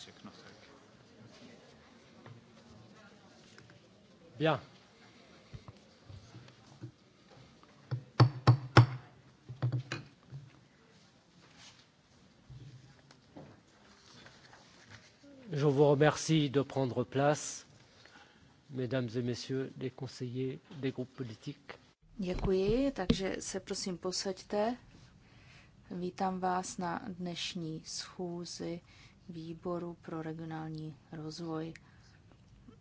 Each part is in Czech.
všechno tak. Bien. Je vous remercie de prendre place, mesdames et messieurs les conseillers des groupes politiques. Děkuji, takže se prosím posaďte. Vítám vás na dnešní schůzi výboru pro regionální rozvoj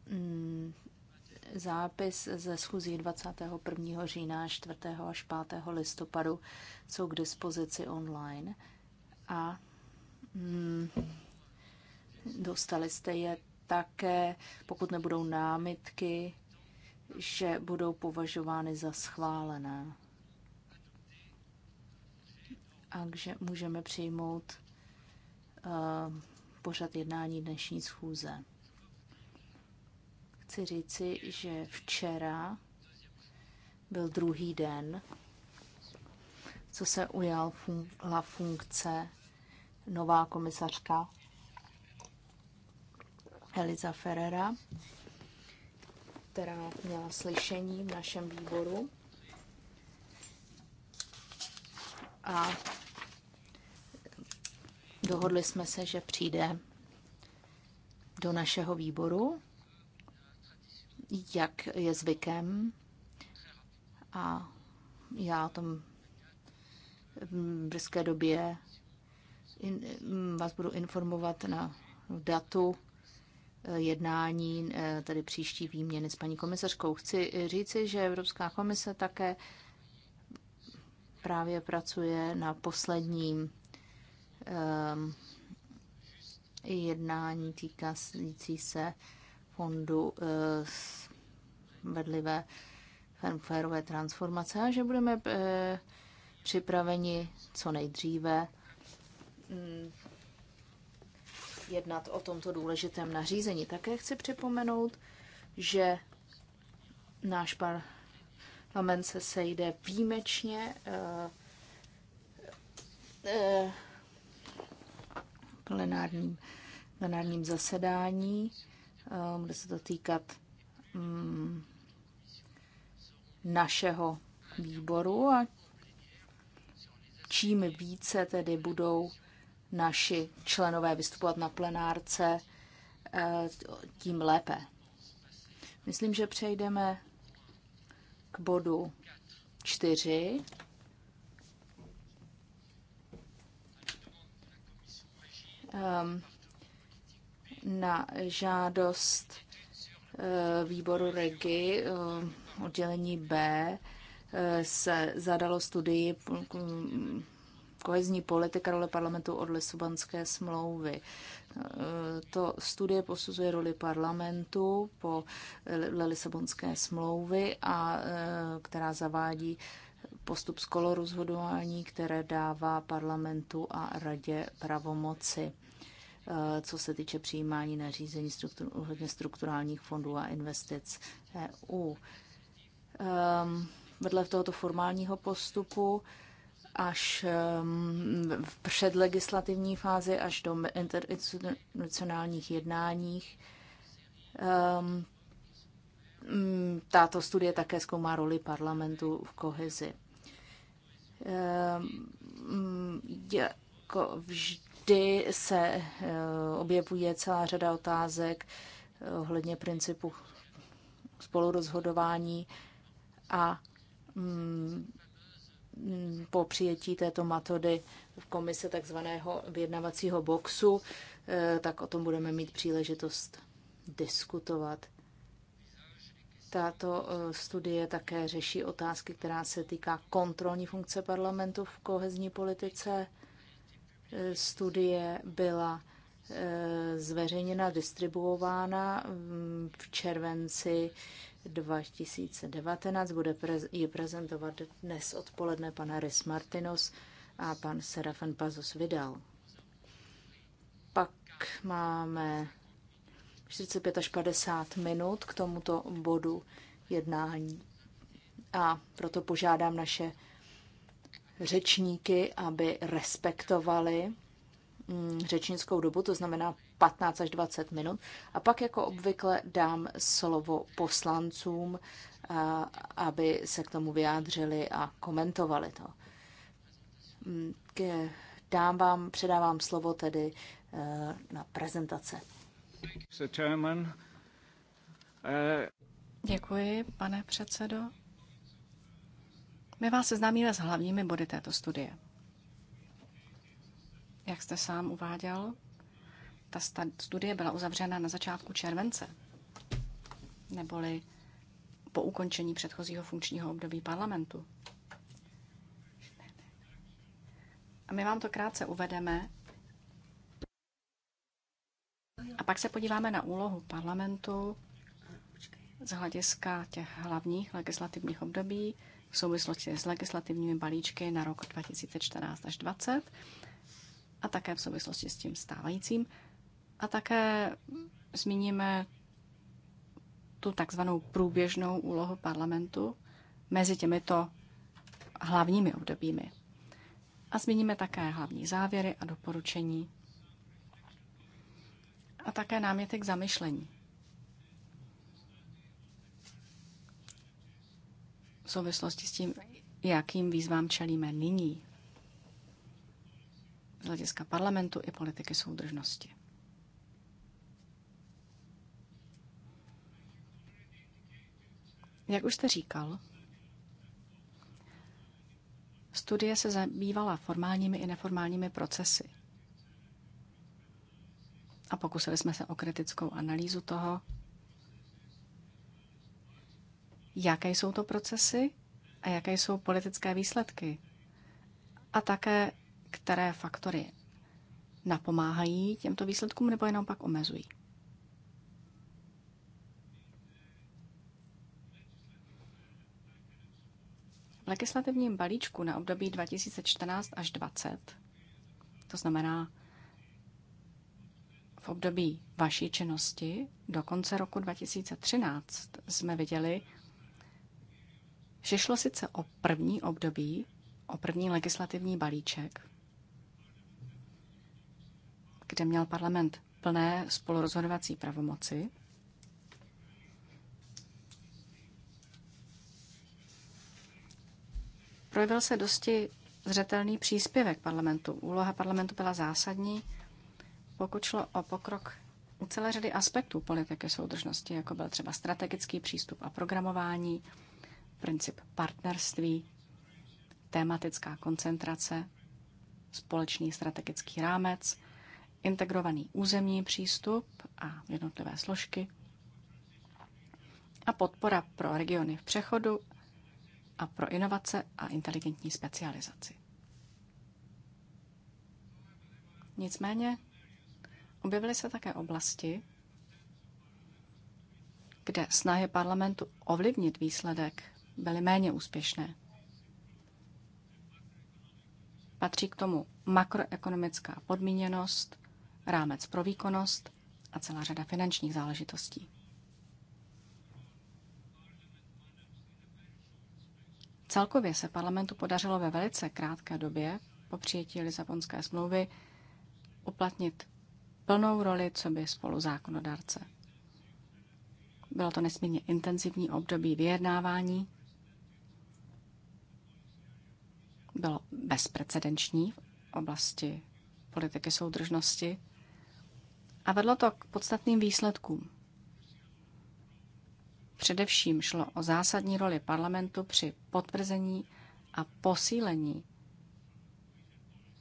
mm, zápis ze schůzí 21. října, 4. až 5. listopadu jsou k dispozici online a mm, dostali jste je také, pokud nebudou námitky, že budou považovány za schválené. Takže můžeme přijmout uh, pořad jednání dnešní schůze. Chci říci, že včera byl druhý den, co se ujala funkce nová komisařka Eliza Ferrera, která měla slyšení v našem výboru. A Dohodli jsme se, že přijde do našeho výboru, jak je zvykem. A já o tom v brzké době in, vás budu informovat na datu eh, jednání, eh, tedy příští výměny s paní komisařkou. Chci říci, že Evropská komise také právě pracuje na posledním Ehm, jednání týkající se fondu eh, vedlivé fairové transformace a že budeme eh, připraveni co nejdříve mm, jednat o tomto důležitém nařízení. Také chci připomenout, že náš parlament se sejde výjimečně eh, plenárním, plenárním zasedání. Eh, bude se to týkat mm, našeho výboru a čím více tedy budou naši členové vystupovat na plenárce, eh, tím lépe. Myslím, že přejdeme k bodu čtyři. Um, na žádost uh, výboru REGI uh, oddělení B uh, se zadalo studii um, kohezní politika role parlamentu od Lisabonské smlouvy. To studie posuzuje roli parlamentu po Lisabonské smlouvy, a, která zavádí postup skolorozhodování, které dává parlamentu a radě pravomoci. Eh, co se týče přijímání nařízení struktur, ohledně strukturálních fondů a investic EU. Um, vedle tohoto formálního postupu až um, v předlegislativní fázi, až do interinstitucionálních jednáních. Um, tato studie také zkoumá roli parlamentu v kohezi. Um, jako vždy vždy se eh, objevuje celá řada otázek eh, ohledně principu spolurozhodování a mm, po přijetí této metody v komise takzvaného vyjednavacího boxu, eh, tak o tom budeme mít příležitost diskutovat. Tato studie také řeší otázky, která se týká kontrolní funkce parlamentu v kohezní politice studie byla e, zveřejněna, distribuována v červenci 2019. Bude ji prezentovat dnes odpoledne pan Aris Martinos a pan Serafen Pazos Vidal. Pak máme 45 až 50 minut k tomuto bodu jednání. A proto požádám naše řečníky, aby respektovali mm, řečnickou dobu, to znamená 15 až 20 minut. A pak jako obvykle dám slovo poslancům, aby se k tomu vyjádřili a komentovali to. Mm, dám vám, předávám slovo tedy e, na prezentace. E, Děkuji, pane předsedo. My vás seznámíme s hlavními body této studie. Jak jste sám uváděl, ta studie byla uzavřena na začátku července, neboli po ukončení předchozího funkčního období parlamentu. A my vám to krátce uvedeme. A pak se podíváme na úlohu parlamentu z hlediska těch hlavních legislativních období, v souvislosti s legislativními balíčky na rok 2014 až 2020 a také v souvislosti s tím stávajícím. A také zmíníme tu takzvanou průběžnou úlohu parlamentu mezi těmito hlavními obdobími. A zmíníme také hlavní závěry a doporučení a také náměty k zamyšlení. v souvislosti s tím, jakým výzvám čelíme nyní z hlediska parlamentu i politiky soudržnosti. Jak už jste říkal, studie se zabývala formálními i neformálními procesy. A pokusili jsme se o kritickou analýzu toho, jaké jsou to procesy a jaké jsou politické výsledky. A také, které faktory napomáhají těmto výsledkům nebo jenom pak omezují. V legislativním balíčku na období 2014 až 2020, to znamená v období vaší činnosti do konce roku 2013, jsme viděli, že šlo sice o první období, o první legislativní balíček, kde měl parlament plné spolurozhodovací pravomoci, projevil se dosti zřetelný příspěvek parlamentu. Úloha parlamentu byla zásadní, pokud šlo o pokrok u celé řady aspektů politiky soudržnosti, jako byl třeba strategický přístup a programování, princip partnerství, tématická koncentrace, společný strategický rámec, integrovaný územní přístup a jednotlivé složky a podpora pro regiony v přechodu a pro inovace a inteligentní specializaci. Nicméně objevily se také oblasti, kde snahy parlamentu ovlivnit výsledek byly méně úspěšné. Patří k tomu makroekonomická podmíněnost, rámec pro výkonnost a celá řada finančních záležitostí. Celkově se parlamentu podařilo ve velice krátké době po přijetí Lisabonské smlouvy uplatnit plnou roli co by spolu zákonodárce. Bylo to nesmírně intenzivní období vyjednávání bylo bezprecedenční v oblasti politiky soudržnosti a vedlo to k podstatným výsledkům. Především šlo o zásadní roli parlamentu při potvrzení a posílení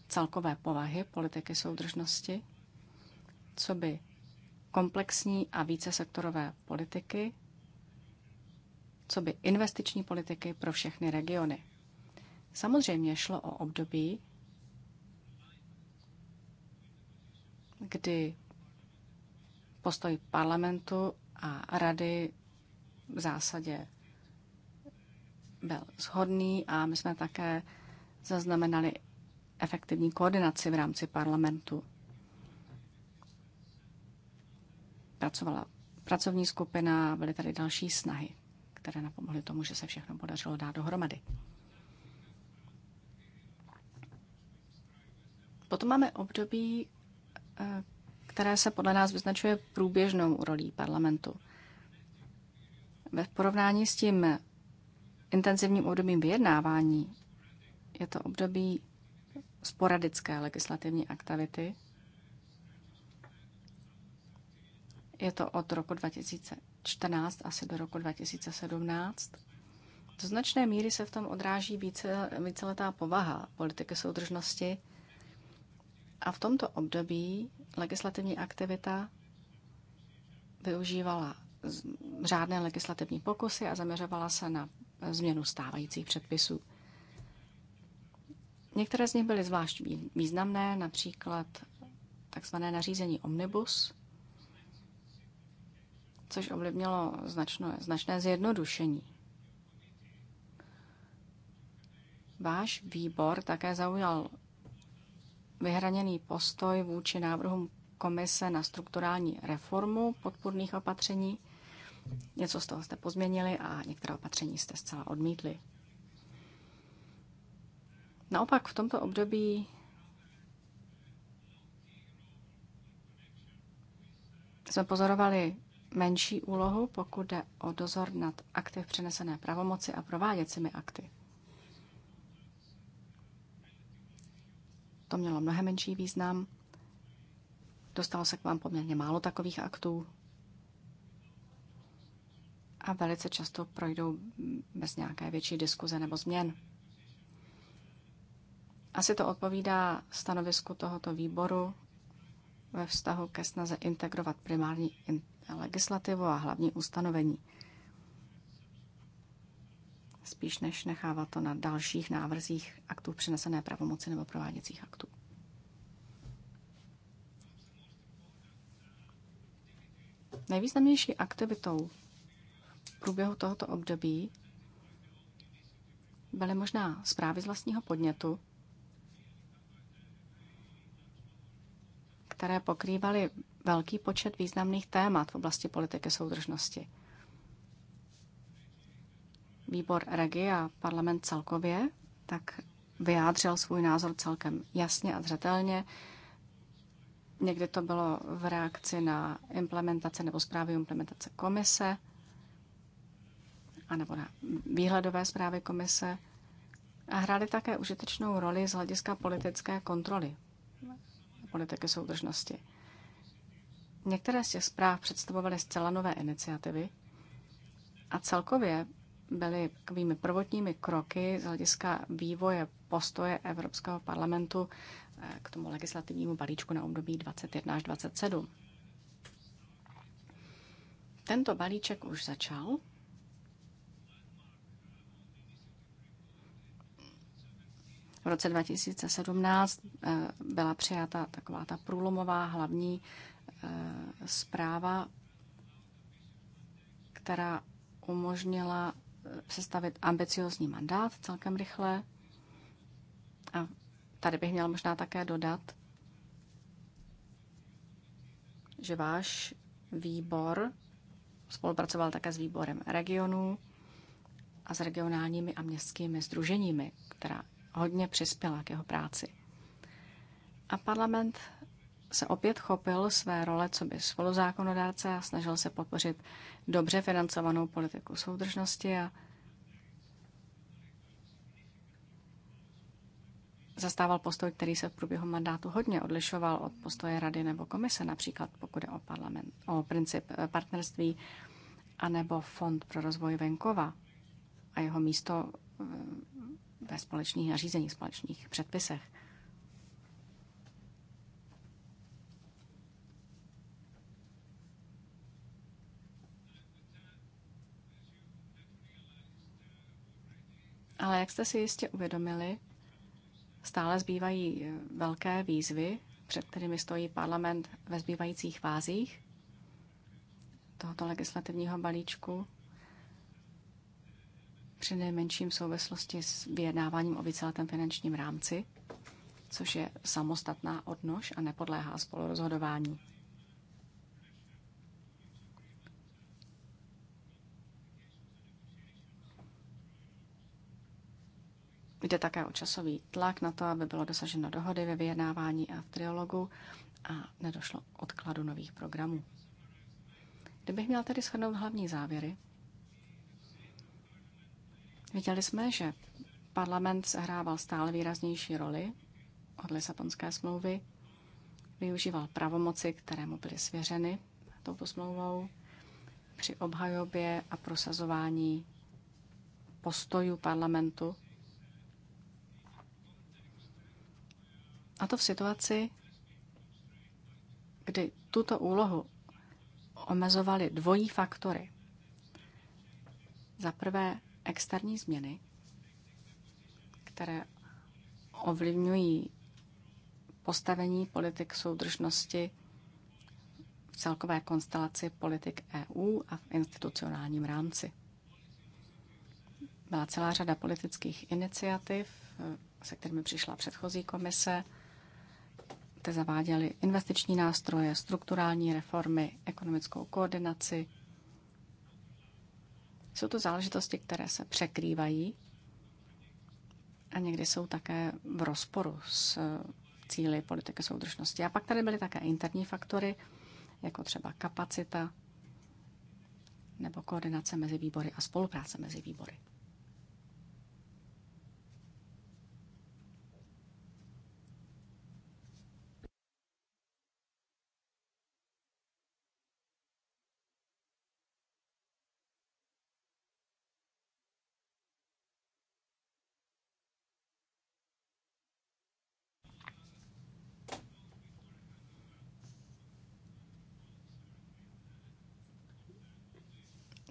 celkové povahy politiky soudržnosti, co by komplexní a vícesektorové politiky, co by investiční politiky pro všechny regiony. Samozřejmě šlo o období, kdy postoj parlamentu a rady v zásadě byl shodný a my jsme také zaznamenali efektivní koordinaci v rámci parlamentu. Pracovala pracovní skupina, byly tady další snahy, které napomohly tomu, že se všechno podařilo dát dohromady. Potom máme období, eh, které se podle nás vyznačuje průběžnou rolí parlamentu. Ve porovnání s tím intenzivním obdobím vyjednávání je to období sporadické legislativní aktivity. Je to od roku 2014 asi do roku 2017. Do značné míry se v tom odráží více, víceletá povaha politiky soudržnosti, a v tomto období legislativní aktivita využívala řádné legislativní pokusy a zaměřovala se na změnu stávajících předpisů. Některé z nich byly zvlášť významné, například tzv. nařízení Omnibus, což ovlivnilo značné, značné zjednodušení. Váš výbor také zaujal vyhraněný postoj vůči návrhům komise na strukturální reformu podpůrných opatření. Něco z toho jste pozměnili a některá opatření jste zcela odmítli. Naopak v tomto období jsme pozorovali menší úlohu, pokud jde o dozor nad aktiv přenesené pravomoci a prováděcími akty. to mělo mnohem menší význam. Dostalo se k vám poměrně málo takových aktů a velice často projdou bez nějaké větší diskuze nebo změn. Asi to odpovídá stanovisku tohoto výboru ve vztahu ke snaze integrovat primární legislativu a hlavní ustanovení spíš než nechávat to na dalších návrzích aktů přenesené pravomoci nebo prováděcích aktů. Nejvýznamnější aktivitou v průběhu tohoto období byly možná zprávy z vlastního podnětu, které pokrývaly velký počet významných témat v oblasti politiky soudržnosti – výbor Regi a parlament celkově, tak vyjádřil svůj názor celkem jasně a zřetelně. Někdy to bylo v reakci na implementace nebo zprávy implementace komise, a nebo na výhledové zprávy komise a hrály také užitečnou roli z hlediska politické kontroly politiky soudržnosti. Některé z těch zpráv představovaly zcela nové iniciativy a celkově byly takovými prvotními kroky z hlediska vývoje postoje Evropského parlamentu eh, k tomu legislativnímu balíčku na období 21 až 27. Tento balíček už začal. V roce 2017 eh, byla přijata taková ta průlomová hlavní eh, zpráva, která umožnila sestavit ambiciozní mandát celkem rychle. A tady bych měla možná také dodat, že váš výbor spolupracoval také s výborem regionů a s regionálními a městskými združeními, která hodně přispěla k jeho práci. A parlament se opět chopil své role co by spoluzákonodárce a snažil se podpořit dobře financovanou politiku soudržnosti a zastával postoj, který se v průběhu mandátu hodně odlišoval od postoje rady nebo komise, například pokud je o, parlament, o princip eh, partnerství anebo Fond pro rozvoj venkova a jeho místo eh, ve společných nařízeních, společných předpisech. Ale jak jste si jistě uvědomili, stále zbývají eh, velké výzvy, před kterými stojí parlament ve zbývajících fázích tohoto legislativního balíčku, při nejmenším souvislosti s vyjednáváním o víceletém finančním rámci, což je samostatná odnož a nepodléhá spolurozhodování. Jde také o časový tlak na to, aby bylo dosaženo dohody ve vyjednávání a v triologu a nedošlo k odkladu nových programů. Kdybych měl tedy shrnout hlavní závěry, viděli jsme, že parlament zahrával stále výraznější roli od Lisabonské smlouvy, využíval pravomoci, které mu byly svěřeny touto smlouvou při obhajobě a prosazování postojů parlamentu A to v situaci, kdy tuto úlohu omezovaly dvojí faktory. Za prvé externí změny, které ovlivňují postavení politik soudržnosti v celkové konstelaci politik EU a v institucionálním rámci. Byla celá řada politických iniciativ, se kterými přišla předchozí komise, jste zaváděli investiční nástroje, strukturální reformy, ekonomickou koordinaci. Jsou to záležitosti, které se překrývají a někdy jsou také v rozporu s cíly politiky soudržnosti. A pak tady byly také interní faktory, jako třeba kapacita nebo koordinace mezi výbory a spolupráce mezi výbory.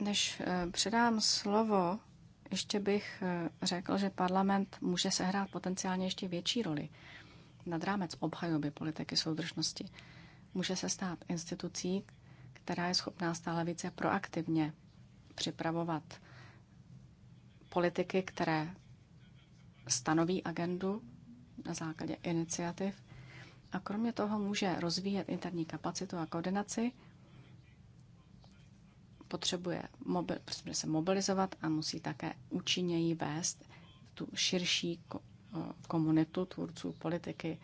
Než eh, předám slovo, ještě bych eh, řekl, že parlament může sehrát potenciálně ještě větší roli nad rámec obhajoby politiky soudržnosti. Může se stát institucí, která je schopná stále více proaktivně připravovat politiky, které stanoví agendu na základě iniciativ a kromě toho může rozvíjet interní kapacitu a koordinaci potřebuje mobil, prostě se mobilizovat a musí také účinněji vést tu širší eh, komunitu tvůrců politiky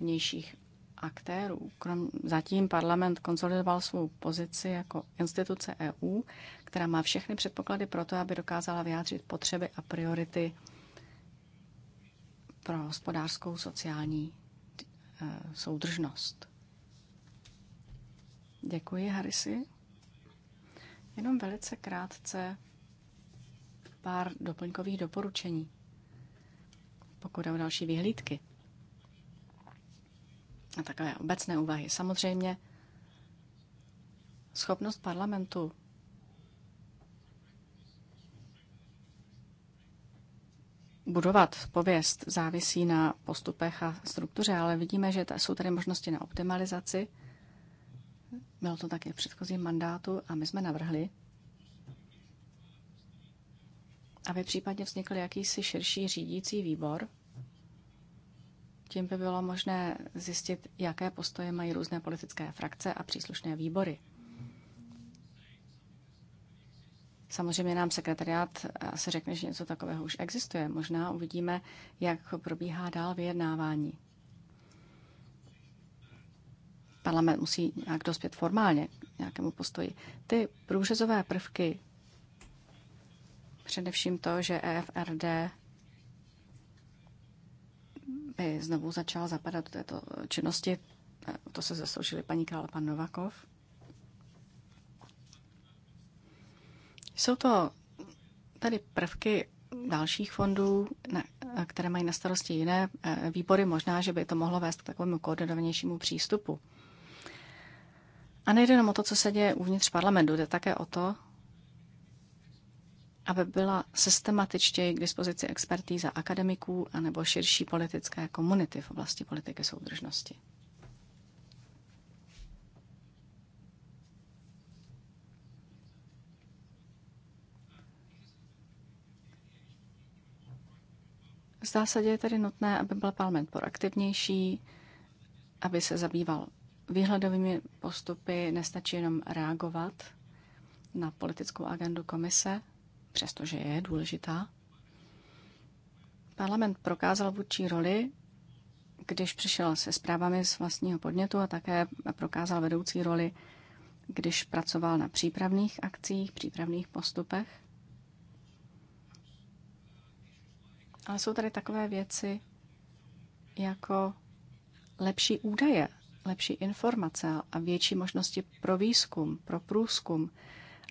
vnějších aktérů. Krom, zatím parlament konsolidoval svou pozici jako instituce EU, která má všechny předpoklady pro to, aby dokázala vyjádřit potřeby a priority pro hospodářskou sociální e, soudržnost. Děkuji, Harisi. Jenom velice krátce pár doplňkových doporučení, pokud o další vyhlídky. A takové obecné úvahy. Samozřejmě schopnost parlamentu budovat pověst závisí na postupech a struktuře, ale vidíme, že jsou tady možnosti na optimalizaci – bylo to taky v předchozím mandátu a my jsme navrhli, aby případně vznikl jakýsi širší řídící výbor. Tím by bylo možné zjistit, jaké postoje mají různé politické frakce a příslušné výbory. Samozřejmě nám sekretariát se řekne, že něco takového už existuje. Možná uvidíme, jak probíhá dál vyjednávání parlament musí nějak dospět formálně k nějakému postoji. Ty průřezové prvky, především to, že EFRD by znovu začal zapadat do této činnosti, to se zasloužili paní král a pan Novakov. Jsou to tady prvky dalších fondů, ne, které mají na starosti jiné eh, výbory, možná, že by to mohlo vést k takovému koordinovanějšímu přístupu. A nejde jenom o to, co se děje uvnitř parlamentu, jde také o to, aby byla systematičtěji k dispozici expertíza akademiků anebo širší politické komunity v oblasti politiky soudržnosti. V zásadě je tedy nutné, aby byl parlament proaktivnější, aby se zabýval Výhledovými postupy nestačí jenom reagovat na politickou agendu komise, přestože je důležitá. Parlament prokázal vůdčí roli, když přišel se zprávami z vlastního podnětu a také prokázal vedoucí roli, když pracoval na přípravných akcích, přípravných postupech. Ale jsou tady takové věci jako lepší údaje lepší informace a větší možnosti pro výzkum, pro průzkum,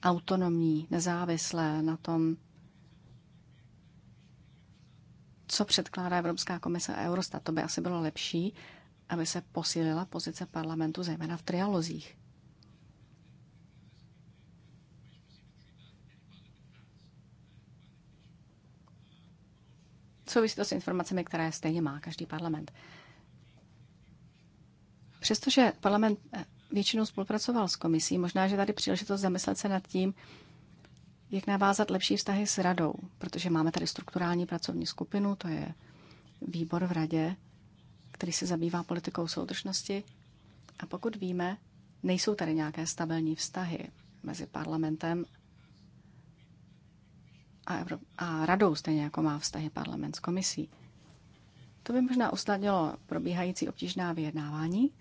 autonomní, nezávislé na tom, co předkládá Evropská komise a Eurostat. To by asi bylo lepší, aby se posílila pozice parlamentu, zejména v trialozích. Souvisí to s informacemi, které stejně má každý parlament. Přestože parlament eh, většinou spolupracoval s komisí, možná, že tady příležitost zamyslet se nad tím, jak navázat lepší vztahy s radou, protože máme tady strukturální pracovní skupinu, to je výbor v radě, který se zabývá politikou soudržnosti. A pokud víme, nejsou tady nějaké stabilní vztahy mezi parlamentem a, Evrop- a radou, stejně jako má vztahy parlament s komisí. To by možná usnadnilo probíhající obtížná vyjednávání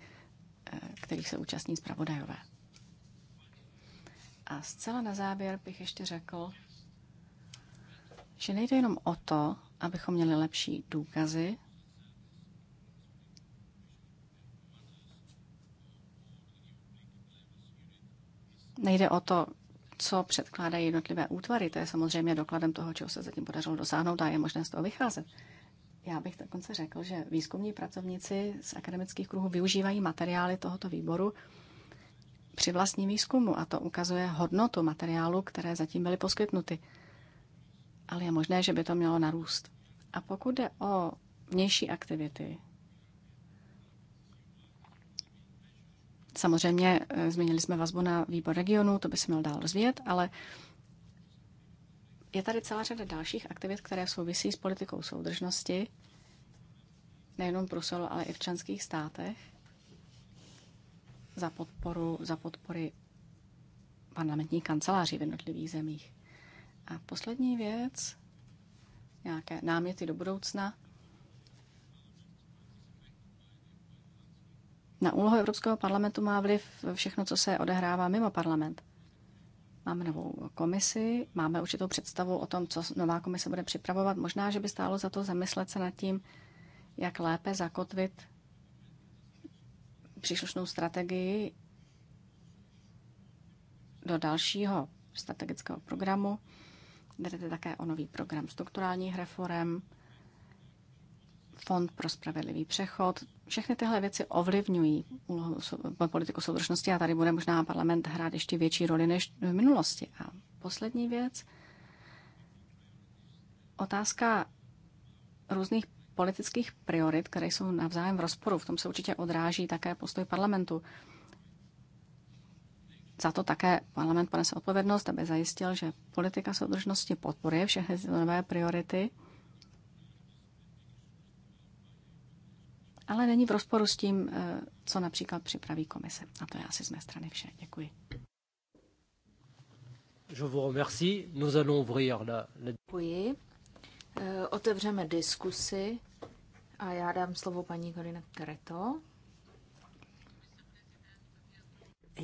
Eh, kterých se účastní zpravodajové. A zcela na závěr bych ještě řekl, že nejde jenom o to, abychom měli lepší důkazy, nejde o to, co předkládají jednotlivé útvary. To je samozřejmě dokladem toho, čeho se zatím podařilo dosáhnout a je možné z toho vycházet. Já bych dokonce řekl, že výzkumní pracovníci z akademických kruhů využívají materiály tohoto výboru při vlastním výzkumu a to ukazuje hodnotu materiálu, které zatím byly poskytnuty. Ale je možné, že by to mělo narůst. A pokud jde o vnější aktivity, samozřejmě e, změnili jsme vazbu na výbor regionu, to by se měl dál rozvíjet, ale je tady celá řada dalších aktivit, které souvisí s politikou soudržnosti, nejenom v Bruselu, ale i v členských státech, za, podporu, za podpory parlamentní kanceláří v jednotlivých zemích. A poslední věc, nějaké náměty do budoucna. Na úlohu Evropského parlamentu má vliv všechno, co se odehrává mimo parlament. Máme novou komisi, máme určitou představu o tom, co nová komise bude připravovat. Možná, že by stálo za to zamyslet se nad tím, jak lépe zakotvit příslušnou strategii do dalšího strategického programu. Jdete také o nový program strukturálních reform, Fond pro spravedlivý přechod všechny tyhle věci ovlivňují úlohu politiku soudržnosti a tady bude možná parlament hrát ještě větší roli než v minulosti. A poslední věc, otázka různých politických priorit, které jsou navzájem v rozporu. V tom se určitě odráží také postoj parlamentu. Za to také parlament ponese odpovědnost, aby zajistil, že politika soudržnosti podporuje všechny nové priority – ale není v rozporu s tím, eh, co například připraví komise. A to je asi z mé strany vše. Děkuji. Je vous remercie. Nous allons ouvrir la, Děkuji. Eh, otevřeme diskusi a já dám slovo paní Korina Kreto.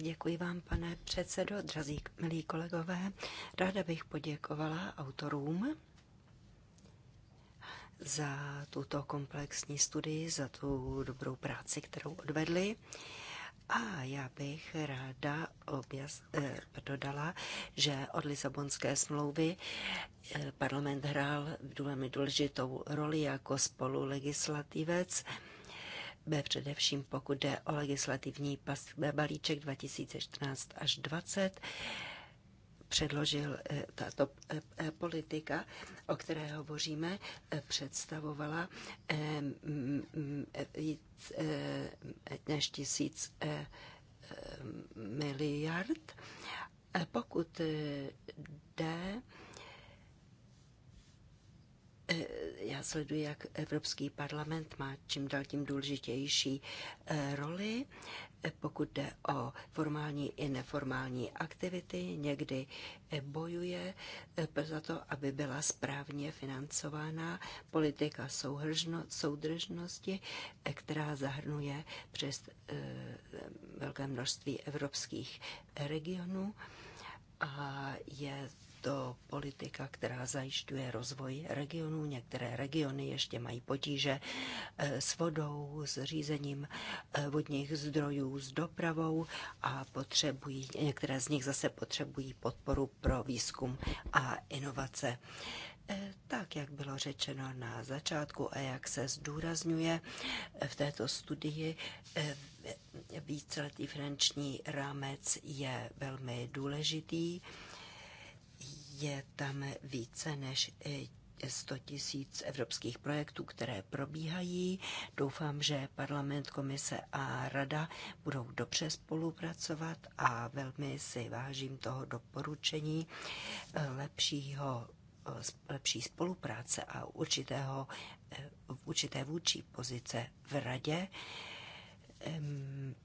Děkuji vám, pane předsedo, drazí milí kolegové. Ráda bych poděkovala autorům za tuto komplexní studii, za tu dobrou práci, kterou odvedli. A já bych ráda objas, eh, dodala, že od Lisabonské smlouvy eh, parlament hrál velmi důležitou roli jako spolulegislativec, eh, především pokud jde o legislativní balíček 2014 až 2020 předložil eh, tato eh, eh, politika, o které hovoříme, představovala víc než tisíc miliard. Pokud jde Eh, já sleduji, jak Evropský parlament má čím dál tím důležitější eh, roli, eh, pokud jde o formální i neformální aktivity. Někdy bojuje za to, aby byla správně financována politika soudržnosti, která zahrnuje přes velké množství evropských regionů a je to politika, která zajišťuje rozvoj regionů. Některé regiony ještě mají potíže eh, s vodou, s řízením eh, vodních zdrojů, s dopravou a potřebují, některé z nich zase potřebují podporu pro výzkum a inovace. Eh, tak, jak bylo řečeno na začátku a jak se zdůrazňuje v této studii, víceletý finanční rámec je velmi důležitý je tam více než 100 eh, tisíc evropských projektů, které probíhají. Doufám, že parlament, komise a rada budou dobře spolupracovat a velmi si vážím toho doporučení eh, lepšího, eh, lepší spolupráce a určitého, určité vůči pozice v radě.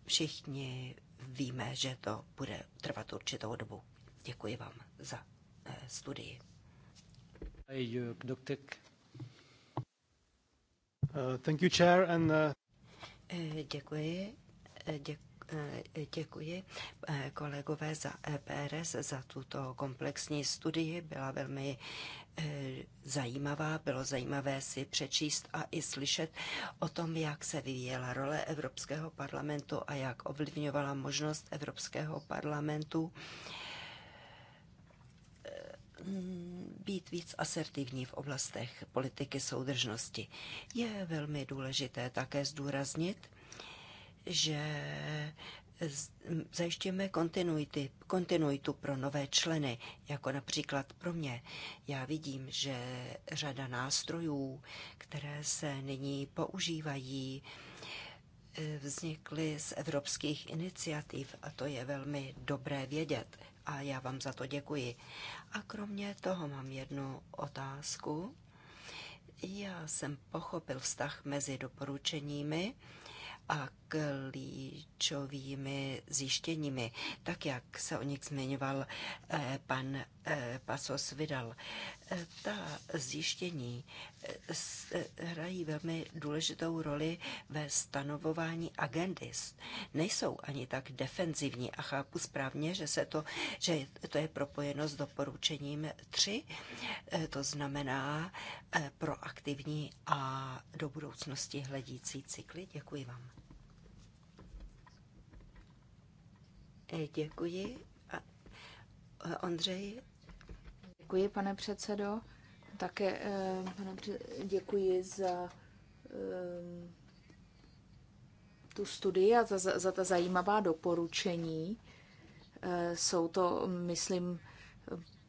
Všichni víme, že to bude trvat určitou dobu. Děkuji vám za Eh, studii. Eh, eh, thank you, chair, Děkuji. Děkuji děkuji kolegové za EPRS za tuto komplexní studii. Byla velmi zajímavá, bylo zajímavé si přečíst a i slyšet o tom, jak se vyvíjela role Evropského parlamentu a jak ovlivňovala možnost Evropského parlamentu být víc asertivní v oblastech politiky soudržnosti. Je velmi důležité také zdůraznit, že zajišťujeme kontinuity, kontinuitu pro nové členy, jako například pro mě. Já vidím, že řada nástrojů, které se nyní používají, eh, vznikly z evropských iniciativ a to je velmi dobré vědět a já vám za to děkuji. A kromě toho mám jednu otázku. Já jsem pochopil vztah mezi doporučeními a klíčovými zjištěními, tak jak se o nich zmiňoval eh, pan eh, Pasos Vidal. Eh, ta zjištění hrají velmi důležitou roli ve stanovování agendy. Nejsou ani tak defenzivní a chápu správně, že, se to, že to je propojeno s doporučením 3, to znamená proaktivní a do budoucnosti hledící cykly. Děkuji vám. Eh, děkuji. Eh, Ondřej. Děkuji, pane předsedo. Také eh, pane předsedo děkuji za tu studii a za, za, za ta zajímavá doporučení. Jsou to, myslím,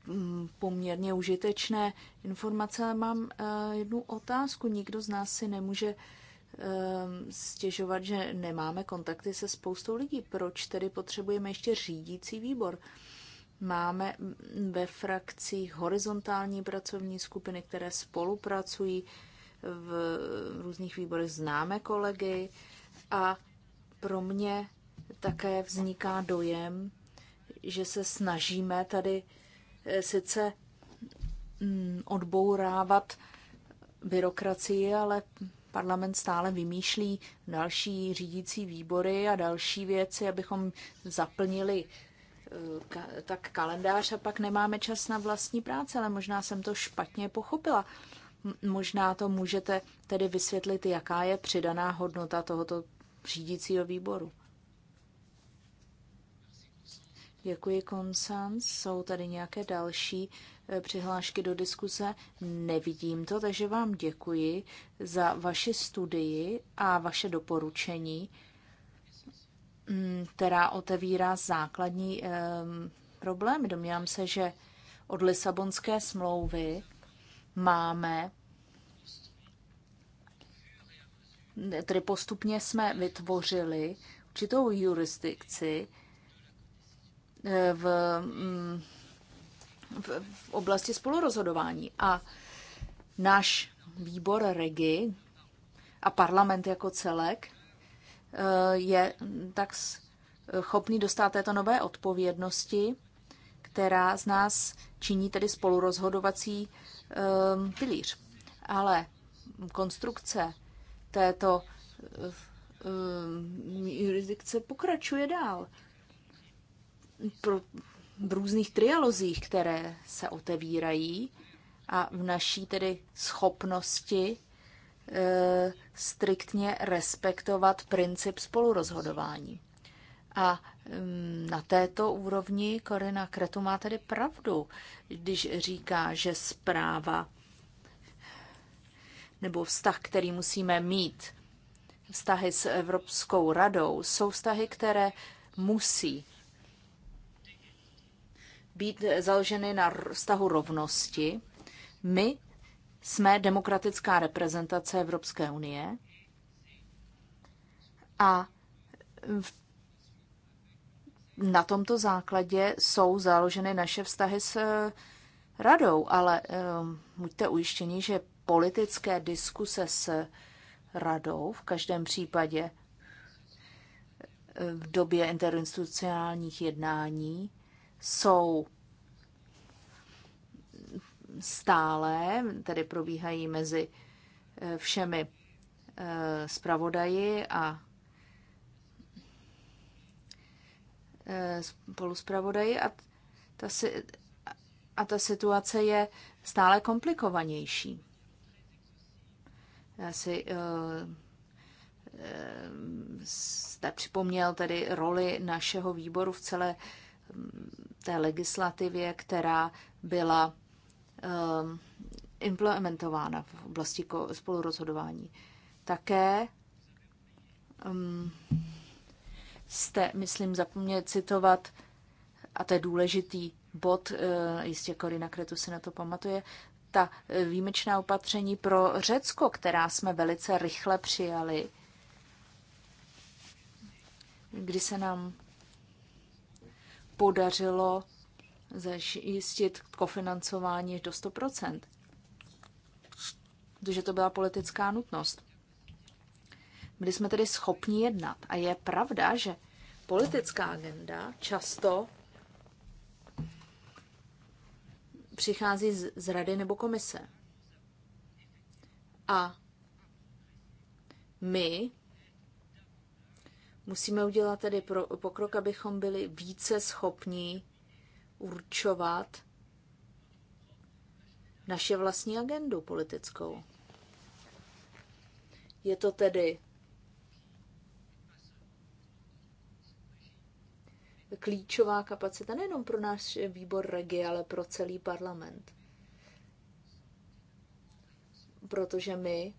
mm, poměrně užitečné informace, ale mám jednu otázku. Nikdo z nás si nemůže Ehm, stěžovat, že nemáme kontakty se spoustou lidí. Proč tedy potřebujeme ještě řídící výbor? Máme ve frakcích horizontální pracovní skupiny, které spolupracují v různých výborech, známe kolegy a pro mě také vzniká dojem, že se snažíme tady eh, sice mm, odbourávat byrokracii, ale parlament stále vymýšlí další řídící výbory a další věci, abychom zaplnili eh, ka, tak kalendář a pak nemáme čas na vlastní práce, ale možná jsem to špatně pochopila. Možná to můžete tedy vysvětlit, jaká je přidaná hodnota tohoto řídícího výboru. Děkuji, Konsans. Jsou tady nějaké další Eh, přihlášky do diskuse. Nevidím to, takže vám děkuji za vaši studii a vaše doporučení, mm, která otevírá základní eh, problém. Domnívám se, že od Lisabonské smlouvy máme tedy postupně jsme vytvořili určitou jurisdikci eh, v mm, v, v oblasti spolurozhodování. A náš výbor Regi a parlament jako celek eh, je tak schopný dostat této nové odpovědnosti, která z nás činí tedy spolurozhodovací ehm, pilíř. Ale konstrukce této ehm, jurisdikce pokračuje dál. Pro, v různých trialozích, které se otevírají a v naší tedy schopnosti e, striktně respektovat princip spolurozhodování. A mm, na této úrovni Korina Kretu má tedy pravdu, když říká, že zpráva nebo vztah, který musíme mít, vztahy s Evropskou radou, jsou vztahy, které musí být založeny na vztahu rovnosti. My jsme demokratická reprezentace Evropské unie a na tomto základě jsou založeny naše vztahy s eh, radou, ale um, buďte ujištěni, že politické diskuse s radou v každém případě eh, v době interinstitucionálních jednání jsou stále, tedy probíhají mezi eh, všemi eh, zpravodaji a eh, spoluspravodaji a ta, si, a ta situace je stále komplikovanější. Já si jste připomněl tedy roli našeho výboru v celé té legislativě, která byla ehm, implementována v oblasti spolurozhodování. Také ehm, jste, myslím, zapomněli citovat, a to je důležitý bod, eh, jistě Korina Kretu si na to pamatuje, ta eh, výjimečná opatření pro Řecko, která jsme velice rychle přijali, kdy se nám podařilo zajistit kofinancování do 100%, protože to byla politická nutnost. Byli jsme tedy schopni jednat a je pravda, že politická agenda často přichází z, z rady nebo komise. A my Musíme udělat tedy pokrok, abychom byli více schopni určovat naše vlastní agendu politickou. Je to tedy klíčová kapacita nejenom pro náš výbor regie, ale pro celý parlament. Protože my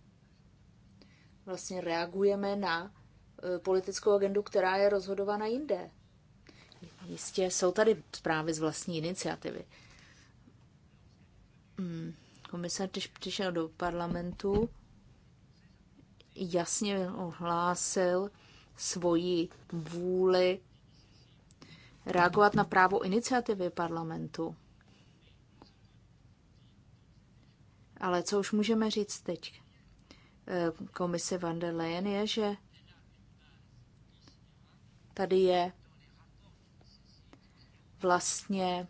vlastně reagujeme na Eh, politickou agendu, která je rozhodována jinde. Jistě jsou tady zprávy z vlastní iniciativy. Hmm. Komisař, když přišel do parlamentu, jasně ohlásil svoji vůli reagovat na právo iniciativy parlamentu. Ale co už můžeme říct teď? Eh, komise van der Leyen je, že Tady je vlastně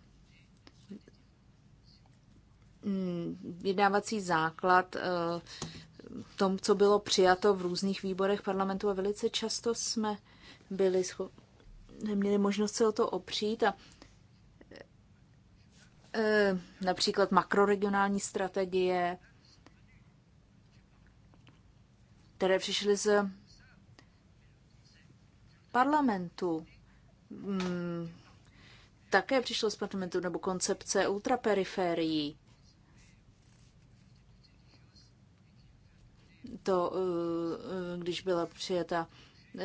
mm, vydávací základ eh, tom, co bylo přijato v různých výborech parlamentu a velice často jsme byli scho- neměli možnost se o to opřít a e, například makroregionální strategie, které přišly z parlamentu mm, také přišlo z parlamentu nebo koncepce ultraperiférií. To, eh, eh, když byla přijata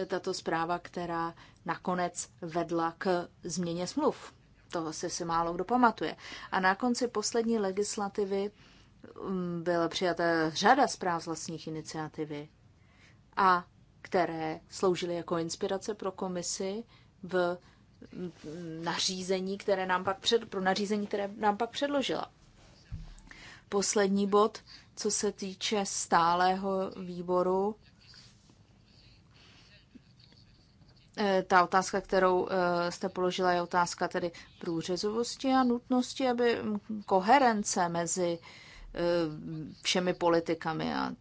tato zpráva, která nakonec vedla k změně smluv. Toho si si málo kdo pamatuje. A na konci poslední legislativy mm, byla přijata řada zpráv z vlastních iniciativy. A které sloužily jako inspirace pro komisi v nařízení, které nám pak před, pro nařízení, které nám pak předložila. Poslední bod, co se týče stálého výboru, eh, ta otázka, kterou eh, jste položila, je otázka tedy průřezovosti a nutnosti, aby koherence mezi eh, všemi politikami a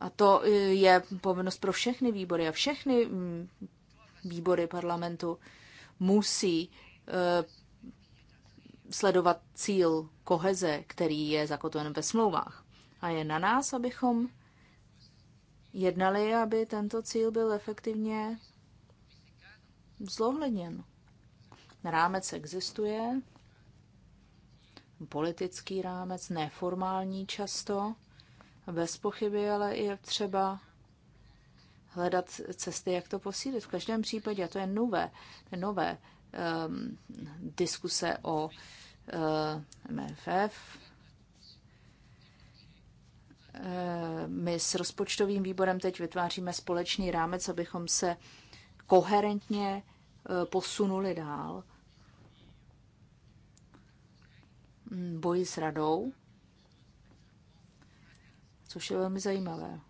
A to eh, je povinnost pro všechny výbory a všechny mm, výbory parlamentu musí eh, sledovat cíl koheze, který je zakotven ve smlouvách. A je na nás, abychom jednali, aby tento cíl byl efektivně zlohledněn. Rámec existuje, politický rámec, neformální často, bez pochyby, ale je třeba hledat cesty, jak to posílit. V každém případě, a to je nové, nové um, diskuse o uh, eh, MFF, ehm, my s rozpočtovým výborem teď vytváříme společný rámec, abychom se koherentně eh, posunuli dál. Hm, boji s radou což je velmi zajímavé.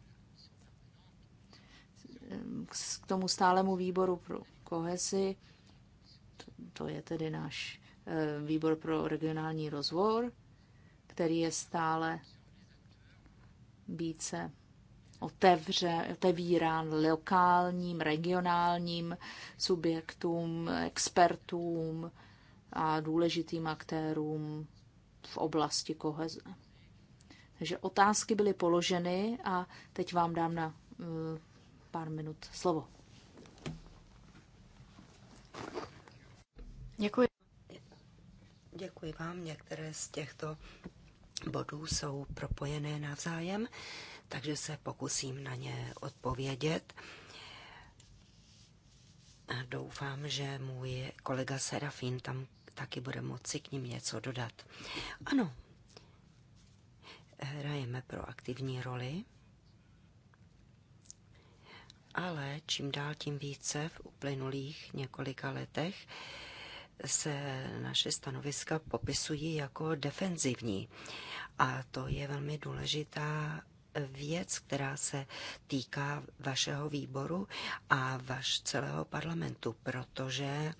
K tomu stálemu výboru pro kohezi, to je tedy náš eh, výbor pro regionální rozvoj, který je stále více otevře, otevírán lokálním, regionálním subjektům, expertům a důležitým aktérům v oblasti koheze. Takže otázky byly položeny a teď vám dám na eh, pár minut slovo. Děkuji. Děkuji vám. Některé z těchto bodů jsou propojené navzájem, takže se pokusím na ně odpovědět. A doufám, že můj kolega Serafín tam taky bude moci k ním něco dodat. Ano, hrajeme proaktivní roli, ale čím dál tím více v uplynulých několika letech se naše stanoviska popisují jako defenzivní. A to je velmi důležitá věc, která se týká vašeho výboru a vaš celého parlamentu, protože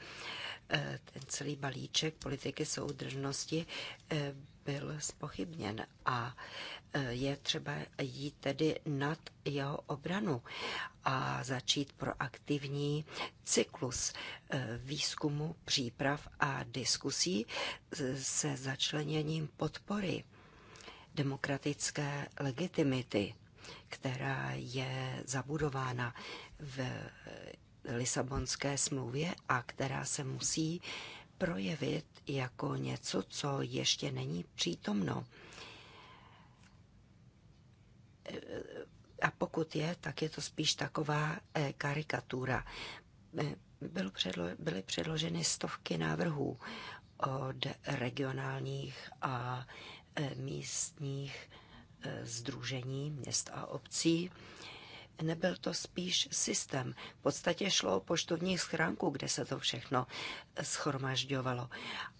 eh, ten celý balíček politiky soudržnosti eh, byl spochybněn a e, je třeba jít tedy nad jeho obranu a začít proaktivní cyklus e, výzkumu, příprav a diskusí se začleněním podpory demokratické legitimity, která je zabudována v Lisabonské smlouvě a která se musí projevit jako něco, co ještě není přítomno. A pokud je, tak je to spíš taková eh, karikatura. Eh, Byl předlo- byly předloženy stovky návrhů od regionálních a eh, místních združení měst a obcí nebyl to spíš systém. V podstatě šlo o poštovní schránku, kde se to všechno eh, schromažďovalo.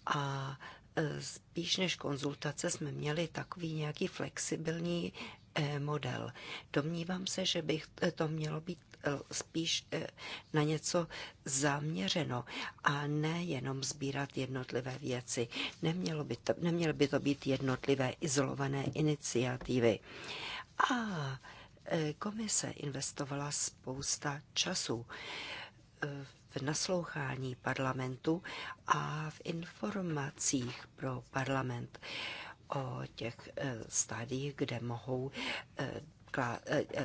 A eh, spíš než konzultace jsme měli takový nějaký flexibilní eh, model. Domnívám se, že bych to mělo být spíš na něco zaměřeno a ne jenom sbírat jednotlivé věci. Nemělo by to, neměly by to být jednotlivé izolované iniciativy. A Eh, komise investovala spousta času eh, v naslouchání parlamentu a v informacích pro parlament o těch eh, stádiích, kde mohou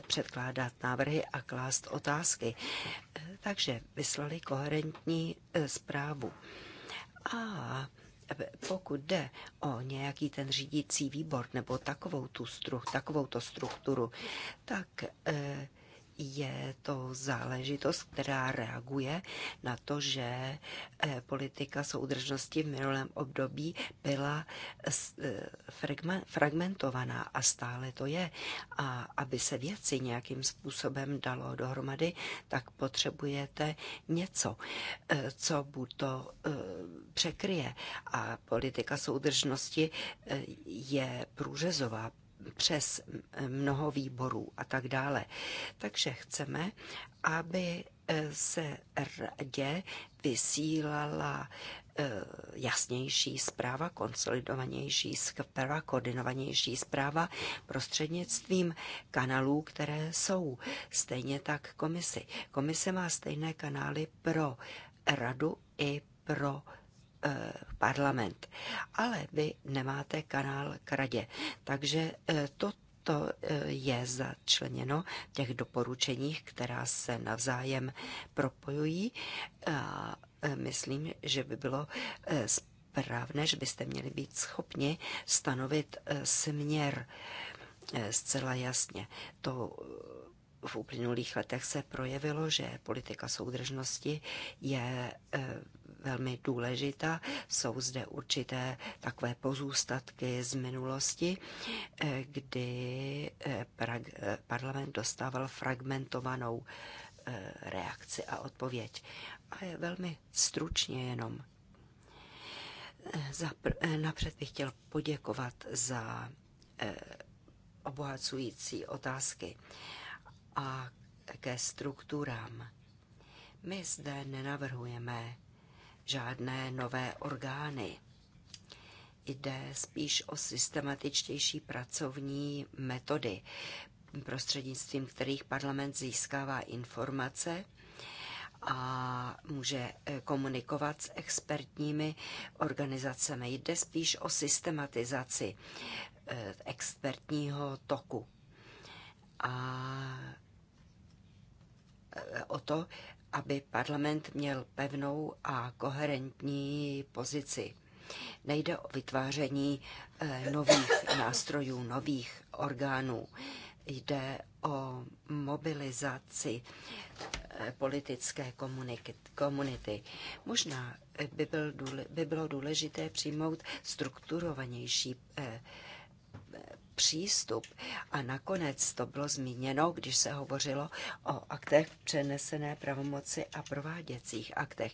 předkládat návrhy a klást otázky. Takže vyslali koherentní zprávu. A pokud jde o nějaký ten řídící výbor nebo takovou tu struh, takovou to strukturu, tak eh, je to záležitost, která reaguje na to, že eh, politika soudržnosti v minulém období byla eh, fragmentovaná a stále to je. A aby se věci nějakým způsobem dalo dohromady, tak potřebujete něco, eh, co buď to překryje. A politika soudržnosti je průřezová přes mnoho výborů a tak dále. Takže chceme, aby eh, se radě vysílala eh, jasnější zpráva, konsolidovanější zpráva, koordinovanější zpráva prostřednictvím kanálů, které jsou. Stejně tak komisi. Komise má stejné kanály pro radu i pro Eh, parlament. Ale vy nemáte kanál k radě. Takže eh, to to eh, je začleněno v těch doporučeních, která se navzájem propojují. A myslím, že by bylo správné, že byste měli být schopni stanovit směr zcela jasně. To v uplynulých letech se projevilo, že politika soudržnosti je velmi důležitá. Jsou zde určité takové pozůstatky z minulosti, eh, kdy eh, eh, parlament dostával fragmentovanou reakci a odpověď. A je velmi stručně jenom. Napřed bych chtěl poděkovat za obohacující otázky a ke strukturám. My zde nenavrhujeme žádné nové orgány. Jde spíš o systematičtější pracovní metody, prostřednictvím kterých parlament získává informace a může eh, komunikovat s expertními organizacemi. Jde spíš o systematizaci eh, expertního toku a eh, o to, aby parlament měl pevnou a koherentní pozici. Nejde o vytváření eh, nových nástrojů, nových orgánů. Jde o mobilizaci eh, politické komunity. Možná eh, by, bylo důležité přijmout strukturovanější přístup. A nakonec to bylo zmíněno, když se hovořilo o aktech přenesené pravomoci a prováděcích aktech,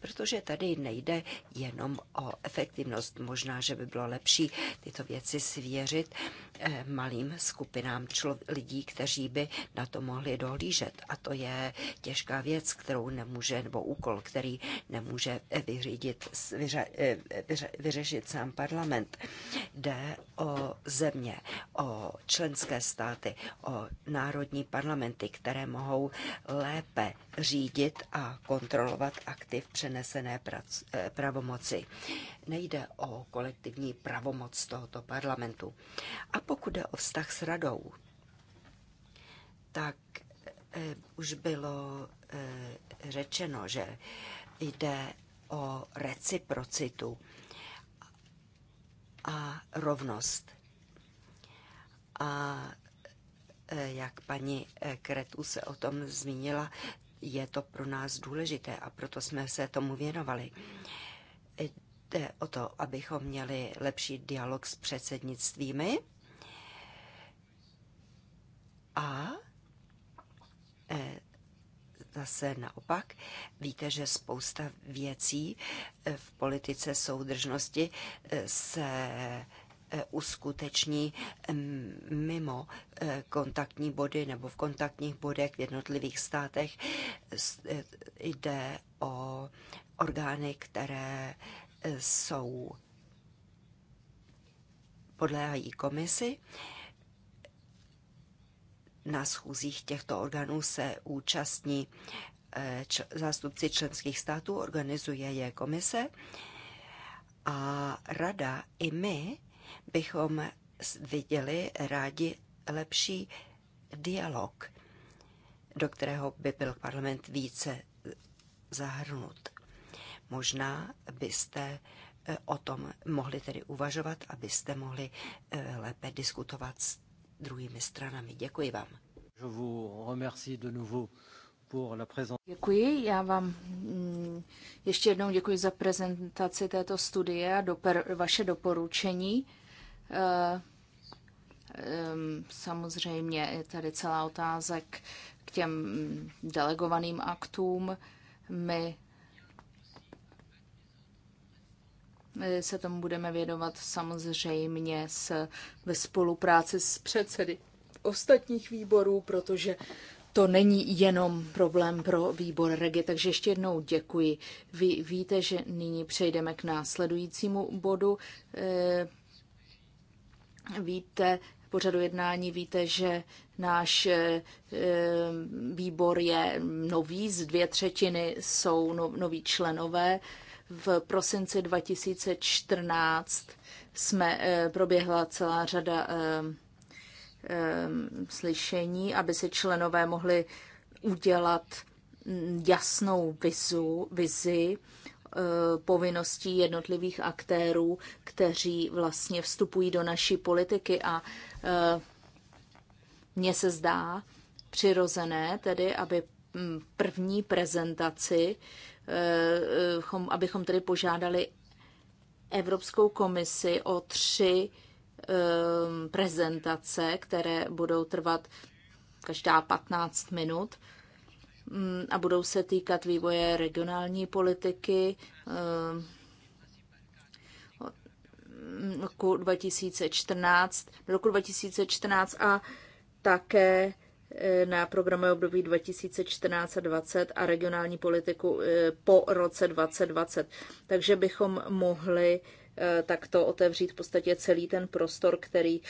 protože tady nejde jenom o efektivnost. Možná, že by bylo lepší tyto věci svěřit eh, malým skupinám lidí, kteří by na to mohli dohlížet. A to je těžká věc, kterou nemůže, nebo úkol, který nemůže eh, vyřídit, vyře, eh, vyře, vyřešit sám parlament. Jde o země o členské státy, o národní parlamenty, které mohou lépe řídit a kontrolovat aktiv přenesené prac, eh, pravomoci. Nejde o kolektivní pravomoc tohoto parlamentu. A pokud jde o vztah s radou, tak eh, už bylo eh, řečeno, že jde o reciprocitu a rovnost. A e, jak paní e, Kretu se o tom zmínila, je to pro nás důležité a proto jsme se tomu věnovali. Jde o to, abychom měli lepší dialog s předsednictvími a e, zase naopak. Víte, že spousta věcí v politice soudržnosti se Eh, uskuteční mimo eh, kontaktní body nebo v kontaktních bodech v jednotlivých státech. Eh, jde o orgány, které jsou podléhají komisi. Na schůzích těchto orgánů se účastní zástupci členských států, organizuje je komise a rada i my bychom viděli rádi lepší dialog, do kterého by byl parlament více zahrnut. Možná byste eh, o tom mohli tedy uvažovat, abyste mohli eh, lépe diskutovat s druhými stranami. Děkuji vám. Děkuji, já vám mm, ještě jednou děkuji za prezentaci této studie a vaše doporučení. Eh, samozřejmě je tady celá otázek k těm delegovaným aktům. My se tomu budeme věnovat samozřejmě s, ve spolupráci s předsedy ostatních výborů, protože to není jenom problém pro výbor Regi, takže ještě jednou děkuji. Vy víte, že nyní přejdeme k následujícímu bodu. E Víte, pořadu jednání víte, že náš eh, eh, výbor je nový, z dvě třetiny jsou no, noví členové. V prosinci 2014 jsme eh, proběhla celá řada slyšení, aby si členové mohli udělat mm, jasnou vizu, vizi Eh, povinností jednotlivých aktérů, kteří vlastně vstupují do naší politiky a eh, mně se zdá přirozené tedy, aby mm, první prezentaci, eh, abychom tedy požádali Evropskou komisi o tři prezentace, které budou trvat každá 15 minut Mm, a budou se týkat vývoje regionální politiky eh, mm, roku 2014, roku 2014 a také eh, na programové období 2014 a 20 a regionální politiku eh, po roce 2020. Takže bychom mohli takto otevřít v podstatě celý ten prostor, který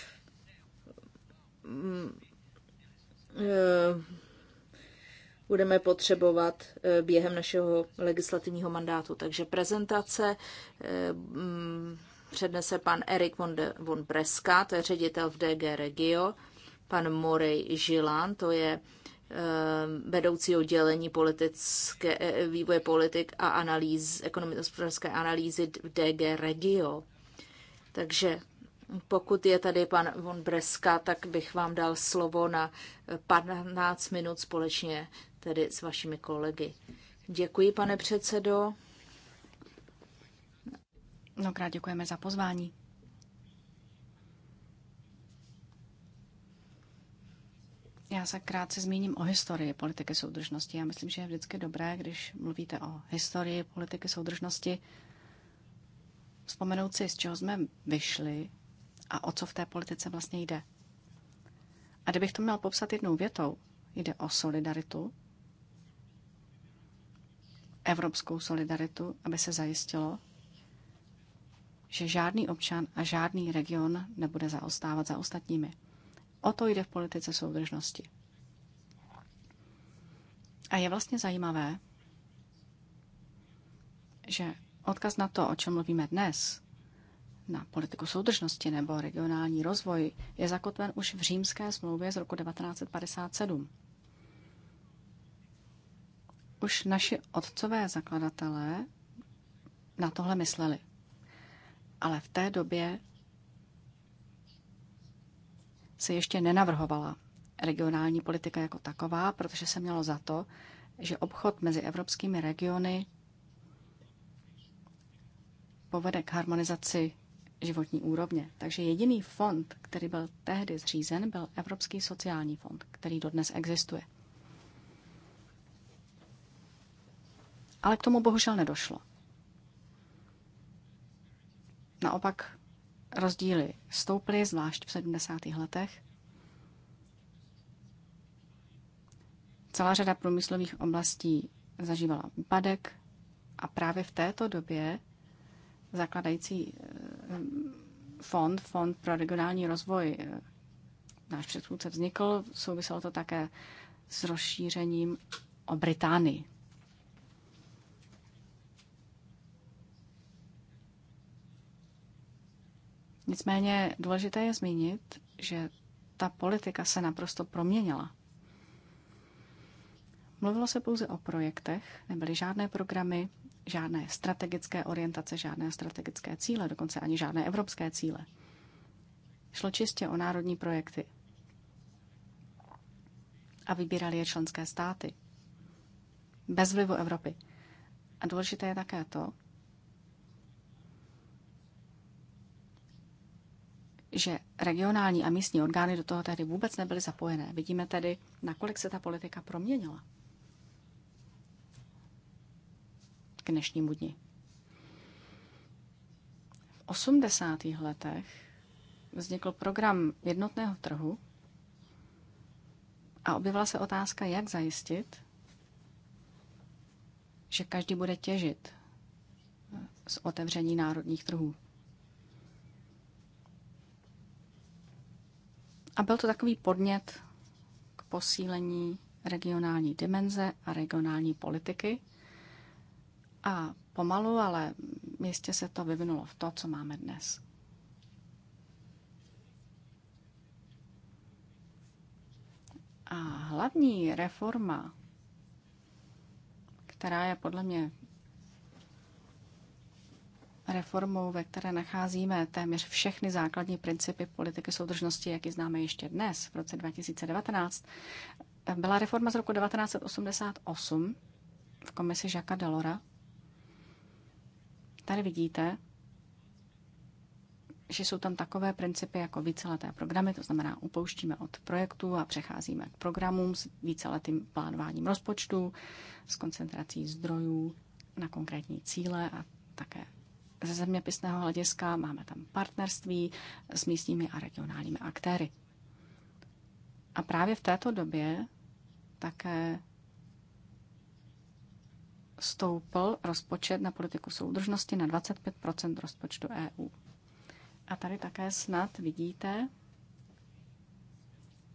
mm, budeme potřebovat eh, během našeho legislativního mandátu. Takže prezentace eh, mm, přednese pan Erik von, de, von Breska, to je ředitel v DG Regio, pan Morej Žilan, to je eh, vedoucí oddělení politické, vývoje politik a analýz, ekonomické analýzy v DG Regio. Takže pokud je tady pan von Breska, tak bych vám dal slovo na 15 minut společně tedy s vašimi kolegy. Děkuji, pane předsedo. Mnohokrát děkujeme za pozvání. Já se krátce zmíním o historii politiky soudržnosti. Já myslím, že je vždycky dobré, když mluvíte o historii politiky soudržnosti, vzpomenout si, z čeho jsme vyšli a o co v té politice vlastně jde. A kdybych to měl popsat jednou větou, jde o solidaritu, evropskou solidaritu, aby se zajistilo, že žádný občan a žádný region nebude zaostávat za ostatními. O to jde v politice soudržnosti. A je vlastně zajímavé, že odkaz na to, o čem mluvíme dnes, na politiku soudržnosti nebo regionální rozvoj, je zakotven už v římské smlouvě z roku 1957. Už naši otcové zakladatelé na tohle mysleli. Ale v té době se ještě nenavrhovala regionální politika jako taková, protože se mělo za to, že obchod mezi evropskými regiony povede k harmonizaci životní úrovně. Takže jediný fond, který byl tehdy zřízen, byl Evropský sociální fond, který dodnes existuje. Ale k tomu bohužel nedošlo. Naopak rozdíly stouply, zvlášť v 70. letech. Celá řada průmyslových oblastí zažívala úpadek a právě v této době zakladající eh, fond, Fond pro regionální rozvoj, eh, náš předchůdce vznikl. Souviselo to také s rozšířením o Británii. Nicméně důležité je zmínit, že ta politika se naprosto proměnila. Mluvilo se pouze o projektech, nebyly žádné programy, žádné strategické orientace, žádné strategické cíle, dokonce ani žádné evropské cíle. Šlo čistě o národní projekty. A vybírali je členské státy. Bez vlivu Evropy. A důležité je také to, že regionální a místní orgány do toho tehdy vůbec nebyly zapojené. Vidíme tedy, nakolik se ta politika proměnila k dnešnímu dni. V 80. letech vznikl program jednotného trhu a objevila se otázka, jak zajistit, že každý bude těžit z otevření národních trhů. A byl to takový podnět k posílení regionální dimenze a regionální politiky. A pomalu, ale jistě se to vyvinulo v to, co máme dnes. A hlavní reforma, která je podle mě reformou, ve které nacházíme téměř všechny základní principy politiky soudržnosti, jak ji známe ještě dnes, v roce 2019, byla reforma z roku 1988 v komisi Jacques Delora. Tady vidíte, že jsou tam takové principy jako víceleté programy, to znamená upouštíme od projektu a přecházíme k programům s víceletým plánováním rozpočtu, s koncentrací zdrojů na konkrétní cíle a také ze zeměpisného hlediska, máme tam partnerství s místními a regionálními aktéry. A právě v této době také stoupl rozpočet na politiku soudržnosti na 25 rozpočtu EU. A tady také snad vidíte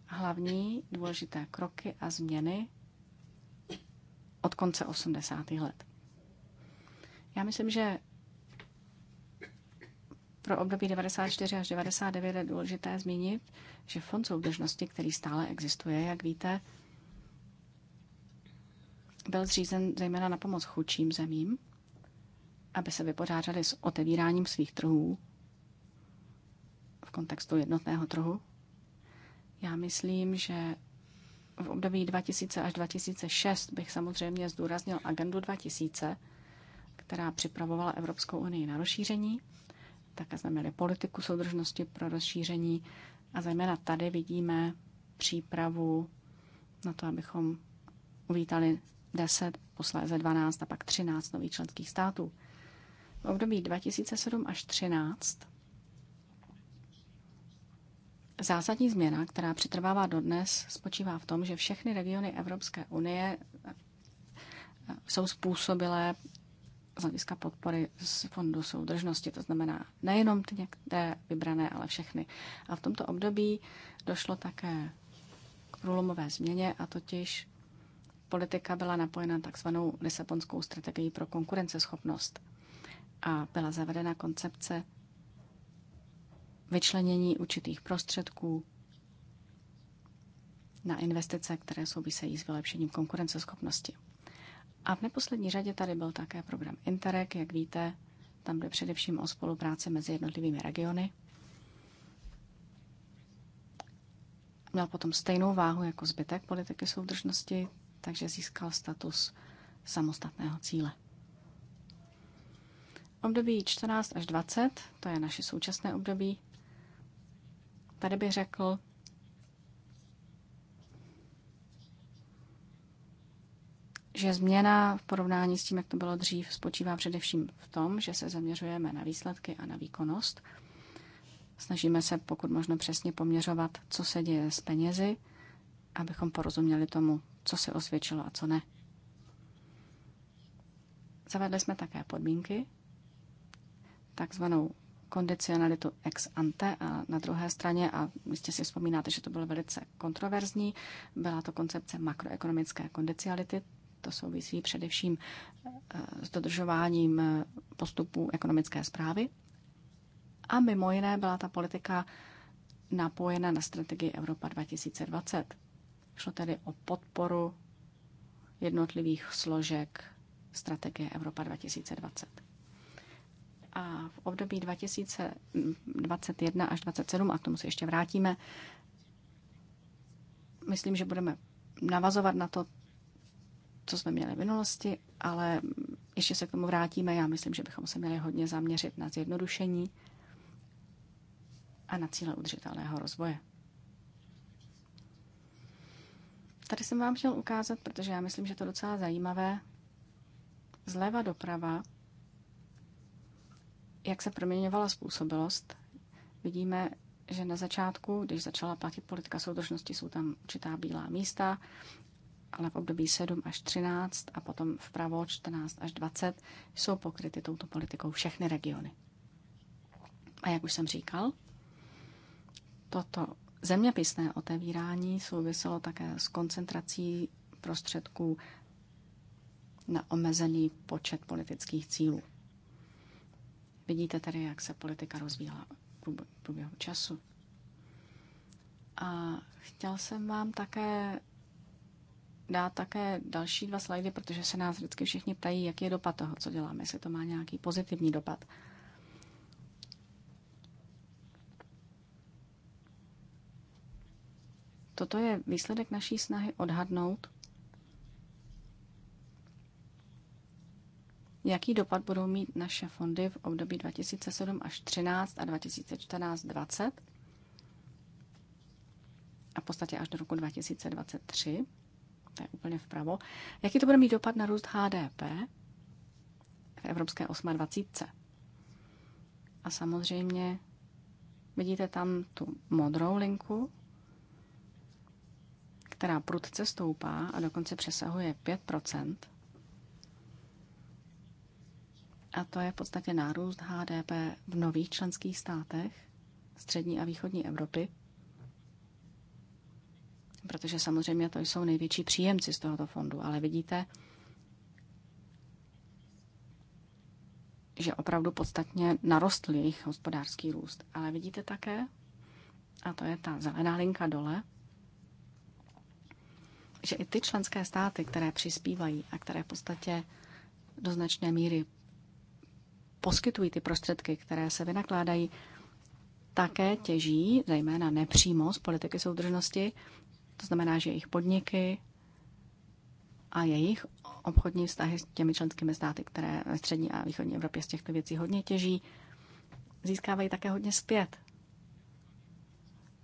hlavní důležité kroky a změny od konce 80. let. Já myslím, že pro období 94 až 99 je důležité zmínit, že Fond soudržnosti, který stále existuje, jak víte, byl zřízen zejména na pomoc chudším zemím, aby se vypořádali s otevíráním svých trhů v kontextu jednotného trhu. Já myslím, že v období 2000 až 2006 bych samozřejmě zdůraznil agendu 2000, která připravovala Evropskou unii na rozšíření také jsme měli politiku soudržnosti pro rozšíření a zejména tady vidíme přípravu na to, abychom uvítali 10, posléze 12 a pak 13 nových členských států. V období 2007 až 2013 zásadní změna, která přetrvává dodnes, spočívá v tom, že všechny regiony Evropské unie jsou způsobilé z hlediska podpory z Fondu soudržnosti, to znamená nejenom ty některé vybrané, ale všechny. A v tomto období došlo také k průlomové změně a totiž politika byla napojena takzvanou Lisabonskou strategií pro konkurenceschopnost a byla zavedena koncepce vyčlenění určitých prostředků na investice, které souvisejí s vylepšením konkurenceschopnosti. A v neposlední řadě tady byl také program Interreg, jak víte, tam jde především o spolupráci mezi jednotlivými regiony. Měl potom stejnou váhu jako zbytek politiky soudržnosti, takže získal status samostatného cíle. Období 14 až 20, to je naše současné období, tady bych řekl, že změna v porovnání s tím, jak to bylo dřív, spočívá především v tom, že se zaměřujeme na výsledky a na výkonnost. Snažíme se pokud možno přesně poměřovat, co se děje s penězi, abychom porozuměli tomu, co se osvědčilo a co ne. Zavedli jsme také podmínky, takzvanou kondicionalitu ex ante a na druhé straně, a jistě si vzpomínáte, že to bylo velice kontroverzní, byla to koncepce makroekonomické kondicionality, to souvisí především eh, s dodržováním eh, postupů ekonomické zprávy. A mimo jiné byla ta politika napojena na strategii Evropa 2020. Šlo tedy o podporu jednotlivých složek strategie Evropa 2020. A v období 2021 až 2027, a k tomu se ještě vrátíme, myslím, že budeme navazovat na to, co jsme měli v minulosti, ale ještě se k tomu vrátíme. Já myslím, že bychom se měli hodně zaměřit na zjednodušení a na cíle udržitelného rozvoje. Tady jsem vám chtěl ukázat, protože já myslím, že to je docela zajímavé, zleva doprava, jak se proměňovala způsobilost. Vidíme, že na začátku, když začala platit politika soudržnosti, jsou tam určitá bílá místa ale v období 7 až 13 a potom vpravo 14 až 20 jsou pokryty touto politikou všechny regiony. A jak už jsem říkal, toto zeměpisné otevírání souviselo také s koncentrací prostředků na omezený počet politických cílů. Vidíte tedy, jak se politika rozvíjela v průběhu času. A chtěl jsem vám také dát také další dva slajdy, protože se nás vždycky všichni ptají, jaký je dopad toho, co děláme, jestli to má nějaký pozitivní dopad. Toto je výsledek naší snahy odhadnout, jaký dopad budou mít naše fondy v období 2007 až 13 a 2014 20 a v podstatě až do roku 2023 to je úplně vpravo, jaký to bude mít dopad na růst HDP v Evropské 28. A samozřejmě vidíte tam tu modrou linku, která prudce stoupá a dokonce přesahuje 5 A to je v podstatě nárůst HDP v nových členských státech střední a východní Evropy protože samozřejmě to jsou největší příjemci z tohoto fondu. Ale vidíte, že opravdu podstatně narostl jejich hospodářský růst. Ale vidíte také, a to je ta zelená linka dole, že i ty členské státy, které přispívají a které v podstatě do značné míry poskytují ty prostředky, které se vynakládají, také těží, zejména nepřímo z politiky soudržnosti to znamená, že jejich podniky a jejich obchodní vztahy s těmi členskými státy, které ve střední a východní Evropě z těchto věcí hodně těží, získávají také hodně zpět.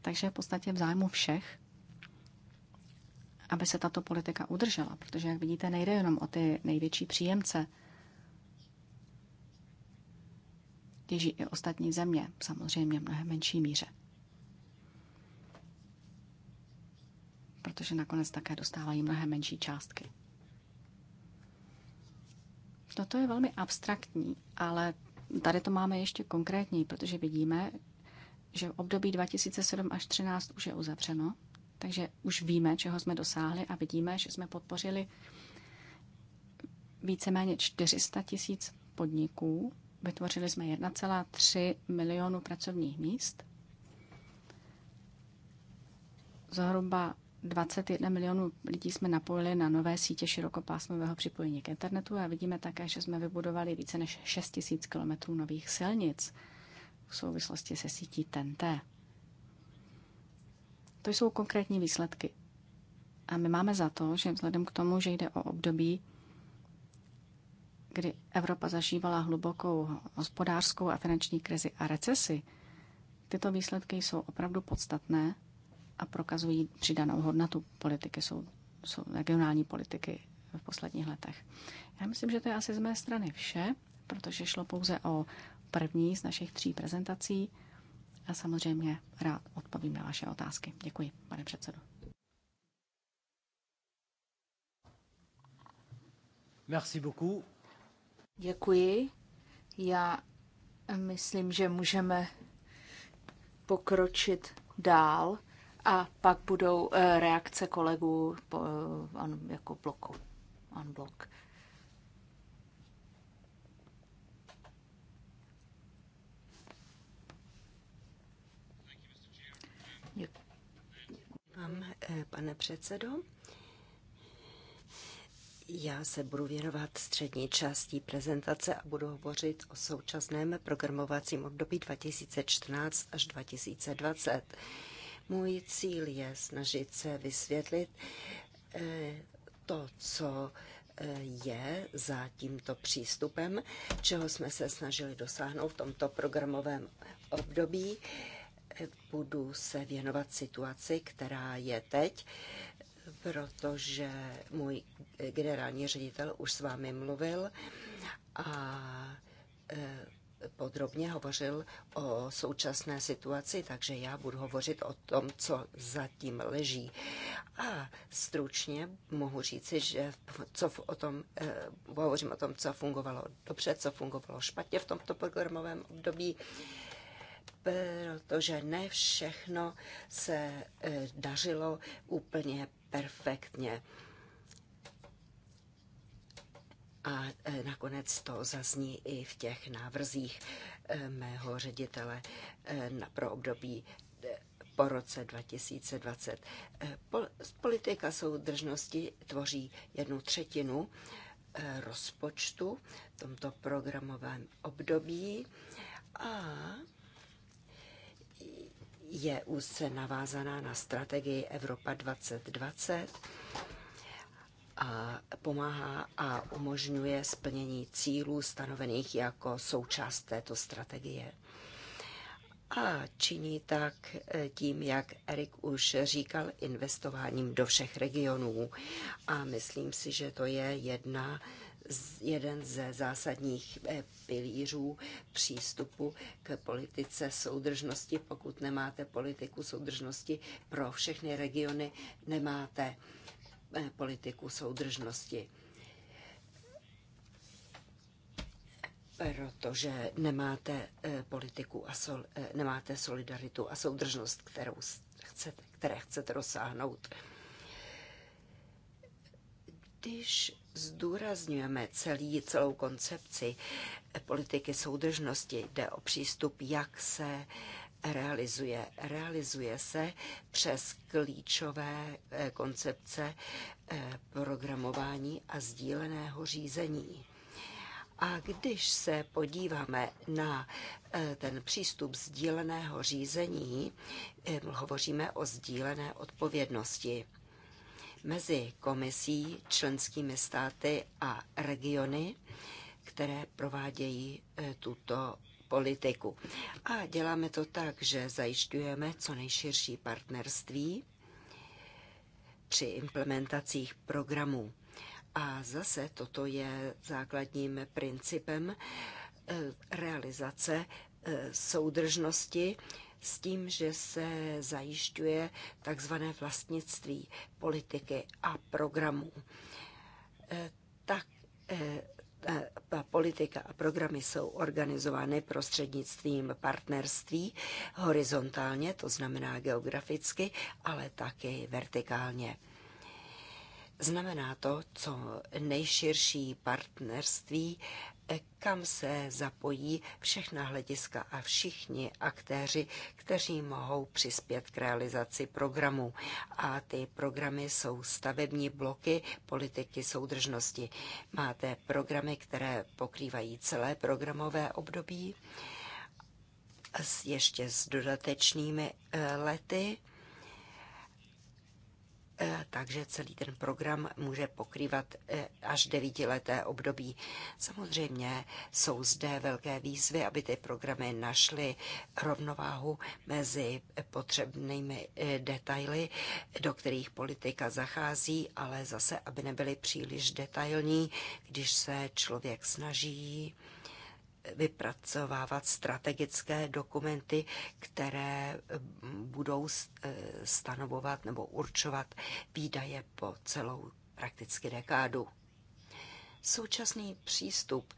Takže v podstatě v zájmu všech, aby se tato politika udržela, protože, jak vidíte, nejde jenom o ty největší příjemce. Těží i ostatní země, samozřejmě v mnohem menší míře. protože nakonec také dostávají mnohem menší částky. No to je velmi abstraktní, ale tady to máme ještě konkrétní, protože vidíme, že v období 2007 až 2013 už je uzavřeno, takže už víme, čeho jsme dosáhli a vidíme, že jsme podpořili víceméně 400 tisíc podniků, vytvořili jsme 1,3 milionu pracovních míst, zhruba 21 milionů lidí jsme napojili na nové sítě širokopásmového připojení k internetu a vidíme také, že jsme vybudovali více než 6 000 kilometrů nových silnic v souvislosti se sítí TNT. To jsou konkrétní výsledky. A my máme za to, že vzhledem k tomu, že jde o období, kdy Evropa zažívala hlubokou hospodářskou a finanční krizi a recesi, tyto výsledky jsou opravdu podstatné a prokazují přidanou hodnotu politiky, jsou, jsou regionální politiky v posledních letech. Já myslím, že to je asi z mé strany vše, protože šlo pouze o první z našich tří prezentací a samozřejmě rád odpovím na vaše otázky. Děkuji, pane předsedo. Merci beaucoup. Děkuji. Já myslím, že můžeme pokročit dál. A pak budou eh, reakce kolegů eh, jako bloku. Unblock. Vám, eh, pane předsedo. Já se budu věnovat střední části prezentace a budu hovořit o současném programovacím období 2014 až 2020. Můj cíl je snažit se vysvětlit eh, to, co eh, je za tímto přístupem, čeho jsme se snažili dosáhnout v tomto programovém období. Eh, budu se věnovat situaci, která je teď, protože můj generální ředitel už s vámi mluvil a podrobně hovořil o současné situaci, takže já budu hovořit o tom, co zatím leží. A stručně mohu říci, že co o tom, eh, hovořím o tom, co fungovalo dobře, co fungovalo špatně v tomto programovém období, protože ne všechno se eh, dařilo úplně perfektně. Eh, a e, nakonec to zazní i v těch návrzích e, mého ředitele e, pro období po roce 2020. Politika soudržnosti tvoří jednu třetinu rozpočtu v tomto programovém období a je úzce navázaná na strategii Evropa 2020 a pomáhá a umožňuje splnění cílů stanovených jako součást této strategie. A činí tak e, tím, jak Erik už říkal, investováním do všech regionů. A myslím si, že to je jedna jeden ze zásadních e, pilířů přístupu k politice soudržnosti. Pokud nemáte politiku soudržnosti pro všechny regiony, nemáte Eh, politiku soudržnosti. Protože nemáte eh, politiku a sol, eh, nemáte solidaritu a soudržnost, kterou chcete, které chcete dosáhnout. Když zdůrazňujeme celý, celou koncepci politiky soudržnosti, jde o přístup, jak se eh, realizuje. Realizuje se přes klíčové eh, koncepce eh, programování a sdíleného řízení. A když se podíváme na eh, ten přístup sdíleného řízení, hovoříme o sdílené odpovědnosti mezi komisí, členskými státy a regiony, které provádějí tuto politiku. A děláme to tak, že zajišťujeme co nejširší partnerství při implementacích programů. A zase toto je základním principem eh, realizace eh, soudržnosti s tím, že se zajišťuje takzvané vlastnictví politiky a programů. Eh, tak politika a programy jsou organizovány prostřednictvím partnerství horizontálně, to znamená geograficky, ale taky vertikálně. Znamená to co nejširší partnerství E, kam se zapojí všechna hlediska a všichni aktéři, kteří mohou přispět k realizaci programu. A ty programy jsou stavební bloky politiky soudržnosti. Máte programy, které pokrývají celé programové období, ještě s dodatečnými e, lety Eh, takže celý ten program může pokrývat eh, až devítileté období. Samozřejmě jsou zde velké výzvy, aby ty programy našly rovnováhu mezi potřebnými eh, detaily, do kterých politika zachází, ale zase, aby nebyly příliš detailní, když se člověk snaží vypracovávat strategické dokumenty, které budou e, stanovovat nebo určovat výdaje po celou prakticky dekádu. Současný přístup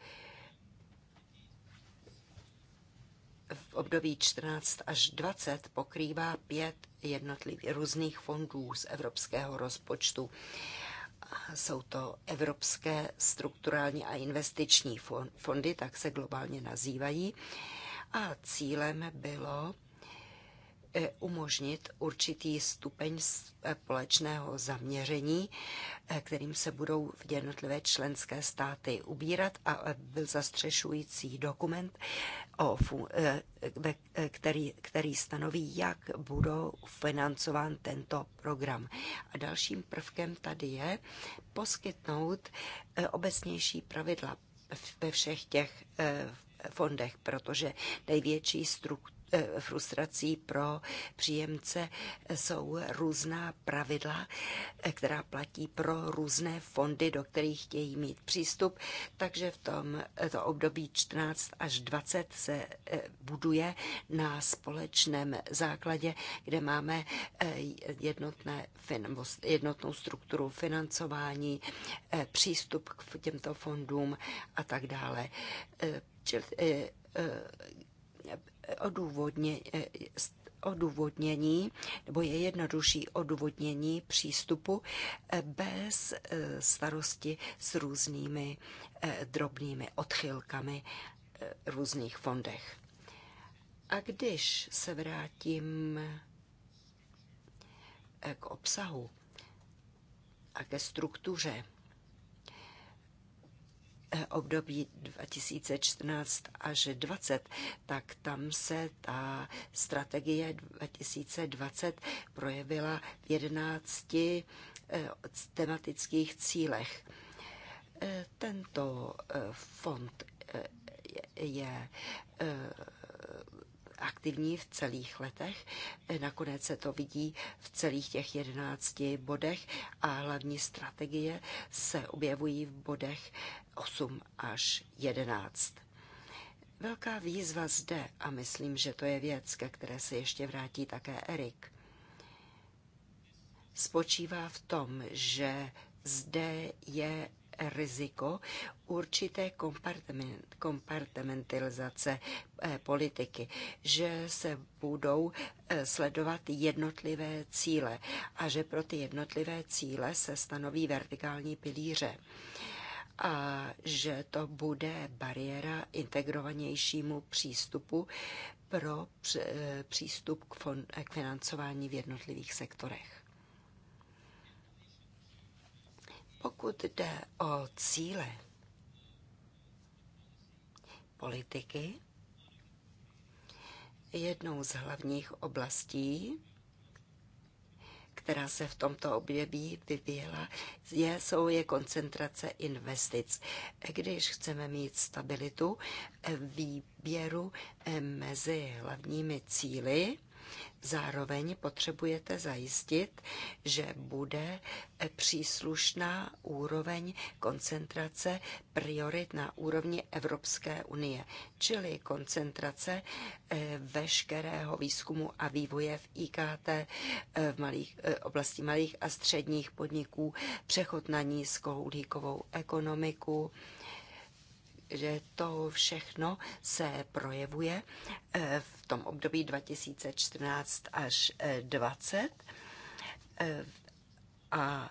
v období 14 až 20 pokrývá pět jednotlivých různých fondů z evropského rozpočtu jsou to evropské strukturální a investiční fondy, tak se globálně nazývají. A cílem bylo E, umožnit určitý stupeň e, společného zaměření, e, kterým se budou v jednotlivé členské státy ubírat a byl zastřešující dokument, který, který stanoví, jak budou financován tento program. A dalším prvkem tady je poskytnout obecnější pravidla ve všech těch fondech, protože největší struktura Eh, frustrací pro příjemce jsou různá pravidla, eh, která platí pro různé fondy, do kterých chtějí mít přístup. Takže v tom eh, to období 14 až 20 se buduje na společném základě, kde máme jednotné, jednotnou strukturu financování, přístup k těmto fondům a tak dále. Čili, odůvodně, eh, odůvodnění, nebo je jednodušší odůvodnění přístupu eh, bez eh, starosti s různými drobnými odchylkami různých fondech. A když se vrátím k obsahu a ke struktuře, Eh, období 2014 až 2020, tak tam se ta strategie 2020 projevila v 11 eh, tematických cílech. Eh, tento fond je aktivní v celých letech. Eh, nakonec se to vidí v celých těch jedenácti bodech a hlavní strategie se objevují v bodech 8 až 11. Velká výzva zde, a myslím, že to je věc, ke které se ještě vrátí také Erik, spočívá v tom, že zde je riziko určité kompartmentalizace eh, politiky, že se budou eh, sledovat jednotlivé cíle a že pro ty jednotlivé cíle se stanoví vertikální pilíře a že to bude bariéra integrovanějšímu přístupu pro eh, přístup k financování v jednotlivých sektorech. Pokud jde o cíle politiky, jednou z hlavních oblastí, která se v tomto období vyvíjela, je, jsou je koncentrace investic. Když chceme mít stabilitu e, výběru e, mezi hlavními cíly, Zároveň potřebujete zajistit, že bude eh, příslušná úroveň koncentrace priorit na úrovni Evropské unie, čili koncentrace eh, veškerého výzkumu a vývoje v IKT eh, v malých, oblasti malých a středních podniků, přechod na nízkouhlíkovou ekonomiku, že to všechno se projevuje eh, v tom období 2014 až 2020 eh, eh, a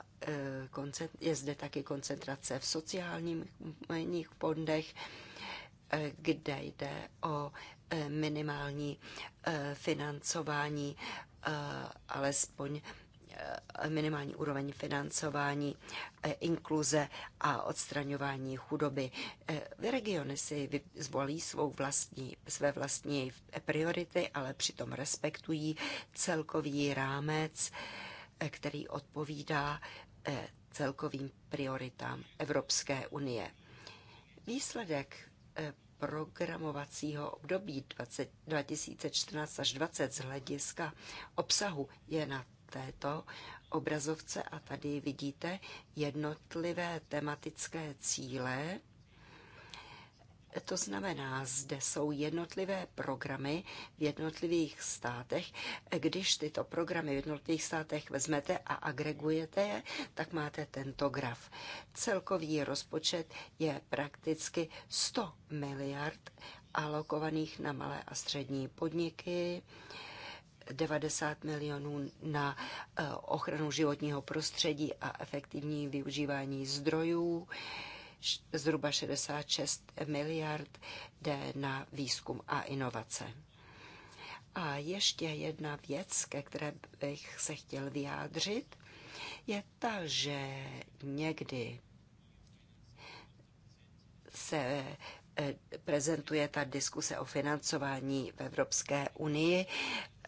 je zde taky koncentrace v sociálních fondech, kde jde o minimální financování alespoň Eh, minimální úroveň financování, eh, inkluze a odstraňování chudoby. Eh, regiony si zvolí svou vlastní, své vlastní priority, ale přitom respektují celkový rámec, který odpovídá celkovým prioritám Evropské unie. Výsledek programovacího období 20, 2014 až 20 z hlediska obsahu je na této obrazovce a tady vidíte jednotlivé tematické cíle. To znamená, zde jsou jednotlivé programy v jednotlivých státech. Když tyto programy v jednotlivých státech vezmete a agregujete je, tak máte tento graf. Celkový rozpočet je prakticky 100 miliard alokovaných na malé a střední podniky, 90 milionů na eh, ochranu životního prostředí a efektivní využívání zdrojů. Zhruba 66 miliard jde na výzkum a inovace. A ještě jedna věc, ke které bych se chtěl vyjádřit, je ta, že někdy se eh, prezentuje ta diskuse o financování v Evropské unii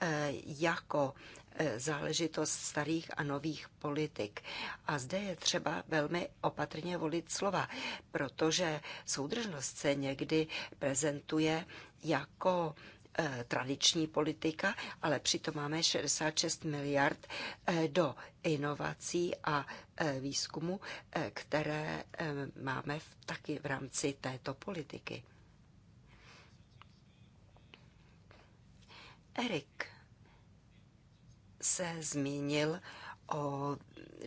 Eh, jako eh, záležitost starých a nových politik. A zde je třeba velmi opatrně volit slova, protože soudržnost se někdy prezentuje jako eh, tradiční politika, ale přitom máme 66 miliard do inovací a výzkumu, které máme taky v rámci této politiky. Erik se zmínil o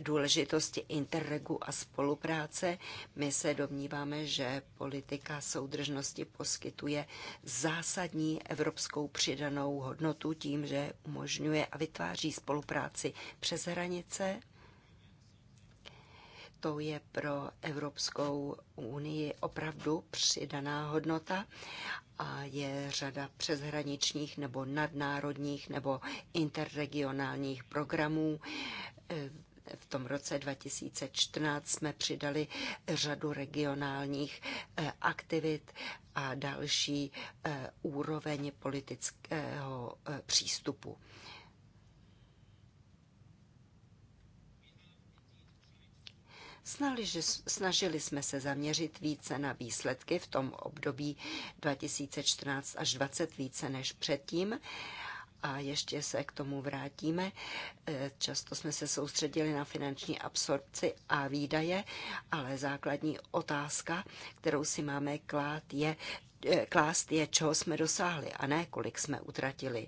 důležitosti interregu a spolupráce. My se domníváme, že politika soudržnosti poskytuje zásadní evropskou přidanou hodnotu tím, že umožňuje a vytváří spolupráci přes hranice to je pro Evropskou unii opravdu přidaná hodnota a je řada přeshraničních nebo nadnárodních nebo interregionálních programů. E, v tom roce 2014 jsme přidali řadu regionálních e, aktivit a další e, úroveň politického přístupu. Snažili jsme se zaměřit více na výsledky v tom období 2014 až 20 více než předtím a ještě se k tomu vrátíme. E, často jsme se soustředili na finanční absorpci a výdaje, ale základní otázka, kterou si máme klát, je, e, klást je, čeho jsme dosáhli a ne kolik jsme utratili.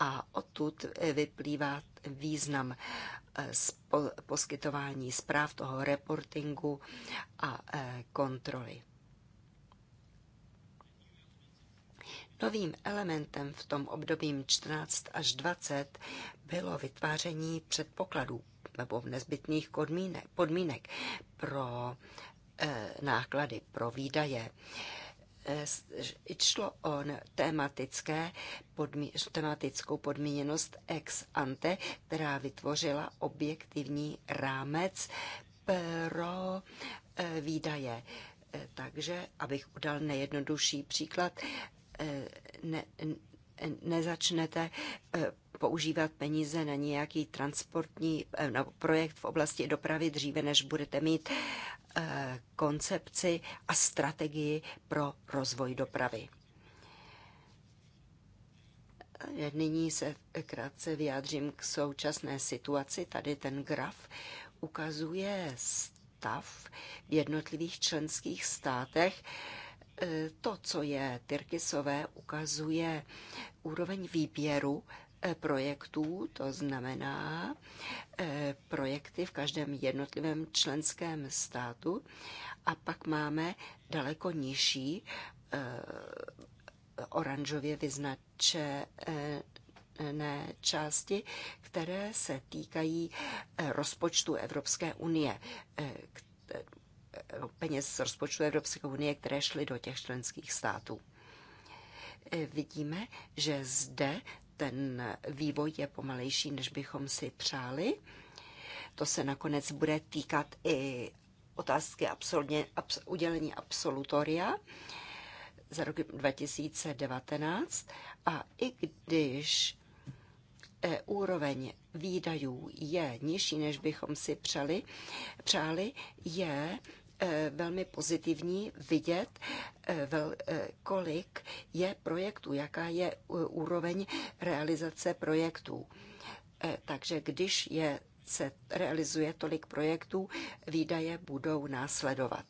A odtud e, vyplývá význam poskytování zpráv, toho reportingu a e, kontroly. Novým elementem v tom období 14 až 20 bylo vytváření předpokladů nebo nezbytných podmínek, pro e, náklady, pro výdaje. Eh, šlo o tematické, podmí, tematickou podmíněnost ex ante, která vytvořila objektivní rámec pro eh, výdaje. Eh, takže, abych udal nejjednodušší příklad, ne, nezačnete eh, používat peníze na nějaký transportní eh, na projekt v oblasti dopravy dříve, než budete mít eh, koncepci a strategii pro rozvoj dopravy. Nyní se krátce vyjádřím k současné situaci. Tady ten graf ukazuje stav v jednotlivých členských státech E, to, co je Tyrkisové, ukazuje úroveň výběru e, projektů, to znamená e, projekty v každém jednotlivém členském státu a pak máme daleko nižší oranžově vyznačené části, které se týkají rozpočtu Evropské unie, peněz z rozpočtu Evropské unie, které šly do těch členských států. E, vidíme, že zde ten vývoj je pomalejší, než bychom si přáli. To se nakonec bude týkat i otázky absolutně, abs, udělení absolutoria za rok 2019. A i když úroveň výdajů je nižší, než bychom si přali, přáli, je Eh, velmi pozitivní vidět, eh, eh, kolik je projektů, jaká je úroveň realizace projektů. Takže když je, se realizuje tolik projektů, výdaje budou následovat.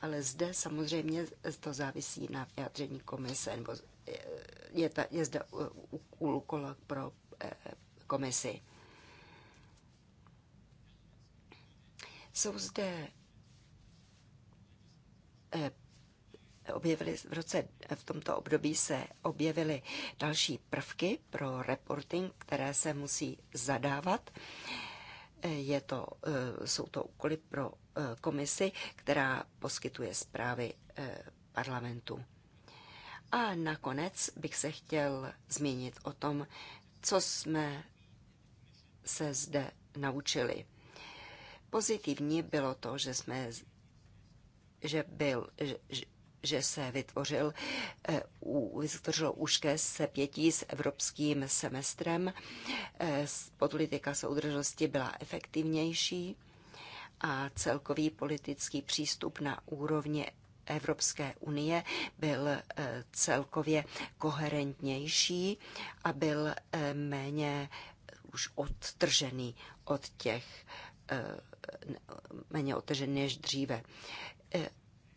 Ale zde samozřejmě to závisí na vyjádření komise, nebo je, ta, je zde úkol pro komisi. Jsou zde Eh, objevily v roce, eh, v tomto období se objevily další prvky pro reporting, které se musí zadávat. Eh, je to, jsou to úkoly pro komisi, která poskytuje zprávy parlamentu. A nakonec bych se chtěl zmínit o tom, co jsme se zde naučili. Pozitivní bylo to, že jsme že, byl, že, že se vytvořil, eh, vytvořilo úžké se pětí s evropským semestrem. Eh, politika soudržnosti byla efektivnější a celkový politický přístup na úrovni Evropské unie byl eh, celkově koherentnější a byl méně už odtržený od těch méně otevřený než dříve. E,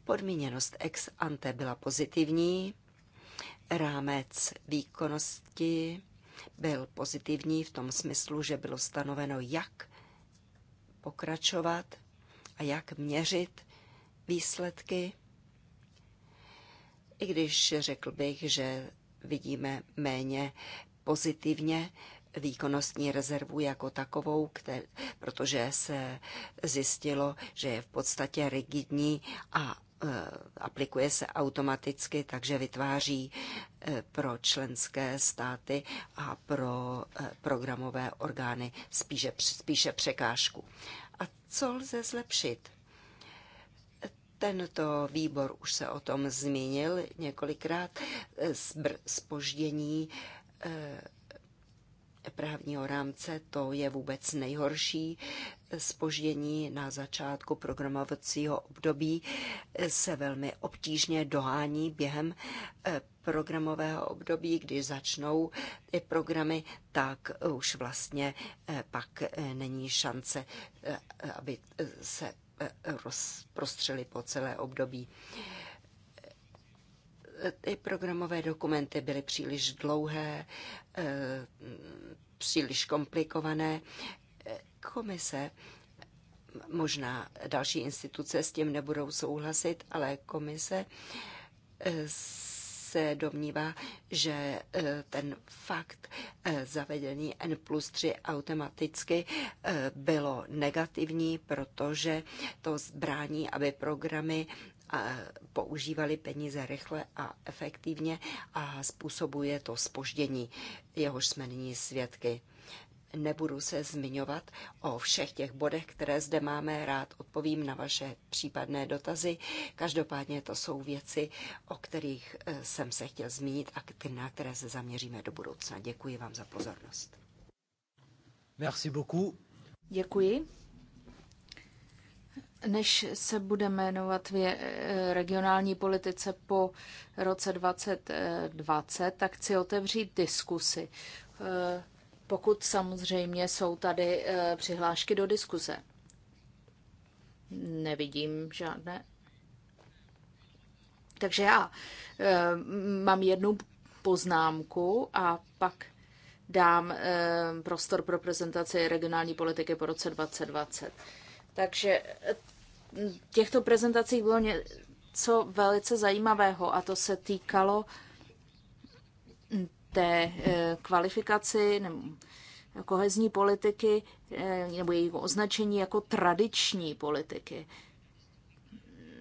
podmíněnost ex ante byla pozitivní, rámec výkonnosti byl pozitivní v tom smyslu, že bylo stanoveno, jak pokračovat a jak měřit výsledky. I když řekl bych, že vidíme méně pozitivně výkonnostní rezervu jako takovou, kter, protože se zjistilo, že je v podstatě rigidní a e, aplikuje se automaticky, takže vytváří e, pro členské státy a pro e, programové orgány spíše, spíše překážku. A co lze zlepšit? Tento výbor už se o tom zmínil několikrát. Spoždění právního rámce, to je vůbec nejhorší spoždění na začátku programovacího období se velmi obtížně dohání během eh, programového období, kdy začnou ty eh, programy, tak už vlastně eh, pak není šance, aby se rozprostřeli po celé období ty programové dokumenty byly příliš dlouhé, eh, příliš komplikované. Komise možná další instituce s tím nebudou souhlasit, ale komise eh, se domnívá, že eh, ten fakt zavedení N plus 3 automaticky bylo negativní, protože to zbrání, aby programy používali peníze rychle a efektivně a způsobuje to spoždění, jehož jsme nyní svědky. Nebudu se zmiňovat o všech těch bodech, které zde máme, rád odpovím na vaše případné dotazy. Každopádně to jsou věci, o kterých eh, jsem se chtěl zmínit a na které se zaměříme do budoucna. Děkuji vám za pozornost. Merci beaucoup. Děkuji než se bude jmenovat v regionální politice po roce 2020, tak chci otevřít diskusy, e, pokud samozřejmě jsou tady e, přihlášky do diskuze. Nevidím žádné. Takže já e, mám jednu poznámku a pak dám prostor pro prezentaci regionální politiky po roce 2020. Takže těchto prezentacích bylo něco velice zajímavého a to se týkalo té e, kvalifikaci nebo kohezní politiky e, nebo jejího označení jako tradiční politiky.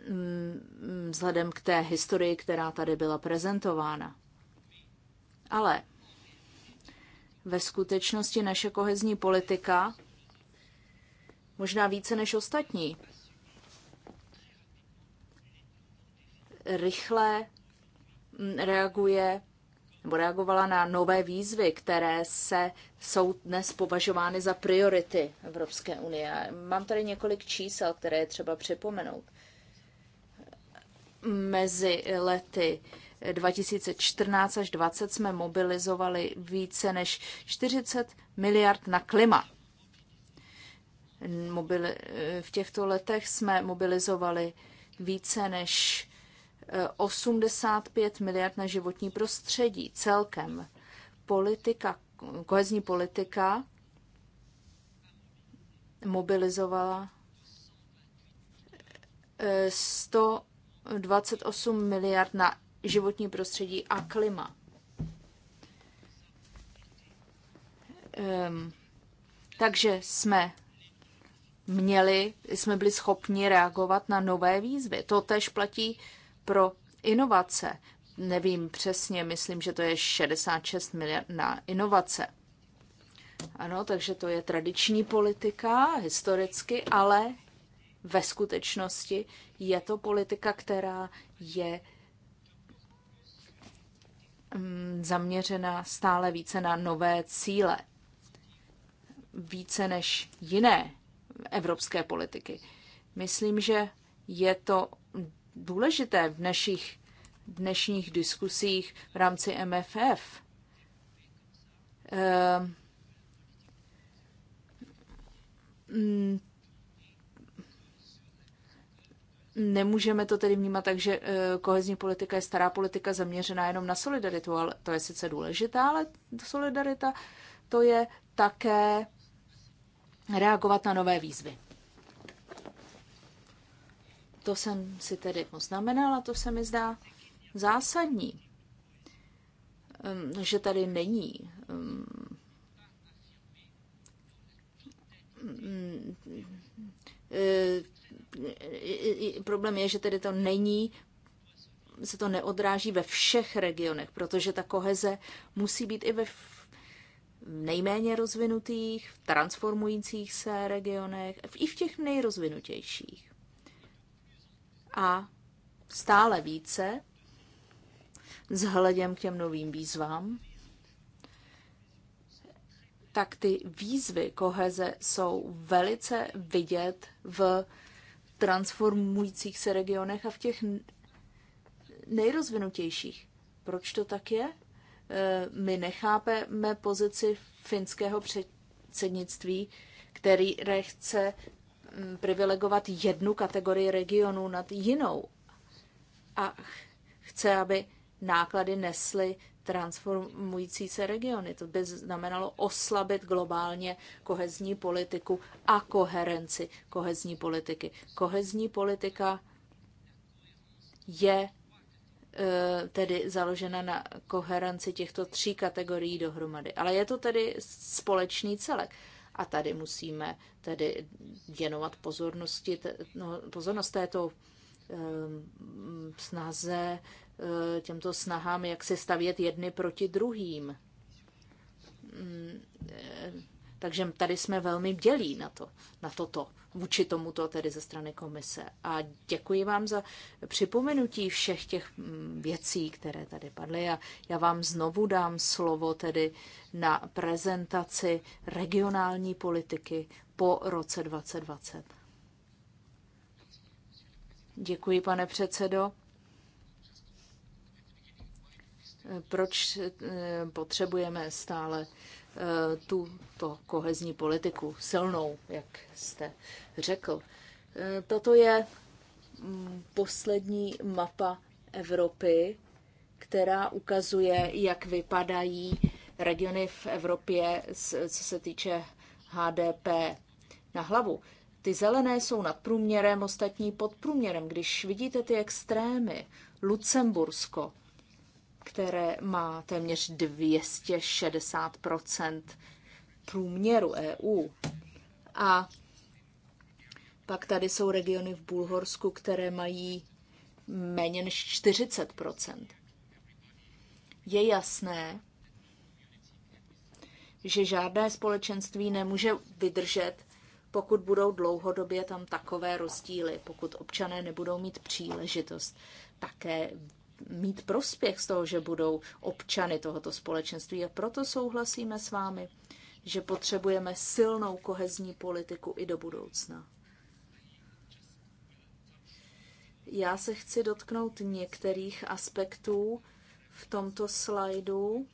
Mm, vzhledem k té historii, která tady byla prezentována. Ale ve skutečnosti naše kohezní politika možná více než ostatní rychle mm, reaguje nebo reagovala na nové výzvy, které se jsou dnes považovány za priority Evropské unie. Mám tady několik čísel, které je třeba připomenout. Mezi lety 2014 až 2020 jsme mobilizovali více než 40 miliard na klima. v těchto letech jsme mobilizovali více než 85 miliard na životní prostředí celkem. Politika, kohezní politika mobilizovala 128 eh, miliard na životní prostředí a klima. Um, takže jsme měli, jsme byli schopni reagovat na nové výzvy. To tež platí uh, pro inovace. Nevím přesně, myslím, že to je 66 miliard na inovace. Ano, takže to je tradiční politika historicky, ale ve skutečnosti je to politika, která je mm, zaměřena stále více na nové cíle, více než jiné evropské politiky. Myslím, že je to důležité v našich dnešních diskusích v rámci MFF. Ehm, mm, nemůžeme to tedy vnímat tak, že eh, kohezní politika je stará politika zaměřená jenom na solidaritu, ale to je sice důležité, ale solidarita to je také reagovat na nové výzvy. To jsem si tedy poznamenala, to se mi zdá zásadní, ehm, že tady není ehm, ehm, e, e, e, problém je, že tedy to není, se to neodráží ve všech regionech, protože ta koheze musí být i ve nejméně rozvinutých, transformujících se regionech, i v těch nejrozvinutějších a stále více vzhledem k těm novým výzvám, tak ty výzvy koheze jsou velice vidět v transformujících se regionech a v těch nejrozvinutějších. Proč to tak je? E, my nechápeme pozici finského předsednictví, který chce Mm, privilegovat jednu kategorii regionů nad jinou a chce, aby náklady nesly transformující se regiony. To by znamenalo oslabit globálně kohezní politiku a koherenci kohezní politiky. Kohezní politika je e, tedy založena na koherenci těchto tří kategorií dohromady. Ale je to tedy společný celek. A tady musíme tedy věnovat pozornosti, no, pozornost této eh, snaze, eh, těmto snahám, jak se stavět jedny proti druhým mm, eh, takže tady jsme velmi dělí na, to, na toto, vůči tomuto tedy ze strany komise. A děkuji vám za připomenutí všech těch mm, věcí, které tady padly. A já vám znovu dám slovo tedy na prezentaci regionální politiky po roce 2020. Děkuji, pane předsedo. Proč eh, potřebujeme stále Eh, tuto kohezní politiku, silnou, jak jste řekl. Eh, toto je mm, poslední mapa Evropy, která ukazuje, jak vypadají regiony v Evropě, co se týče HDP na hlavu. Ty zelené jsou nad průměrem, ostatní pod průměrem. Když vidíte ty extrémy, Lucembursko, které má téměř 260 průměru EU. A pak tady jsou regiony v Bulhorsku, které mají méně než 40 Je jasné, že žádné společenství nemůže vydržet, pokud budou dlouhodobě tam takové rozdíly, pokud občané nebudou mít příležitost také mít prospěch z toho, že budou občany tohoto společenství. A proto souhlasíme s vámi, že potřebujeme silnou kohezní politiku i do budoucna. Já se chci dotknout některých aspektů v tomto slajdu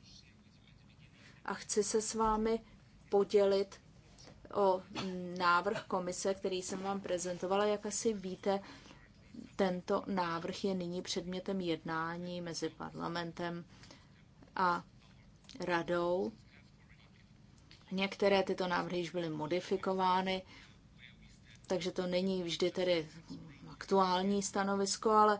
a chci se s vámi podělit o návrh komise, který jsem vám prezentovala. Jak asi víte, tento návrh je nyní předmětem jednání mezi parlamentem a radou. Některé tyto návrhy již byly modifikovány, takže to není vždy tedy aktuální stanovisko, ale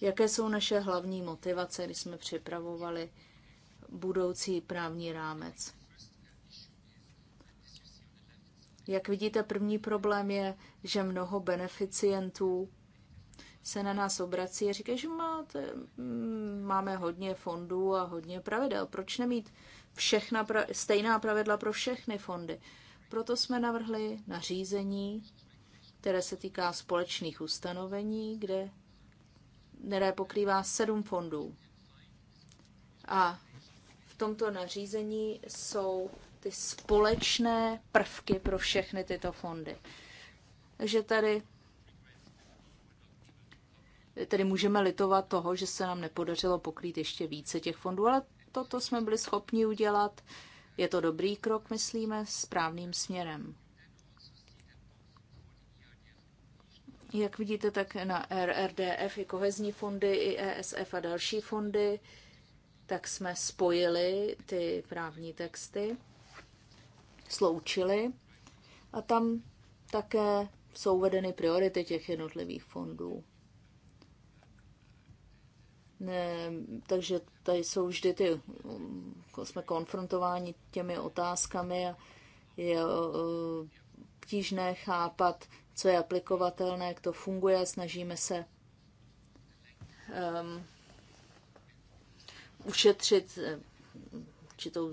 jaké jsou naše hlavní motivace, když jsme připravovali budoucí právní rámec. Jak vidíte, první problém je, že mnoho beneficientů se na nás obrací a říkají, že máte, mm, máme hodně fondů a hodně pravidel. Proč nemít všechna pra, stejná pravidla pro všechny fondy? Proto jsme navrhli nařízení, které se týká společných ustanovení, kde které pokrývá sedm fondů. A v tomto nařízení jsou ty společné prvky pro všechny tyto fondy. Takže tady, tady můžeme litovat toho, že se nám nepodařilo pokrýt ještě více těch fondů, ale toto jsme byli schopni udělat. Je to dobrý krok, myslíme, správným směrem. Jak vidíte, tak na RRDF i kohezní fondy, i ESF a další fondy, tak jsme spojili ty právní texty sloučily a tam také jsou uvedeny priority těch jednotlivých fondů. Ne, takže tady jsou vždy ty, jako jsme konfrontováni těmi otázkami a je e, obtížné chápat, co je aplikovatelné, jak to funguje. Snažíme se um, ušetřit určitou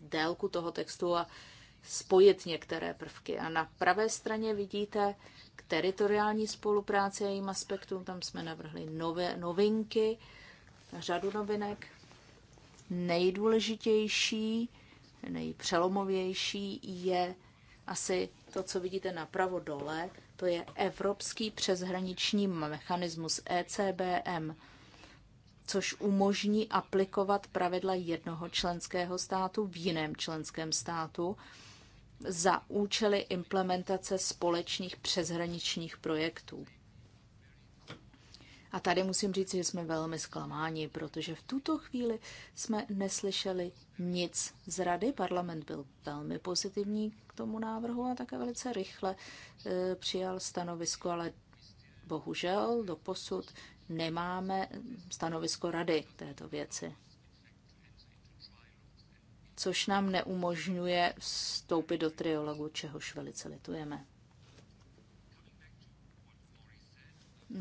délku toho textu a spojit některé prvky. A na pravé straně vidíte k teritoriální spolupráci a jejím aspektům. Tam jsme navrhli nové, novinky, řadu novinek. Nejdůležitější, nejpřelomovější je asi to, co vidíte napravo dole, to je Evropský přeshraniční mechanismus ECBM což umožní aplikovat pravidla jednoho členského státu v jiném členském státu za účely implementace společných přeshraničních projektů. A tady musím říct, že jsme velmi zklamáni, protože v tuto chvíli jsme neslyšeli nic z rady. Parlament byl velmi pozitivní k tomu návrhu a také velice rychle eh, přijal stanovisko, ale bohužel do posud nemáme stanovisko rady k této věci, což nám neumožňuje vstoupit do triologu, čehož velice litujeme.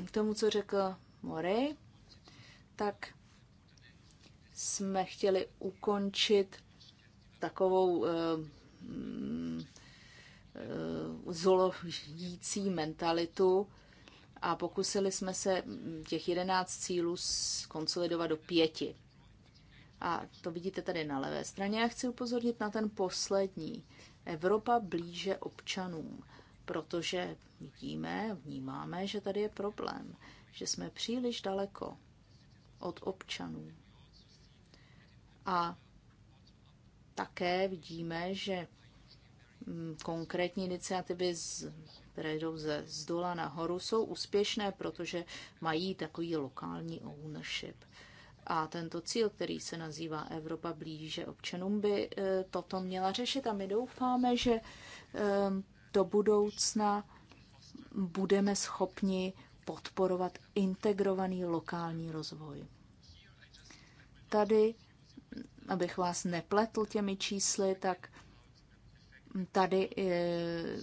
K tomu, co řekl Mori, tak jsme chtěli ukončit takovou uh, eh, mm, eh, uh, zolojící mentalitu, a pokusili jsme se mm, těch 11 cílů konsolidovat do pěti. A to vidíte tady na levé straně. Já chci upozornit na ten poslední. Evropa blíže občanům, protože vidíme, vnímáme, že tady je problém, že jsme příliš daleko od občanů. A také vidíme, že mm, konkrétní iniciativy z které jdou ze zdola nahoru, jsou úspěšné, protože mají takový lokální ownership. A tento cíl, který se nazývá Evropa blíže občanům, by eh, toto měla řešit. A my doufáme, že eh, do budoucna budeme schopni podporovat integrovaný lokální rozvoj. Tady, abych vás nepletl těmi čísly, tak tady eh,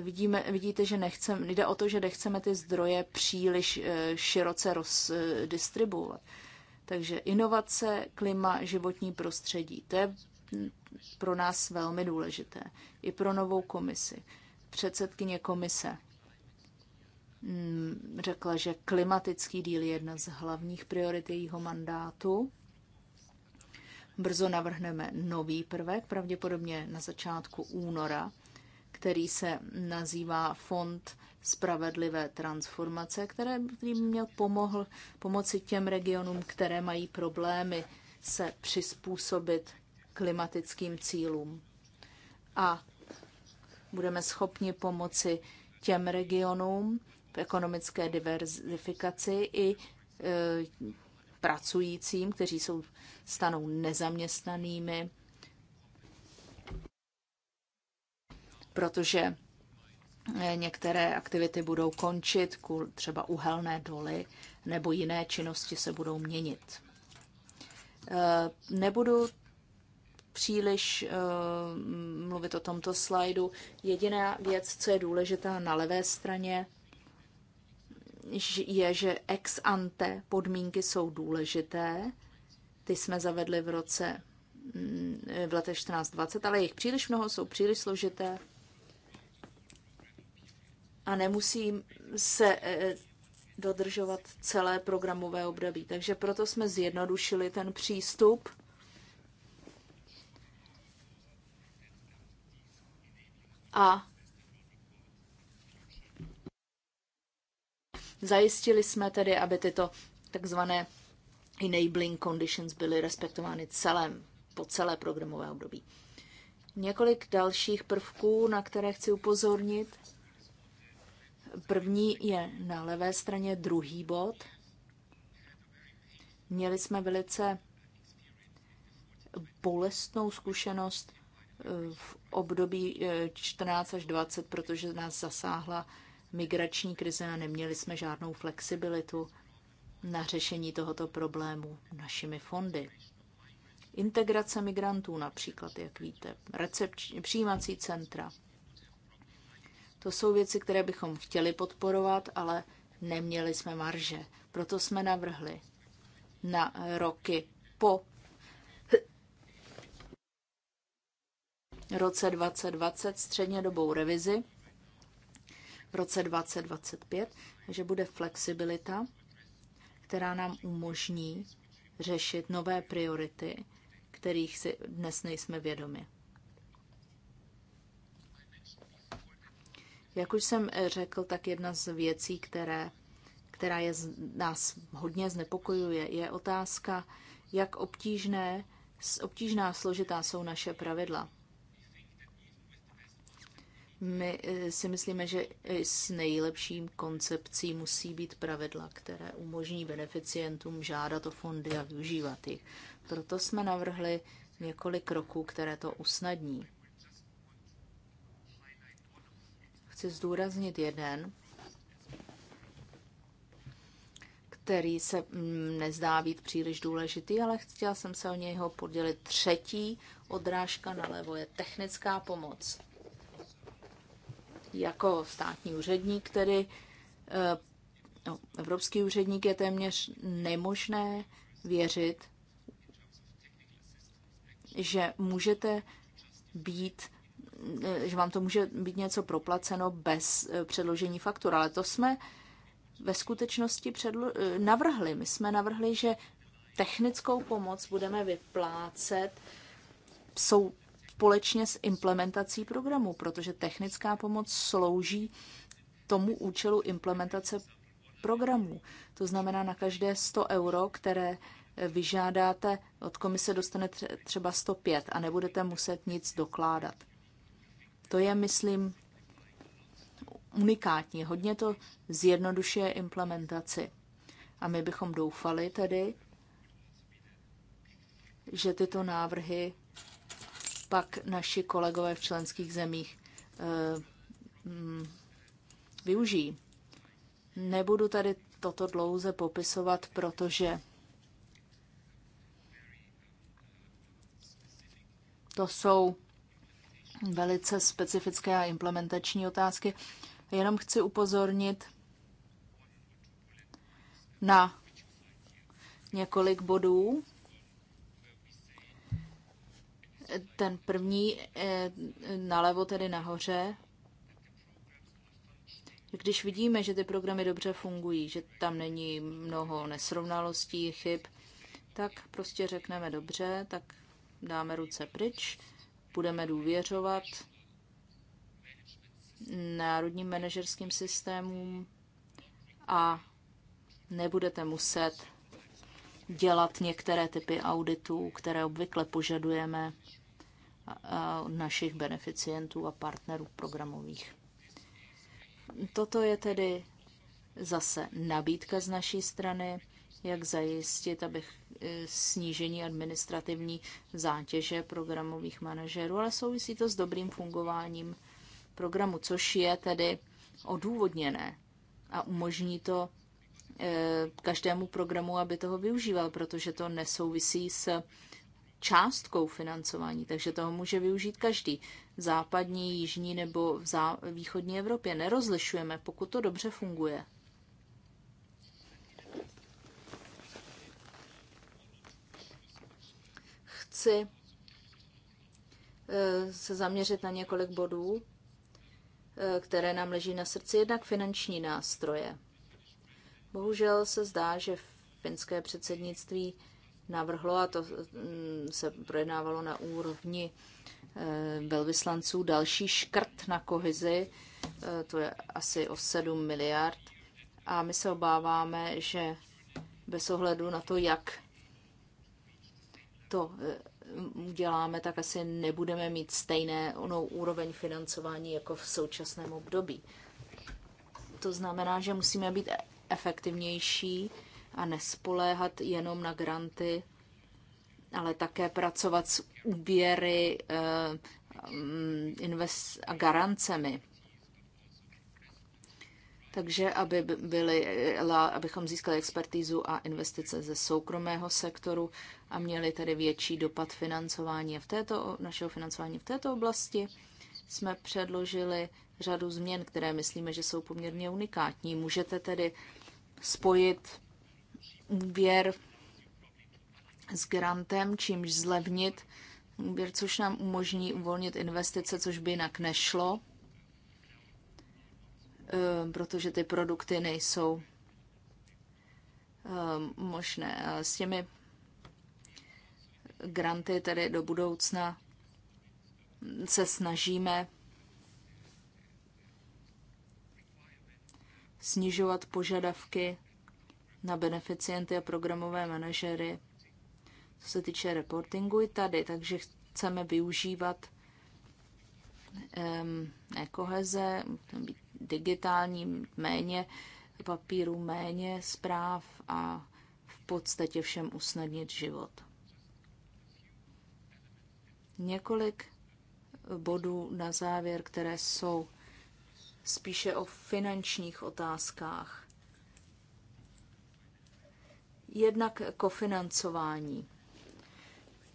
vidíme, vidíte, že nechcem, jde o to, že nechceme ty zdroje příliš eh, široce rozdistribuovat. Takže inovace, klima, životní prostředí, to je pro nás velmi důležité. I pro novou komisi. Předsedkyně komise mm, řekla, že klimatický díl je jedna z hlavních priorit jejího mandátu. Brzo navrhneme nový prvek, pravděpodobně na začátku února který se nazývá Fond spravedlivé transformace, které, který měl pomohl, pomoci těm regionům, které mají problémy se přizpůsobit klimatickým cílům. A budeme schopni pomoci těm regionům v ekonomické diverzifikaci i e, pracujícím, kteří jsou stanou nezaměstnanými, protože eh, některé aktivity budou končit, třeba uhelné doly nebo jiné činnosti se budou měnit. Eh, nebudu příliš eh, mluvit o tomto slajdu. Jediná věc, co je důležitá na levé straně, je, že ex ante podmínky jsou důležité. Ty jsme zavedli v roce mm, v letech 1420, ale jejich příliš mnoho, jsou příliš složité a nemusím se e, dodržovat celé programové období. Takže proto jsme zjednodušili ten přístup. A zajistili jsme tedy, aby tyto takzvané enabling conditions byly respektovány celém, po celé programové období. Několik dalších prvků, na které chci upozornit, První je na levé straně druhý bod. Měli jsme velice bolestnou zkušenost eh, v období 14 eh, až 20, protože nás zasáhla migrační krize a neměli jsme žádnou flexibilitu na řešení tohoto problému našimi fondy. Integrace migrantů například, jak víte, recepční, přijímací centra, to jsou věci, které bychom chtěli podporovat, ale neměli jsme marže. Proto jsme navrhli na roky po roce 2020 střednědobou revizi v roce 2025, že bude flexibilita, která nám umožní řešit nové priority, kterých si dnes nejsme vědomi. Jak už jsem eh, řekl, tak jedna z věcí, které, která je, nás hodně znepokojuje, je otázka, jak obtížné, obtížná složitá jsou naše pravidla. My eh, si myslíme, že s nejlepším koncepcí musí být pravidla, které umožní beneficientům žádat o fondy a využívat jich. Proto jsme navrhli několik kroků, které to usnadní. chci zdůraznit jeden, který se mm, nezdá být příliš důležitý, ale chtěla jsem se o něho podělit. Třetí odrážka nalevo je technická pomoc. Jako státní úředník, který eh, no, evropský úředník, je téměř nemožné věřit, že můžete být že vám to může být něco proplaceno bez eh, předložení faktur, ale to jsme ve skutečnosti předlo- eh, navrhli. My jsme navrhli, že technickou pomoc budeme vyplácet jsou společně s implementací programu, protože technická pomoc slouží tomu účelu implementace programů. To znamená, na každé 100 euro, které eh, vyžádáte, od komise dostane třeba 105 a nebudete muset nic dokládat. To je, myslím, unikátní. Hodně to zjednodušuje implementaci. A my bychom doufali tedy, že tyto návrhy pak naši kolegové v členských zemích eh, mm, využijí. Nebudu tady toto dlouze popisovat, protože to jsou velice specifické a implementační otázky. Jenom chci upozornit na několik bodů. Ten první eh, nalevo, tedy nahoře. Když vidíme, že ty programy dobře fungují, že tam není mnoho nesrovnalostí, chyb, tak prostě řekneme dobře, tak dáme ruce pryč budeme důvěřovat národním manažerským systémům a nebudete muset dělat některé typy auditů, které obvykle požadujeme od našich beneficientů a partnerů programových. Toto je tedy zase nabídka z naší strany jak zajistit, aby eh, snížení administrativní zátěže programových manažerů, ale souvisí to s dobrým fungováním programu, což je tedy odůvodněné a umožní to eh, každému programu, aby toho využíval, protože to nesouvisí s částkou financování, takže toho může využít každý. V západní, jižní nebo v východní Evropě nerozlišujeme, pokud to dobře funguje. chci eh, se zaměřit na několik bodů, eh, které nám leží na srdci, jednak finanční nástroje. Bohužel se zdá, že finské předsednictví navrhlo, a to mm, se projednávalo na úrovni eh, velvyslanců, další škrt na kohizi, to je asi o 7 miliard. A my se obáváme, že bez ohledu na to, jak to uděláme, tak asi nebudeme mít stejné onou úroveň financování jako v současném období. To znamená, že musíme být efektivnější a nespoléhat jenom na granty, ale také pracovat s eh, mm, invest a garancemi. Takže aby byly, eh, abychom získali expertízu a investice ze soukromého sektoru, a měly tedy větší dopad financování v této, našeho financování v této oblasti. Jsme předložili řadu změn, které myslíme, že jsou poměrně unikátní. Můžete tedy spojit úvěr s grantem, čímž zlevnit úvěr, což nám umožní uvolnit investice, což by jinak nešlo, eh, protože ty produkty nejsou eh, možné. S těmi granty tedy do budoucna se snažíme snižovat požadavky na beneficienty a programové manažery, co se týče reportingu i tady. Takže chceme využívat um, ekoheze, digitální, méně papíru, méně zpráv a v podstatě všem usnadnit život. Několik bodů na závěr, které jsou spíše o finančních otázkách. Jednak kofinancování.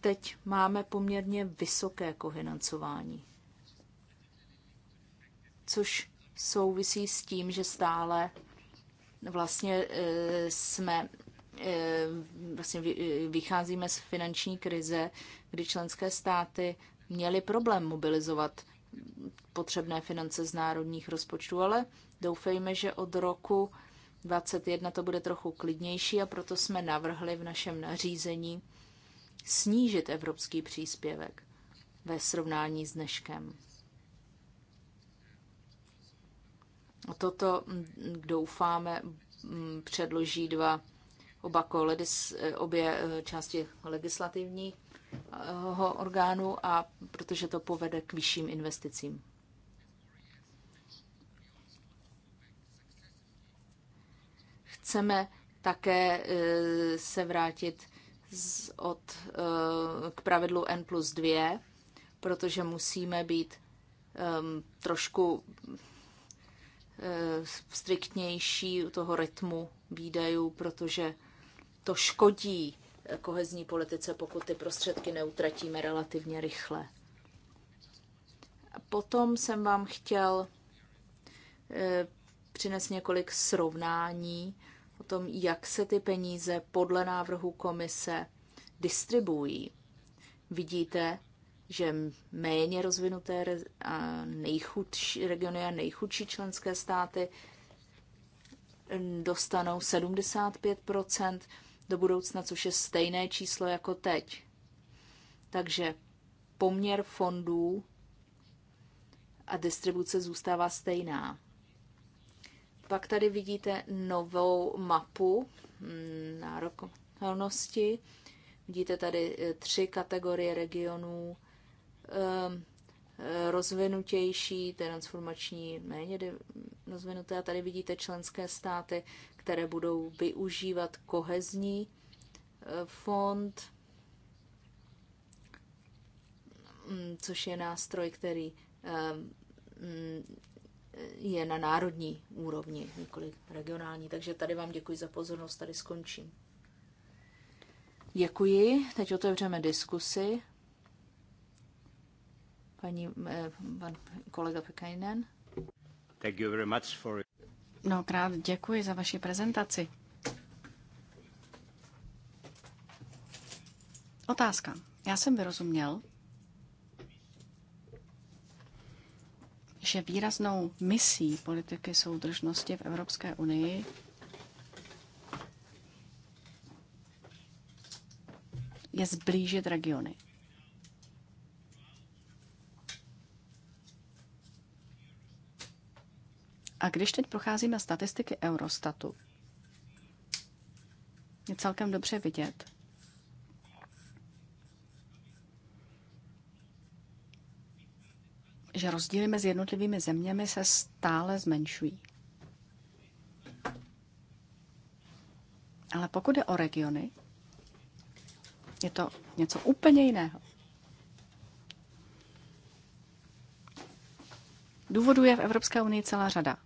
Teď máme poměrně vysoké kofinancování, což souvisí s tím, že stále vlastně e, jsme Eh, vlastně eh, vycházíme z finanční krize, kdy členské státy měly problém mobilizovat potřebné finance z národních rozpočtů, ale doufejme, že od roku 2021 to bude trochu klidnější a proto jsme navrhli v našem nařízení snížit evropský příspěvek ve srovnání s dneškem. Toto mm, doufáme mm, předloží dva oba koledis, eh, obě eh, části legislativního orgánu a protože to povede k vyšším investicím. Chceme také eh, se vrátit z, od, k pravidlu N plus 2, protože musíme být um, trošku striktnější u toho rytmu výdajů, protože to škodí eh, kohezní politice, pokud ty prostředky neutratíme relativně rychle. potom jsem vám chtěl eh, přinést několik srovnání o tom, jak se ty peníze podle návrhu komise distribuují. Vidíte, že méně rozvinuté a nejchudší regiony a nejchudší členské státy dostanou 75 do budoucna, což je stejné číslo jako teď. Takže poměr fondů a distribuce zůstává stejná. Pak tady vidíte novou mapu hmm, nárokovnosti. Vidíte tady eh, tři kategorie regionů. Ehm, rozvinutější, transformační, méně rozvinuté. A tady vidíte členské státy které budou využívat kohezní eh, fond, mm, což je nástroj, který eh, mm, je na národní úrovni, nikoli regionální. Takže tady vám děkuji za pozornost, tady skončím. Děkuji. Teď otevřeme diskusy. Paní, eh, pan kolega Pekajnen. Thank you very much for... Mnohokrát děkuji za vaši prezentaci. Otázka. Já jsem vyrozuměl, že výraznou misí politiky soudržnosti v Evropské unii je zblížit regiony. A když teď procházíme statistiky Eurostatu, je celkem dobře vidět, že rozdíly mezi jednotlivými zeměmi se stále zmenšují. Ale pokud je o regiony, je to něco úplně jiného. Důvodů je v Evropské unii celá řada.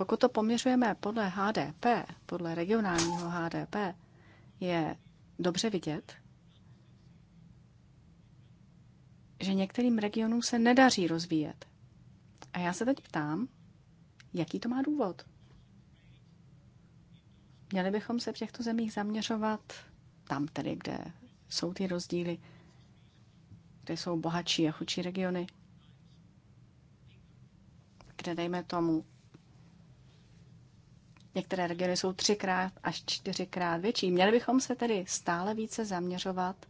Pokud to poměřujeme podle HDP, podle regionálního HDP, je dobře vidět, že některým regionům se nedaří rozvíjet. A já se teď ptám, jaký to má důvod? Měli bychom se v těchto zemích zaměřovat tam tedy, kde jsou ty rozdíly, kde jsou bohatší a chudší regiony, kde dejme tomu Některé regiony jsou třikrát až čtyřikrát větší. Měli bychom se tedy stále více zaměřovat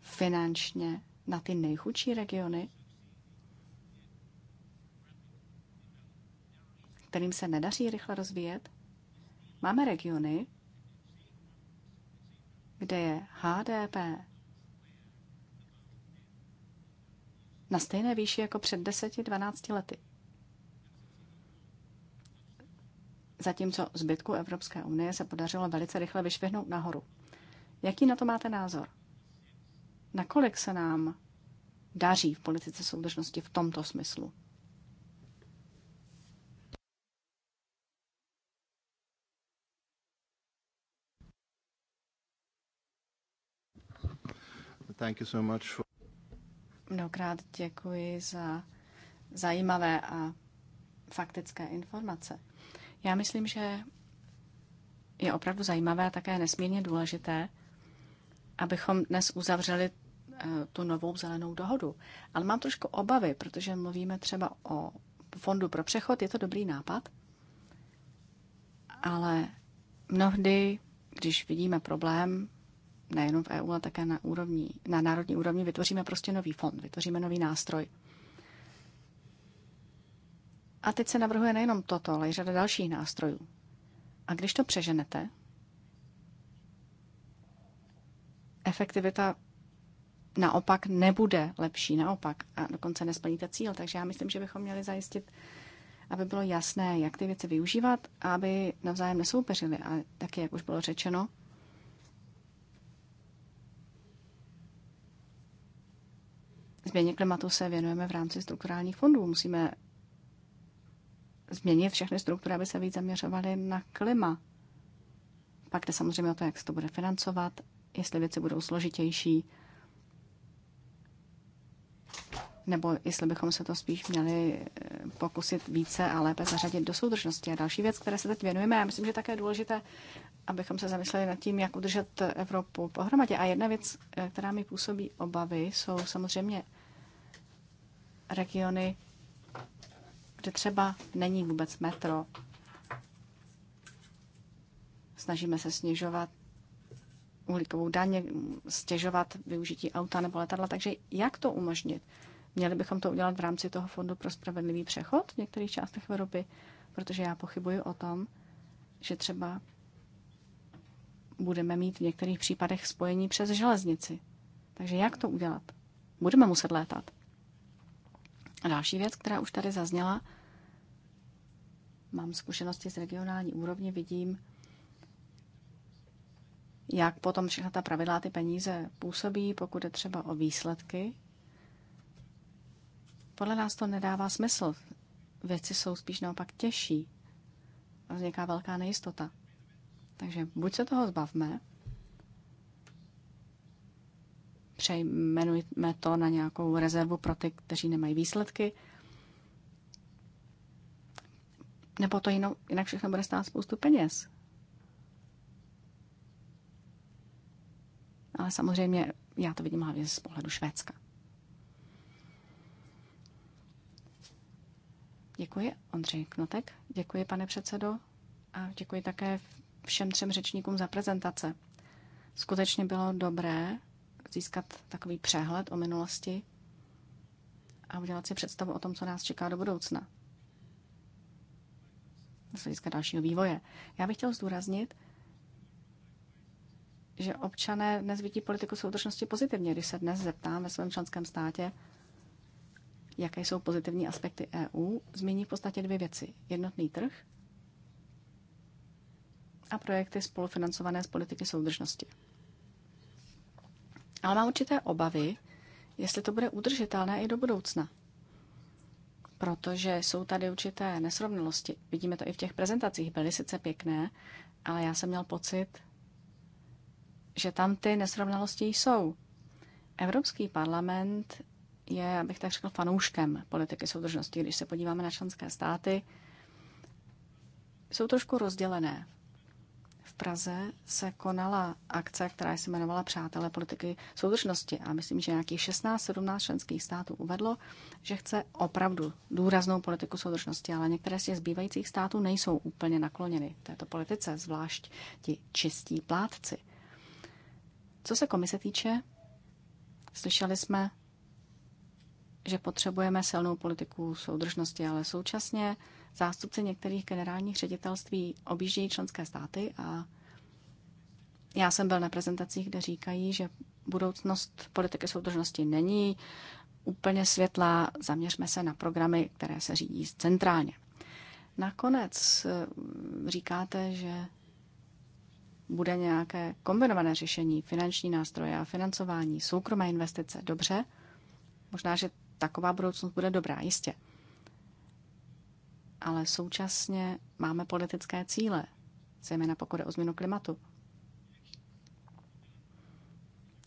finančně na ty nejchudší regiony, kterým se nedaří rychle rozvíjet. Máme regiony, kde je HDP na stejné výši jako před 10-12 lety. zatímco zbytku Evropské unie se podařilo velice rychle vyšvihnout nahoru. Jaký na to máte názor? Nakolik se nám daří v politice soudržnosti v tomto smyslu? Thank you so much for... Mnohokrát děkuji za zajímavé a faktické informace. Já myslím, že je opravdu zajímavé a také nesmírně důležité, abychom dnes uzavřeli eh, tu novou zelenou dohodu. Ale mám trošku obavy, protože mluvíme třeba o fondu pro přechod, je to dobrý nápad, ale mnohdy, když vidíme problém, nejenom v EU, ale také na, úrovni, na národní úrovni, vytvoříme prostě nový fond, vytvoříme nový nástroj. A teď se navrhuje nejenom toto, ale i řada dalších nástrojů. A když to přeženete, efektivita naopak nebude lepší, naopak a dokonce nesplníte cíl. Takže já myslím, že bychom měli zajistit, aby bylo jasné, jak ty věci využívat a aby navzájem nesoupeřili. A taky, jak už bylo řečeno, Změně klimatu se věnujeme v rámci strukturálních fondů. Musíme změnit všechny struktury, aby se víc zaměřovaly na klima. Pak jde samozřejmě o to, jak se to bude financovat, jestli věci budou složitější, nebo jestli bychom se to spíš měli eh, pokusit více a lépe zařadit do soudržnosti. A další věc, které se teď věnujeme, já myslím, že také je důležité, abychom se zamysleli nad tím, jak udržet Evropu pohromadě. A jedna věc, eh, která mi působí obavy, jsou samozřejmě regiony kde třeba není vůbec metro. Snažíme se snižovat uhlíkovou daně, stěžovat využití auta nebo letadla. Takže jak to umožnit? Měli bychom to udělat v rámci toho Fondu pro spravedlivý přechod v některých částech Evropy, protože já pochybuji o tom, že třeba budeme mít v některých případech spojení přes železnici. Takže jak to udělat? Budeme muset létat. A další věc, která už tady zazněla, mám zkušenosti z regionální úrovně, vidím, jak potom všechna ta pravidla ty peníze působí, pokud je třeba o výsledky. Podle nás to nedává smysl. Věci jsou spíš naopak těžší a vzniká velká nejistota. Takže buď se toho zbavme, přejmenujme to na nějakou rezervu pro ty, kteří nemají výsledky. Nebo to jinou, jinak všechno bude stát spoustu peněz. Ale samozřejmě já to vidím hlavně z pohledu Švédska. Děkuji, Ondřej Knotek. Děkuji, pane předsedo. A děkuji také všem třem řečníkům za prezentace. Skutečně bylo dobré získat takový přehled o minulosti a udělat si představu o tom, co nás čeká do budoucna. Z hlediska dalšího vývoje. Já bych chtěl zdůraznit, že občané dnes vidí politiku soudržnosti pozitivně. Když se dnes zeptám ve svém členském státě, jaké jsou pozitivní aspekty EU, zmíní v podstatě dvě věci. Jednotný trh a projekty spolufinancované z politiky soudržnosti. Ale mám určité obavy, jestli to bude udržitelné i do budoucna. Protože jsou tady určité nesrovnalosti. Vidíme to i v těch prezentacích. Byly sice pěkné, ale já jsem měl pocit, že tam ty nesrovnalosti jsou. Evropský parlament je, abych tak řekl, fanouškem politiky soudržnosti. Když se podíváme na členské státy, jsou trošku rozdělené v Praze se konala akce, která se jmenovala Přátelé politiky soudržnosti a myslím, že nějakých 16-17 členských států uvedlo, že chce opravdu důraznou politiku soudržnosti, ale některé z těch zbývajících států nejsou úplně nakloněny této politice, zvlášť ti čistí plátci. Co se komise týče, slyšeli jsme, že potřebujeme silnou politiku soudržnosti, ale současně Zástupci některých generálních ředitelství objíždějí členské státy a já jsem byl na prezentacích, kde říkají, že budoucnost politiky soudržnosti není úplně světlá, zaměřme se na programy, které se řídí centrálně. Nakonec eh, říkáte, že bude nějaké kombinované řešení, finanční nástroje a financování, soukromé investice, dobře. Možná, že taková budoucnost bude dobrá, jistě ale současně máme politické cíle, zejména pokud je o změnu klimatu.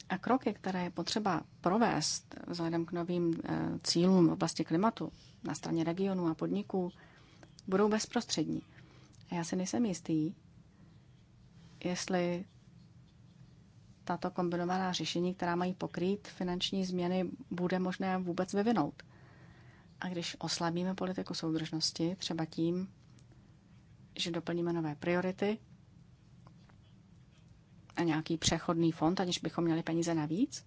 A kroky, které je potřeba provést vzhledem k novým eh, cílům v oblasti klimatu na straně regionů a podniků, budou bezprostřední. A já si nejsem jistý, jestli tato kombinovaná řešení, která mají pokrýt finanční změny, bude možné vůbec vyvinout. A když oslabíme politiku soudržnosti, třeba tím, že doplníme nové priority a nějaký přechodný fond, aniž bychom měli peníze navíc,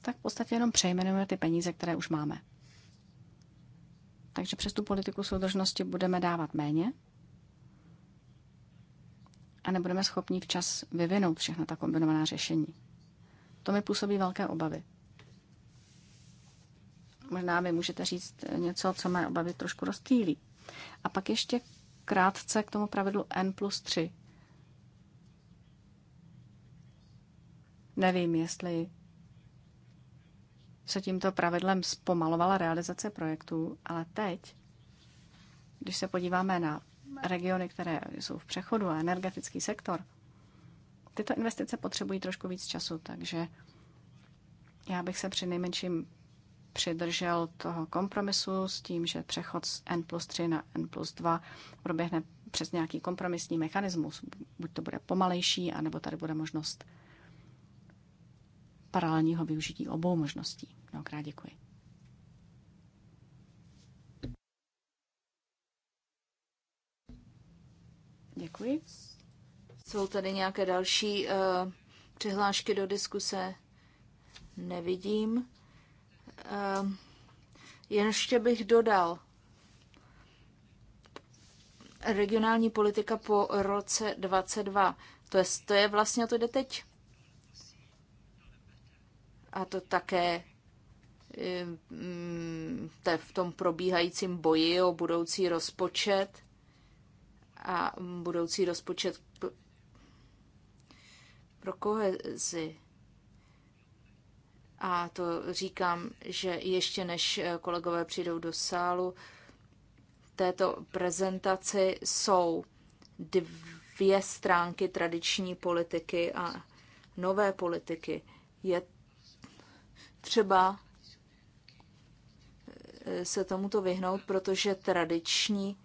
tak v podstatě jenom přejmenujeme ty peníze, které už máme. Takže přes tu politiku soudržnosti budeme dávat méně a nebudeme schopni včas vyvinout všechna ta kombinovaná řešení. To mi působí velké obavy. Možná vy můžete říct něco, co mé obavy trošku rozptýlí. A pak ještě krátce k tomu pravidlu N plus 3. Nevím, jestli se tímto pravidlem zpomalovala realizace projektů, ale teď, když se podíváme na regiony, které jsou v přechodu a energetický sektor, tyto investice potřebují trošku víc času, takže já bych se při nejmenším přidržel toho kompromisu s tím, že přechod z N plus 3 na N plus 2 proběhne přes nějaký kompromisní mechanismus. Buď to bude pomalejší, anebo tady bude možnost paralelního využití obou možností. Mnohokrát děkuji. Děkuji. Jsou tady nějaké další uh, přihlášky do diskuse? Nevidím. Ehm, jen ještě bych dodal, regionální politika po roce 22. To je, to je vlastně, to jde teď. A to také ehm, to je v tom probíhajícím boji o budoucí rozpočet a budoucí rozpočet pro kohezi. A to říkám, že ještě než eh, kolegové přijdou do sálu, této prezentaci jsou dvě stránky tradiční politiky a nové politiky. Je třeba eh, se tomuto vyhnout, protože tradiční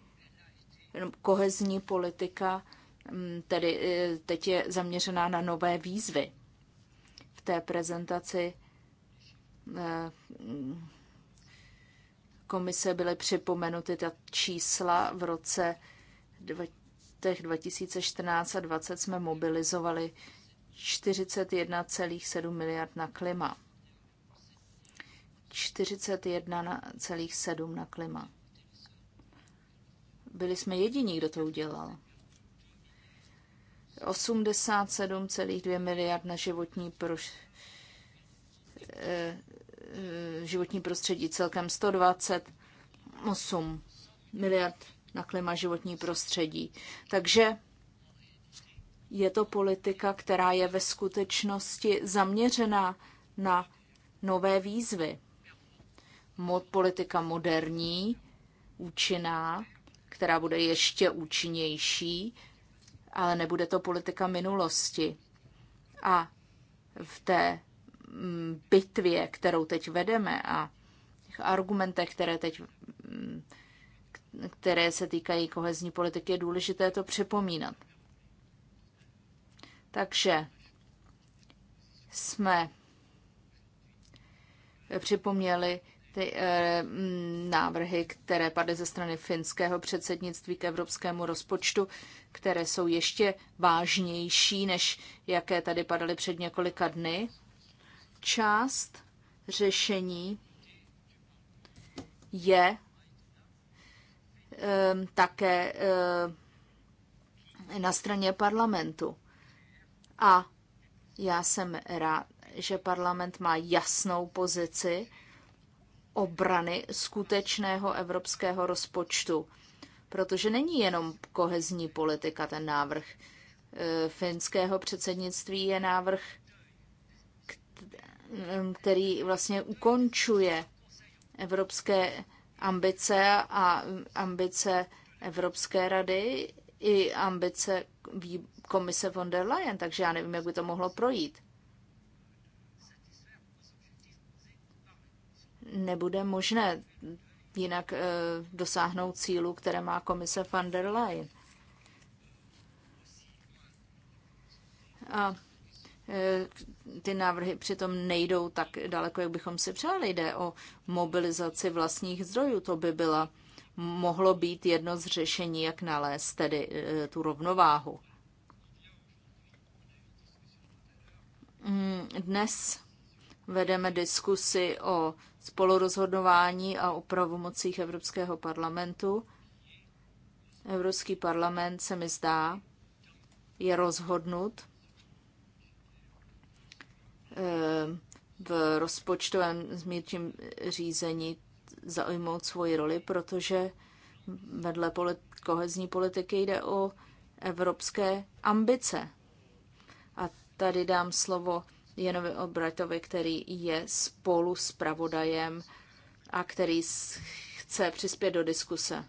eh, kohezní politika mm, tedy teď je zaměřená na nové výzvy. V té prezentaci Eh, komise byly připomenuty ta čísla v roce 2014 a 20 jsme mobilizovali 41,7 miliard na klima. 41,7 na klima. Byli jsme jediní, kdo to udělal. 87,2 miliard na životní proš- eh, Eh, životní prostředí, celkem 128 miliard na klima životní prostředí. Takže je to politika, která je ve skutečnosti zaměřena na nové výzvy. Mod politika moderní, účinná, která bude ještě účinnější, ale nebude to politika minulosti. A v té Mm, bitvě, kterou teď vedeme a těch argumentech, které teď mm, které se týkají kohezní politiky, je důležité to připomínat. Takže jsme připomněli ty e, návrhy, které padly ze strany finského předsednictví k evropskému rozpočtu, které jsou ještě vážnější, než jaké tady padaly před několika dny část řešení je um, také um, na straně parlamentu. A já jsem rád, že parlament má jasnou pozici obrany skutečného evropského rozpočtu, protože není jenom kohezní politika ten návrh ehm, finského předsednictví, je návrh který vlastně ukončuje evropské ambice a ambice Evropské rady i ambice komise von der Leyen, takže já nevím, jak by to mohlo projít. Nebude možné jinak e, dosáhnout cílu, které má komise von der Leyen. A ty návrhy přitom nejdou tak daleko, jak bychom si přáli. Jde o mobilizaci vlastních zdrojů. To by byla, mohlo být jedno z řešení, jak nalézt tedy e, tu rovnováhu. Mm, dnes vedeme diskusi o spolurozhodování a o pravomocích Evropského parlamentu. Evropský parlament se mi zdá, je rozhodnut v rozpočtovém změrčím řízení zaujmout svoji roli, protože vedle polit- kohezní politiky jde o evropské ambice. A tady dám slovo Jenovi Obratovi, který je spolu s pravodajem a který chce přispět do diskuse.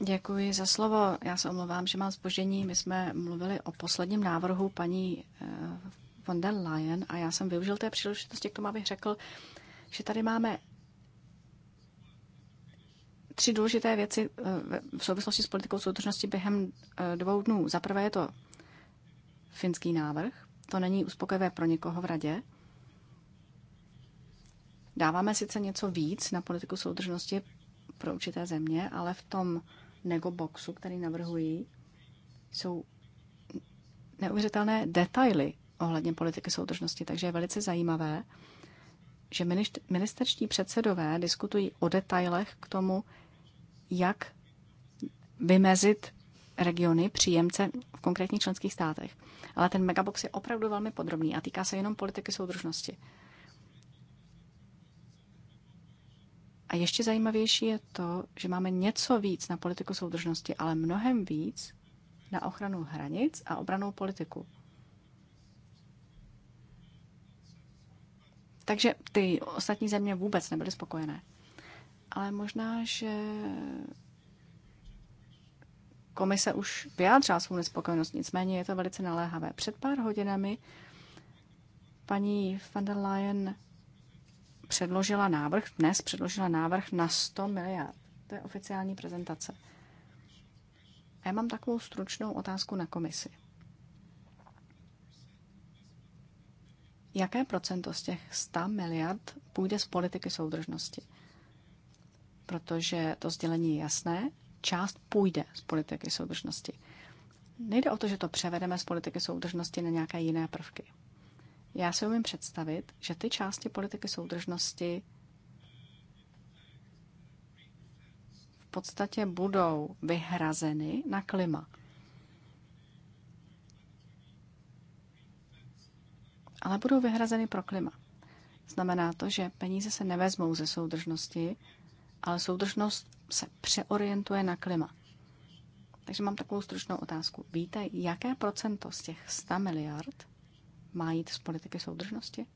Děkuji za slovo. Já se omlouvám, že mám zpoždění. My jsme mluvili o posledním návrhu paní eh, von der Leyen a já jsem využil té příležitosti k tomu, abych řekl, že tady máme tři důležité věci eh, v souvislosti s politikou soudržnosti během eh, dvou dnů. Za prvé je to finský návrh, to není uspokojivé pro nikoho v radě. Dáváme sice něco víc na politiku soudržnosti pro určité země, ale v tom nego boxu, který navrhují, jsou neuvěřitelné detaily, ohledně politiky soudržnosti. Takže je velice zajímavé, že ministerští předsedové diskutují o detailech k tomu, jak vymezit regiony, příjemce v konkrétních členských státech. Ale ten megabox je opravdu velmi podrobný a týká se jenom politiky soudržnosti. A ještě zajímavější je to, že máme něco víc na politiku soudržnosti, ale mnohem víc na ochranu hranic a obranou politiku. Takže ty ostatní země vůbec nebyly spokojené. Ale možná, že komise už vyjádřila svou nespokojenost, nicméně je to velice naléhavé. Před pár hodinami paní van der Leyen předložila návrh, dnes předložila návrh na 100 miliard. To je oficiální prezentace. A já mám takovou stručnou otázku na komisi. jaké procento z těch 100 miliard půjde z politiky soudržnosti. Protože to sdělení je jasné, část půjde z politiky soudržnosti. Nejde o to, že to převedeme z politiky soudržnosti na nějaké jiné prvky. Já si umím představit, že ty části politiky soudržnosti v podstatě budou vyhrazeny na klima. ale budou vyhrazeny pro klima. Znamená to, že peníze se nevezmou ze soudržnosti, ale soudržnost se přeorientuje na klima. Takže mám takovou stručnou otázku. Víte, jaké procento z těch 100 miliard má jít z politiky soudržnosti?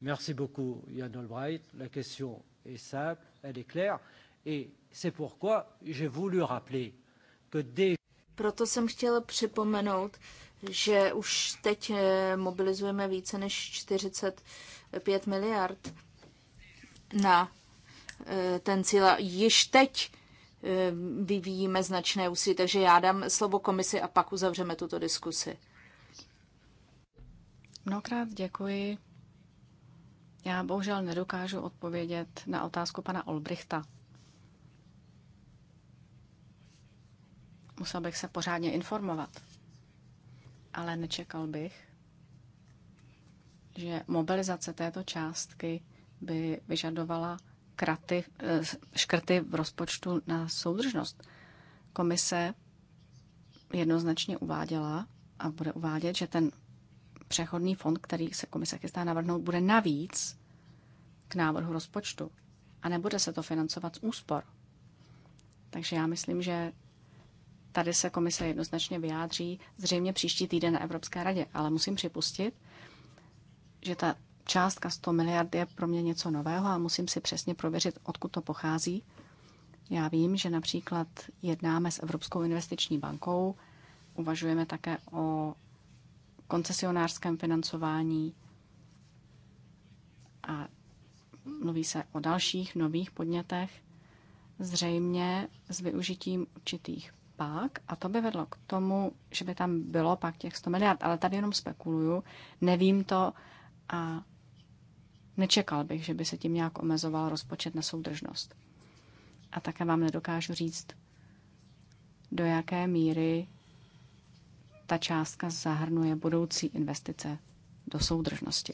Merci beaucoup, Jan Albright. La question est simple, elle est claire. Et c'est pourquoi j'ai voulu rappeler que dès... Proto jsem chtěla připomenout, že už teď eh, mobilizujeme více než 45 miliard na eh, ten cíl. Již teď eh, vyvíjíme značné úsilí, takže já dám slovo komisi a pak uzavřeme tuto diskusi. Mnohokrát děkuji. Já bohužel nedokážu odpovědět na otázku pana Olbrichta. Musel bych se pořádně informovat. Ale nečekal bych, že mobilizace této částky by vyžadovala kraty, eh, škrty v rozpočtu na soudržnost. Komise jednoznačně uváděla a bude uvádět, že ten přechodný fond, který se komise chystá navrhnout, bude navíc k návrhu rozpočtu a nebude se to financovat z úspor. Takže já myslím, že Tady se komise jednoznačně vyjádří zřejmě příští týden na Evropské radě, ale musím připustit, že ta částka 100 miliard je pro mě něco nového a musím si přesně prověřit, odkud to pochází. Já vím, že například jednáme s Evropskou investiční bankou, uvažujeme také o koncesionářském financování a mluví se o dalších nových podnětech, zřejmě s využitím určitých pak, a to by vedlo k tomu, že by tam bylo pak těch 100 miliard, ale tady jenom spekuluju, nevím to a nečekal bych, že by se tím nějak omezoval rozpočet na soudržnost. A také vám nedokážu říct, do jaké míry ta částka zahrnuje budoucí investice do soudržnosti.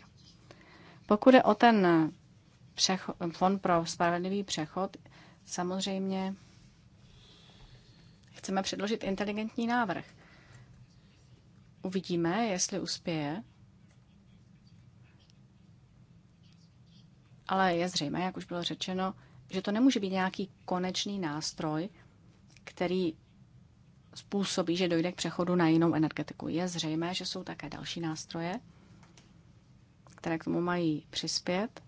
Pokud je o ten přecho- fond pro spravedlivý přechod, samozřejmě Chceme předložit inteligentní návrh. Uvidíme, jestli uspěje. Ale je zřejmé, jak už bylo řečeno, že to nemůže být nějaký konečný nástroj, který způsobí, že dojde k přechodu na jinou energetiku. Je zřejmé, že jsou také další nástroje, které k tomu mají přispět,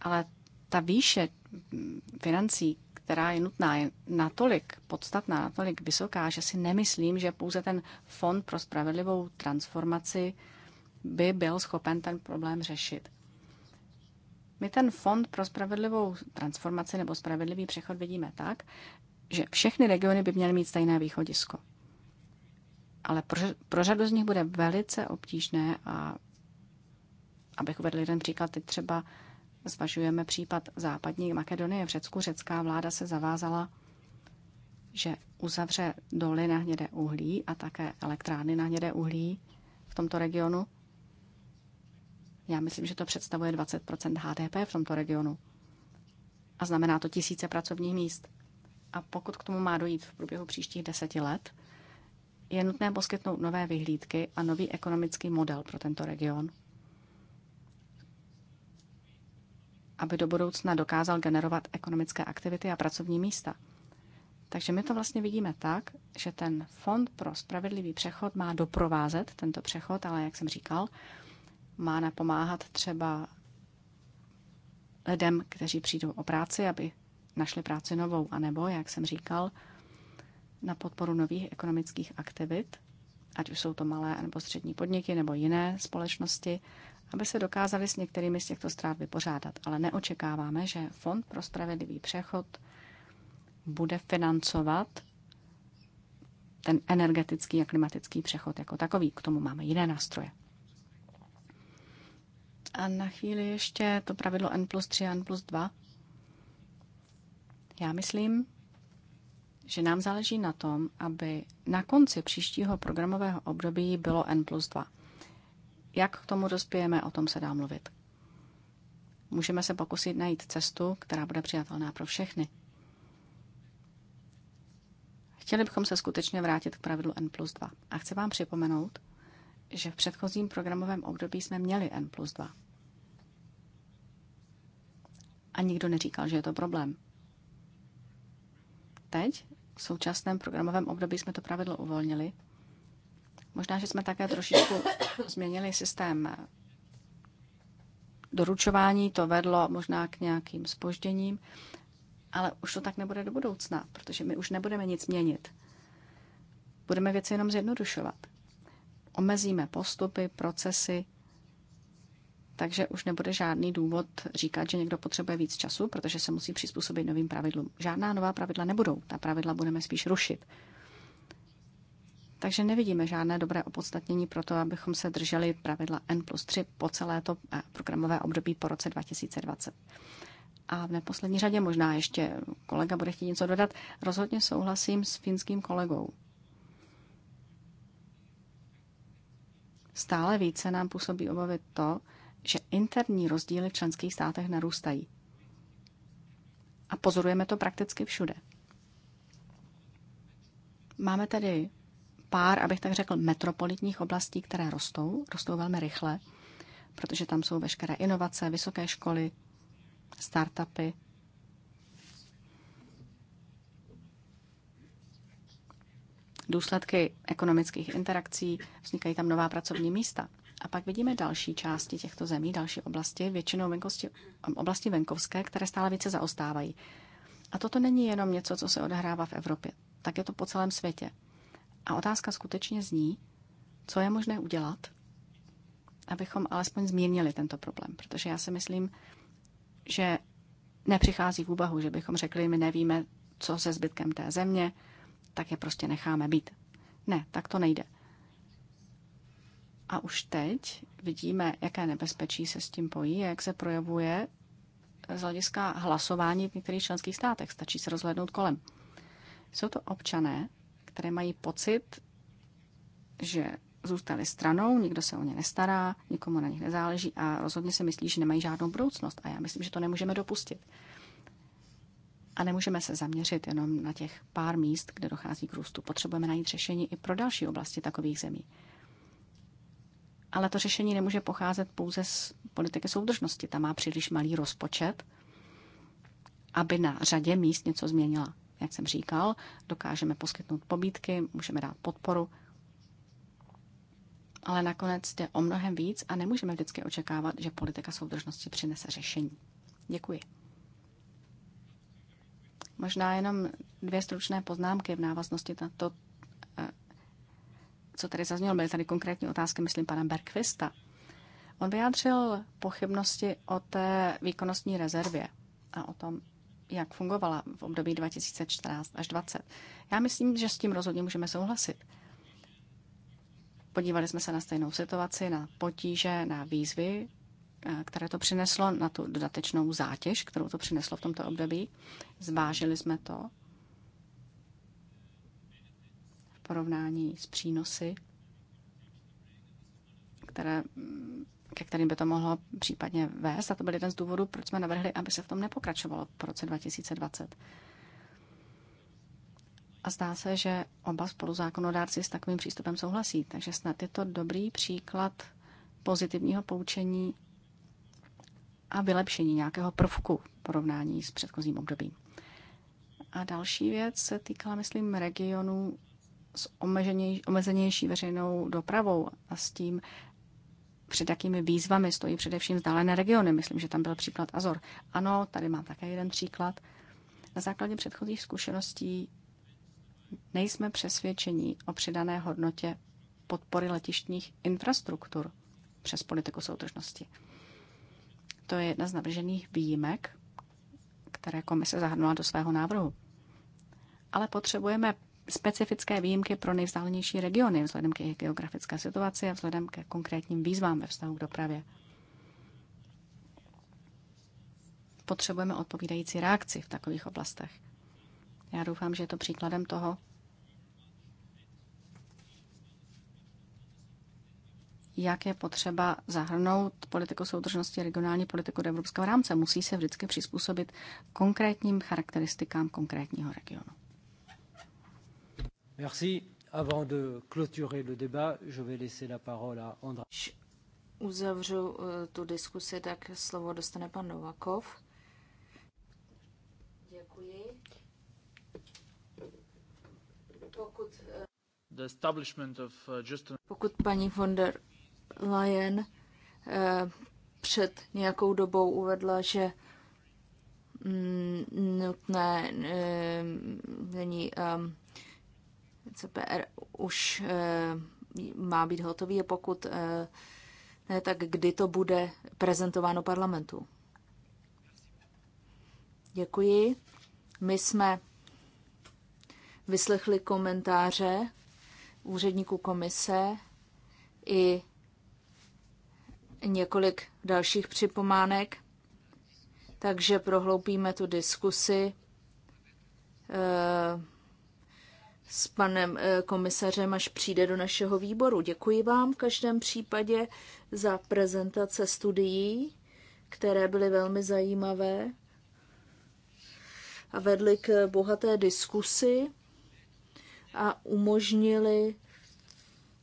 ale ta výše financí, která je nutná, je natolik podstatná, natolik vysoká, že si nemyslím, že pouze ten fond pro spravedlivou transformaci by byl schopen ten problém řešit. My ten fond pro spravedlivou transformaci nebo spravedlivý přechod vidíme tak, že všechny regiony by měly mít stejné východisko. Ale pro, pro řadu z nich bude velice obtížné a abych uvedl jeden příklad, teď třeba zvažujeme případ západní Makedonie v Řecku. Řecká vláda se zavázala, že uzavře doly na hnědé uhlí a také elektrárny na hnědé uhlí v tomto regionu. Já myslím, že to představuje 20 HDP v tomto regionu. A znamená to tisíce pracovních míst. A pokud k tomu má dojít v průběhu příštích deseti let, je nutné poskytnout nové vyhlídky a nový ekonomický model pro tento region aby do budoucna dokázal generovat ekonomické aktivity a pracovní místa. Takže my to vlastně vidíme tak, že ten fond pro spravedlivý přechod má doprovázet tento přechod, ale jak jsem říkal, má napomáhat třeba lidem, kteří přijdou o práci, aby našli práci novou, anebo, jak jsem říkal, na podporu nových ekonomických aktivit, ať už jsou to malé nebo střední podniky nebo jiné společnosti, aby se dokázali s některými z těchto ztrát vypořádat. Ale neočekáváme, že Fond pro spravedlivý přechod bude financovat ten energetický a klimatický přechod jako takový. K tomu máme jiné nástroje. A na chvíli ještě to pravidlo N plus 3 a N plus 2. Já myslím, že nám záleží na tom, aby na konci příštího programového období bylo N plus 2. Jak k tomu dospějeme, o tom se dá mluvit. Můžeme se pokusit najít cestu, která bude přijatelná pro všechny. Chtěli bychom se skutečně vrátit k pravidlu N plus 2. A chci vám připomenout, že v předchozím programovém období jsme měli N plus 2. A nikdo neříkal, že je to problém. Teď, v současném programovém období, jsme to pravidlo uvolnili Možná, že jsme také trošičku změnili systém doručování, to vedlo možná k nějakým spožděním, ale už to tak nebude do budoucna, protože my už nebudeme nic měnit. Budeme věci jenom zjednodušovat. Omezíme postupy, procesy, takže už nebude žádný důvod říkat, že někdo potřebuje víc času, protože se musí přizpůsobit novým pravidlům. Žádná nová pravidla nebudou, ta pravidla budeme spíš rušit. Takže nevidíme žádné dobré opodstatnění pro to, abychom se drželi pravidla N plus 3 po celé to eh, programové období po roce 2020. A v neposlední řadě možná ještě kolega bude chtít něco dodat. Rozhodně souhlasím s finským kolegou. Stále více nám působí obavy to, že interní rozdíly v členských státech narůstají. A pozorujeme to prakticky všude. Máme tedy pár, abych tak řekl, metropolitních oblastí, které rostou, rostou velmi rychle, protože tam jsou veškeré inovace, vysoké školy, startupy. Důsledky ekonomických interakcí vznikají tam nová pracovní místa. A pak vidíme další části těchto zemí, další oblasti, většinou venkosti, oblasti venkovské, které stále více zaostávají. A toto není jenom něco, co se odehrává v Evropě. Tak je to po celém světě. A otázka skutečně zní, co je možné udělat, abychom alespoň zmírnili tento problém. Protože já si myslím, že nepřichází v úvahu, že bychom řekli, my nevíme, co se zbytkem té země, tak je prostě necháme být. Ne, tak to nejde. A už teď vidíme, jaké nebezpečí se s tím pojí, jak se projevuje z hlediska hlasování v některých členských státech. Stačí se rozhlednout kolem. Jsou to občané, které mají pocit, že zůstali stranou, nikdo se o ně nestará, nikomu na nich nezáleží a rozhodně se myslí, že nemají žádnou budoucnost. A já myslím, že to nemůžeme dopustit. A nemůžeme se zaměřit jenom na těch pár míst, kde dochází k růstu. Potřebujeme najít řešení i pro další oblasti takových zemí. Ale to řešení nemůže pocházet pouze z politiky soudržnosti. Ta má příliš malý rozpočet, aby na řadě míst něco změnila jak jsem říkal, dokážeme poskytnout pobídky, můžeme dát podporu, ale nakonec jde o mnohem víc a nemůžeme vždycky očekávat, že politika soudržnosti přinese řešení. Děkuji. Možná jenom dvě stručné poznámky v návaznosti na to, eh, co tady zaznělo. Byly tady konkrétní otázky, myslím, pana Bergquista. On vyjádřil pochybnosti o té výkonnostní rezervě a o tom, jak fungovala v období 2014 až 2020. Já myslím, že s tím rozhodně můžeme souhlasit. Podívali jsme se na stejnou situaci, na potíže, na výzvy, eh, které to přineslo, na tu dodatečnou zátěž, kterou to přineslo v tomto období. Zvážili jsme to v porovnání s přínosy, které mm, ke kterým by to mohlo případně vést. A to byl jeden z důvodů, proč jsme navrhli, aby se v tom nepokračovalo po roce 2020. A zdá se, že oba spoluzákonodárci s takovým přístupem souhlasí. Takže snad je to dobrý příklad pozitivního poučení a vylepšení nějakého prvku v porovnání s předchozím obdobím. A další věc se týkala, myslím, regionů s omezenější veřejnou dopravou a s tím, před jakými výzvami stojí především vzdálené regiony. Myslím, že tam byl příklad Azor. Ano, tady mám také jeden příklad. Na základě předchozích zkušeností nejsme přesvědčení o přidané hodnotě podpory letištních infrastruktur přes politiku soudržnosti. To je jedna z navržených výjimek, které komise zahrnula do svého návrhu. Ale potřebujeme specifické výjimky pro nejvzdálenější regiony vzhledem k jejich geografické situaci a vzhledem ke konkrétním výzvám ve vztahu k dopravě. Potřebujeme odpovídající reakci v takových oblastech. Já doufám, že je to příkladem toho, jak je potřeba zahrnout politiku soudržnosti a regionální politiku do evropského rámce. Musí se vždycky přizpůsobit konkrétním charakteristikám konkrétního regionu. Merci. Avant de clôturer le débat, je vais laisser la parole à Uzavřu eh, tu diskusi, tak slovo dostane pan Novakov. Děkuji. Pokud, eh, The establishment of eh, pokud paní von der Leyen před nějakou dobou uvedla, že mm, nutné eh, není CPR už eh, má být hotový a pokud eh, ne, tak kdy to bude prezentováno parlamentu? Děkuji. My jsme vyslechli komentáře úředníků komise i několik dalších připománek, takže prohloupíme tu diskusi eh, s panem eh, komisařem, až přijde do našeho výboru. Děkuji vám v každém případě za prezentace studií, které byly velmi zajímavé a vedly k bohaté diskusi a umožnili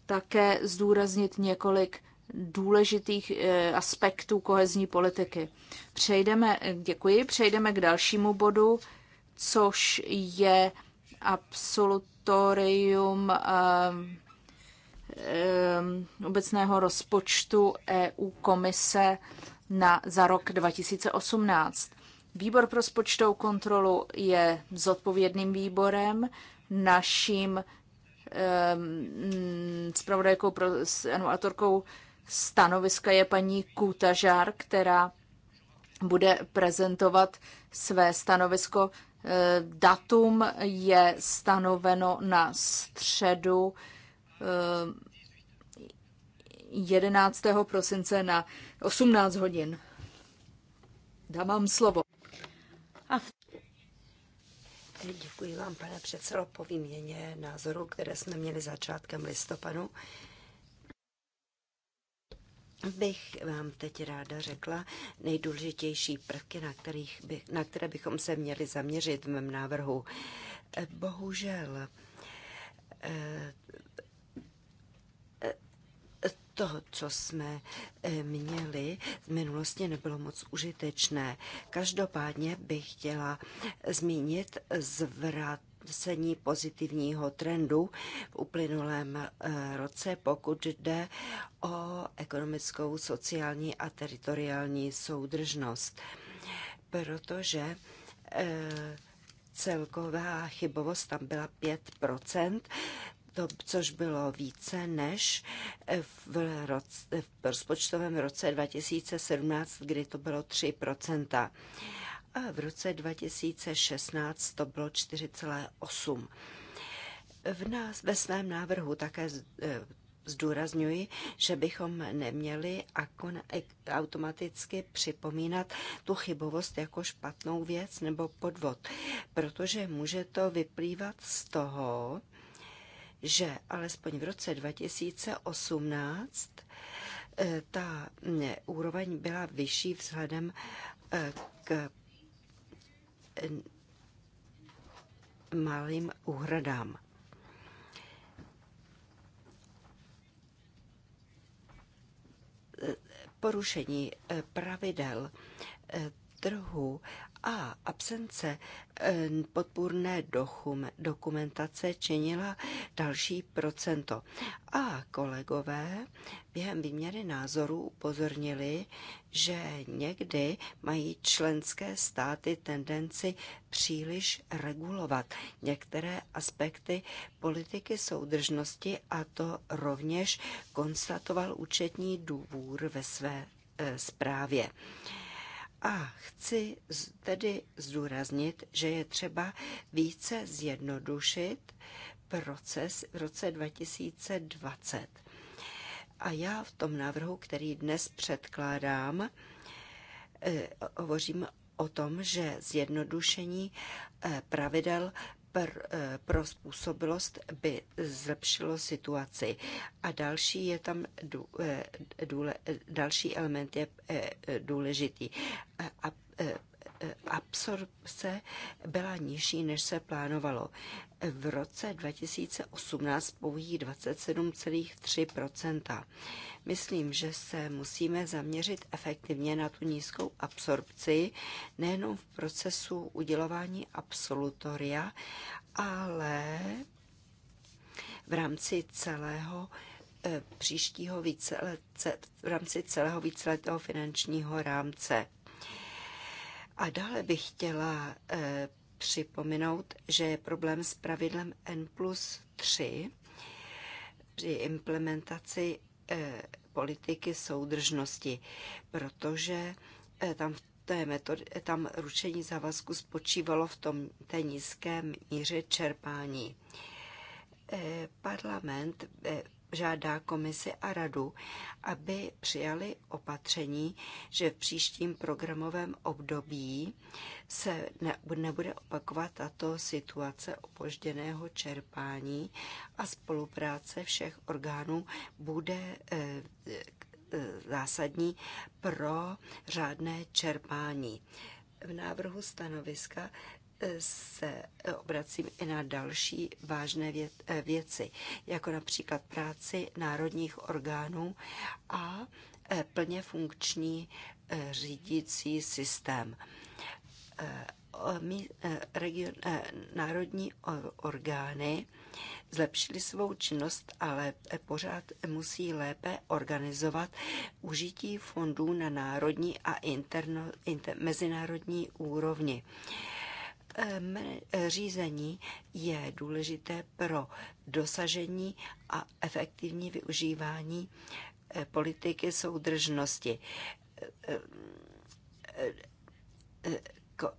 také zdůraznit několik důležitých eh, aspektů kohezní politiky. Přejdeme, děkuji, přejdeme k dalšímu bodu, což je absolut moratorium ehm, ehm, obecného rozpočtu EU komise na, za rok 2018. Výbor pro spočtovou kontrolu je zodpovědným výborem. Naším um, ehm, spravodajkou mm, pro, no, stanoviska je paní Kůta Žár, která bude prezentovat své stanovisko Eh, datum je stanoveno na středu 11. Eh, prosince na 18 hodin. Dám vám slovo. A v... Děkuji vám, pane předsedo, po výměně názoru, které jsme měli začátkem listopadu bych vám teď ráda řekla nejdůležitější prvky, na, kterých by, na které bychom se měli zaměřit v mém návrhu. Eh, bohužel eh, eh, to, co jsme měli v minulosti, nebylo moc užitečné. Každopádně bych chtěla zmínit zvrat vysení pozitivního trendu v uplynulém eh, roce, pokud jde o ekonomickou, sociální a teritoriální soudržnost. Protože eh, celková chybovost tam byla 5 to, což bylo více než eh, v, roce, v rozpočtovém roce 2017, kdy to bylo 3 a v roce 2016 to bylo 4,8. V nás, ve svém návrhu také e, Zdůrazňuji, že bychom neměli e, automaticky připomínat tu chybovost jako špatnou věc nebo podvod, protože může to vyplývat z toho, že alespoň v roce 2018 e, ta úroveň byla vyšší vzhledem k malým uhradám. Porušení eh, pravidel eh, trhu a absence eh, podpůrné dokumentace činila další procento. A kolegové během výměny názorů upozornili, že někdy mají členské státy tendenci příliš regulovat některé aspekty politiky soudržnosti a to rovněž konstatoval účetní důvůr ve své eh, zprávě. A chci tedy zdůraznit, že je třeba více zjednodušit proces v roce 2020. A já v tom návrhu, který dnes předkládám, eh, hovořím o tom, že zjednodušení eh, pravidel pr, eh, pro způsobilost by zlepšilo situaci. A další je tam eh, důle, eh, další element je důležitý. A absorpce byla nižší, než se plánovalo. V roce 2018 pouhých 27,3 Myslím, že se musíme zaměřit efektivně na tu nízkou absorpci, nejenom v procesu udělování absolutoria, ale v rámci celého eh, příštího více, v rámci celého víceletého finančního rámce. A dále bych chtěla eh, připomenout, že je problém s pravidlem N plus 3 při implementaci eh, politiky soudržnosti, protože eh, tam v té metody, tam ručení závazku spočívalo v tom té nízké míře čerpání. Parlament žádá komisi a radu, aby přijali opatření, že v příštím programovém období se nebude opakovat tato situace opožděného čerpání a spolupráce všech orgánů bude eh, eh, zásadní pro řádné čerpání. V návrhu stanoviska se obracím i na další vážné eh, věci, jako například práci národních orgánů a eh, plně funkční eh, řídící systém. Region, národní orgány zlepšili svou činnost, ale pořád musí lépe organizovat užití fondů na národní a interno, inter, mezinárodní úrovni. Ehm, eh, řízení je důležité pro dosažení a efektivní využívání eh, politiky soudržnosti. Eh,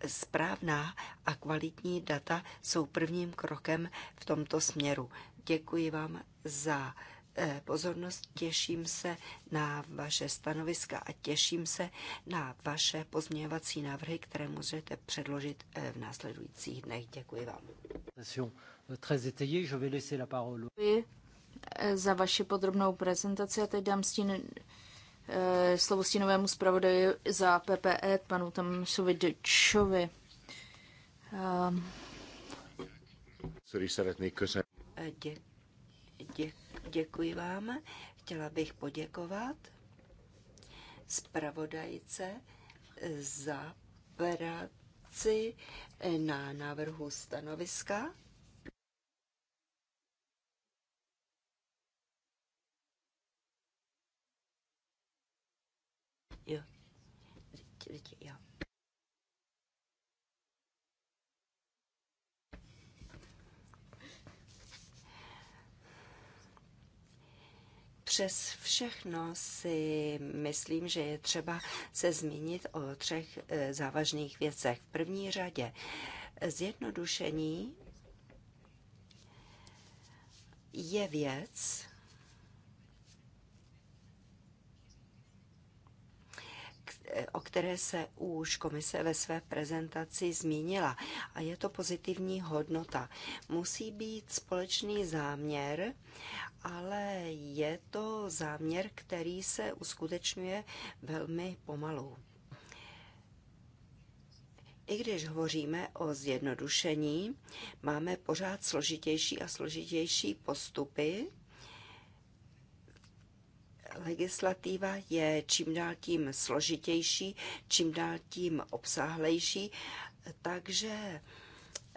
správná a kvalitní data jsou prvním krokem v tomto směru. Děkuji vám za Eh, pozornost, těším se na vaše stanoviska a těším se na vaše pozměňovací návrhy, které můžete předložit eh, v následujících dnech. Děkuji vám. Eh, za vaši podrobnou prezentaci a teď dám stín, slovo stínovému zpravodaji za PPE, panu Tamsovi Dečovi. Děkuji. Děkuji. Dě, Děkuji vám. Chtěla bych poděkovat zpravodajce za práci na návrhu stanoviska. Jo. Jo. Přes všechno si myslím, že je třeba se zmínit o třech e, závažných věcech. V první řadě e, zjednodušení je věc, e, o které se už komise ve své prezentaci zmínila. A je to pozitivní hodnota. Musí být společný záměr ale je to záměr, který se uskutečňuje velmi pomalu. I když hovoříme o zjednodušení, máme pořád složitější a složitější postupy. Legislativa je čím dál tím složitější, čím dál tím obsáhlejší, takže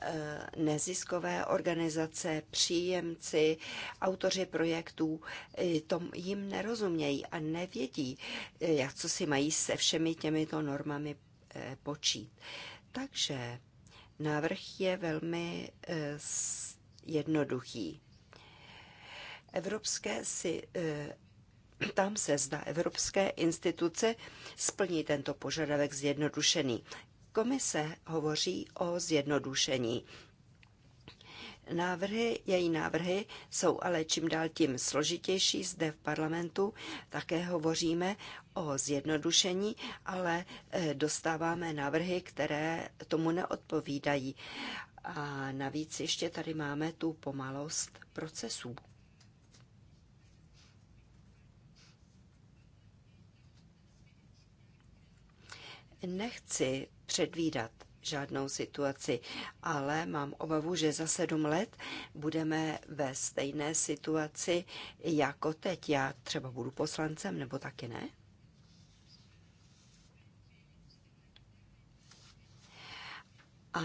Eh, neziskové organizace, příjemci, autoři projektů tom jim nerozumějí a nevědí, eh, jak co si mají se všemi těmito normami eh, počít. Takže návrh je velmi jednoduchý. Evropské si tam se zda evropské instituce splní tento požadavek zjednodušený. Komise hovoří o zjednodušení. Návrhy, její návrhy jsou ale čím dál tím složitější zde v parlamentu. Také hovoříme o zjednodušení, ale eh, dostáváme návrhy, které tomu neodpovídají. A navíc ještě tady máme tu pomalost procesů. Nechci předvídat žádnou situaci, ale mám obavu, že za sedm let budeme ve stejné situaci jako teď. Já třeba budu poslancem, nebo taky ne? A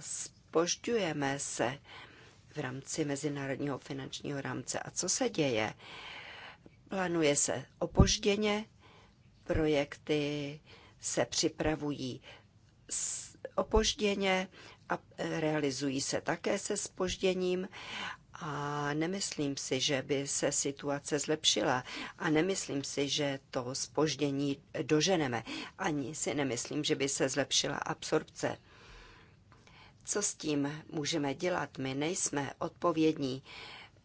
spožďujeme se v rámci mezinárodního finančního rámce. A co se děje? Plánuje se opožděně, projekty se připravují opožděně a e, realizují se také se spožděním a nemyslím si, že by se situace zlepšila a nemyslím si, že to spoždění doženeme. Ani si nemyslím, že by se zlepšila absorpce. Co s tím můžeme dělat? My nejsme odpovědní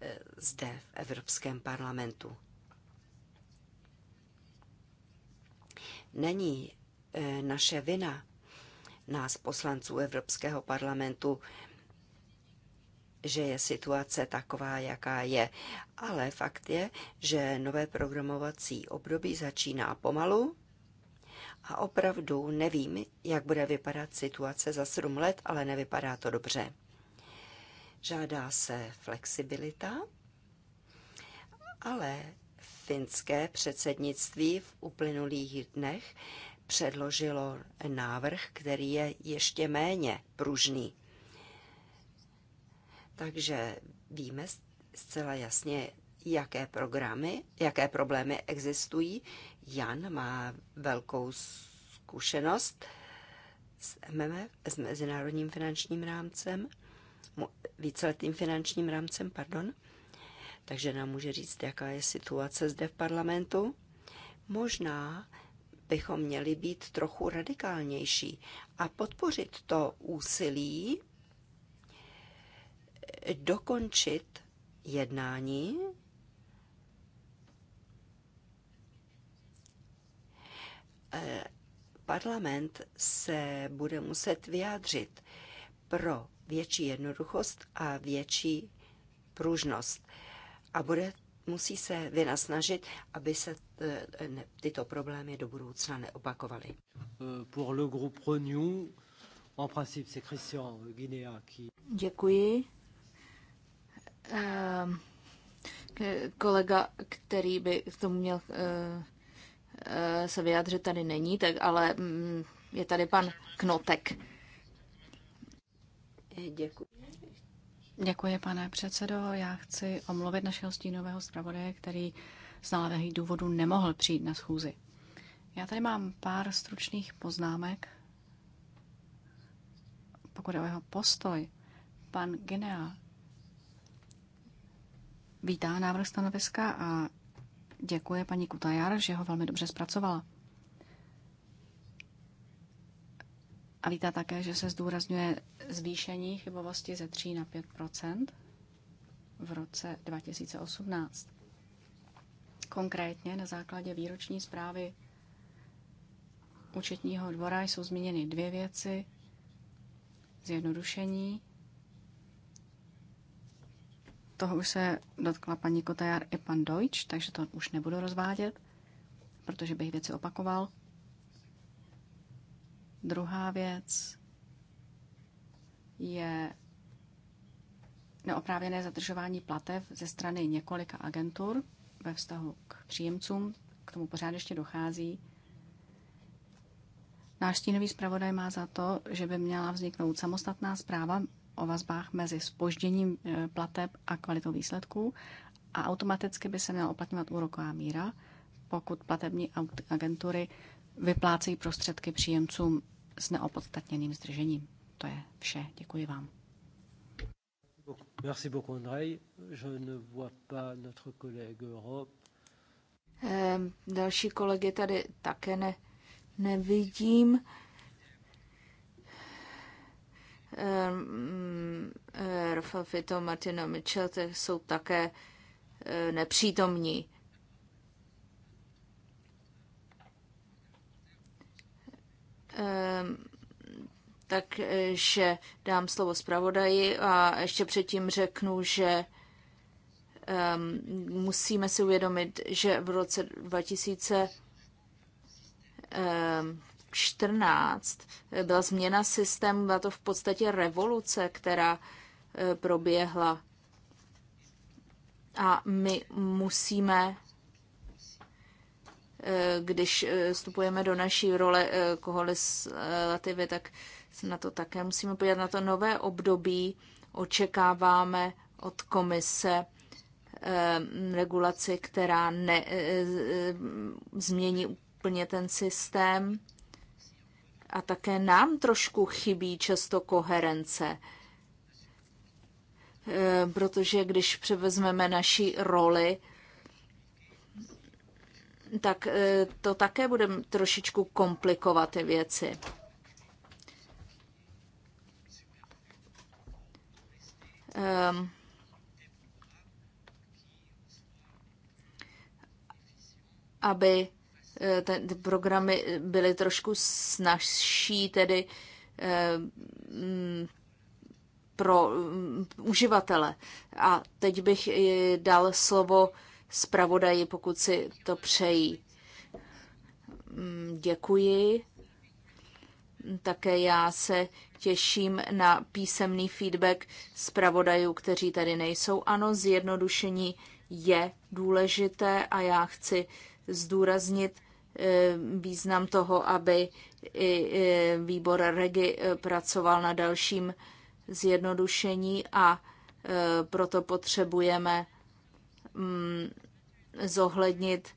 e, zde v Evropském parlamentu. Není e, naše vina, nás poslanců Evropského parlamentu, že je situace taková, jaká je. Ale fakt je, že nové programovací období začíná pomalu a opravdu nevím, jak bude vypadat situace za 7 let, ale nevypadá to dobře. Žádá se flexibilita, ale finské předsednictví v uplynulých dnech předložilo návrh, který je ještě méně pružný. Takže víme zcela jasně, jaké programy, jaké problémy existují. Jan má velkou zkušenost s MMF, s Mezinárodním finančním rámcem, víceletým finančním rámcem, pardon. Takže nám může říct, jaká je situace zde v parlamentu. Možná bychom měli být trochu radikálnější a podpořit to úsilí dokončit jednání eh, Parlament se bude muset vyjádřit pro větší jednoduchost a větší pružnost. A bude musí se vynasnažit, aby se eh, tyto problémy do budoucna neopakovaly. Pour le groupe Renew, en principe c'est Christian Guinea qui... Děkuji. Ehm, kolega, který by k tomu měl eh, eh, se vyjádřit, tady není, tak ale mm, je tady pan Knotek. Děkuji. Děkuji, pane předsedo. Já chci omluvit našeho stínového zpravodaje, který z náležitých důvodů nemohl přijít na schůzi. Já tady mám pár stručných poznámek. Pokud je o jeho postoj, pan Ginea vítá návrh stanoviska a děkuje paní Kutajar, že ho velmi dobře zpracovala. A víte také, že se zdůrazňuje zvýšení chybovosti ze 3 na 5 v roce 2018. Konkrétně na základě výroční zprávy účetního dvora jsou zmíněny dvě věci. Zjednodušení. Toho už se dotkla paní Kotajar i pan Deutsch, takže to už nebudu rozvádět, protože bych věci opakoval. Druhá věc je neoprávněné zadržování platev ze strany několika agentur ve vztahu k příjemcům. K tomu pořád ještě dochází. Náš stínový zpravodaj má za to, že by měla vzniknout samostatná zpráva o vazbách mezi spožděním e, plateb a kvalitou výsledků a automaticky by se měla oplatňovat úroková míra, pokud platební agentury vyplácejí prostředky příjemcům s neopodstatněným zdržením. To je vše. Děkuji vám. Merci beaucoup, Je ne vois pas notre collègue Europe. Ehm, další kolegy tady také ne, nevidím. Ehm, mm, eh, Rafa Fito, Martina Mitchell jsou také eh, nepřítomní. Ehm, takže dám slovo zpravodaji a ještě předtím řeknu, že ehm, musíme si uvědomit, že v roce 2014 ehm, byla změna systému, byla to v podstatě revoluce, která eh, proběhla. A my musíme Eh, když eh, vstupujeme do naší role eh, koho tak se na to také musíme podívat. Na to nové období očekáváme od komise regulaci, která ne, změní úplně ten systém. A také nám trošku chybí často koherence, protože když převezmeme naši roli, tak e, to také bude trošičku komplikovat ty věci. Um, aby e, te, ty programy byly trošku snažší, tedy um, pro um, uživatele. A teď bych dal slovo zpravodaji, pokud si to přejí. Mm, děkuji. Také já se těším na písemný feedback zpravodajů, kteří tady nejsou. Ano, zjednodušení je důležité a já chci zdůraznit eh, význam toho, aby i eh, výbor Regi eh, pracoval na dalším zjednodušení a proto potřebujeme Mm, zohlednit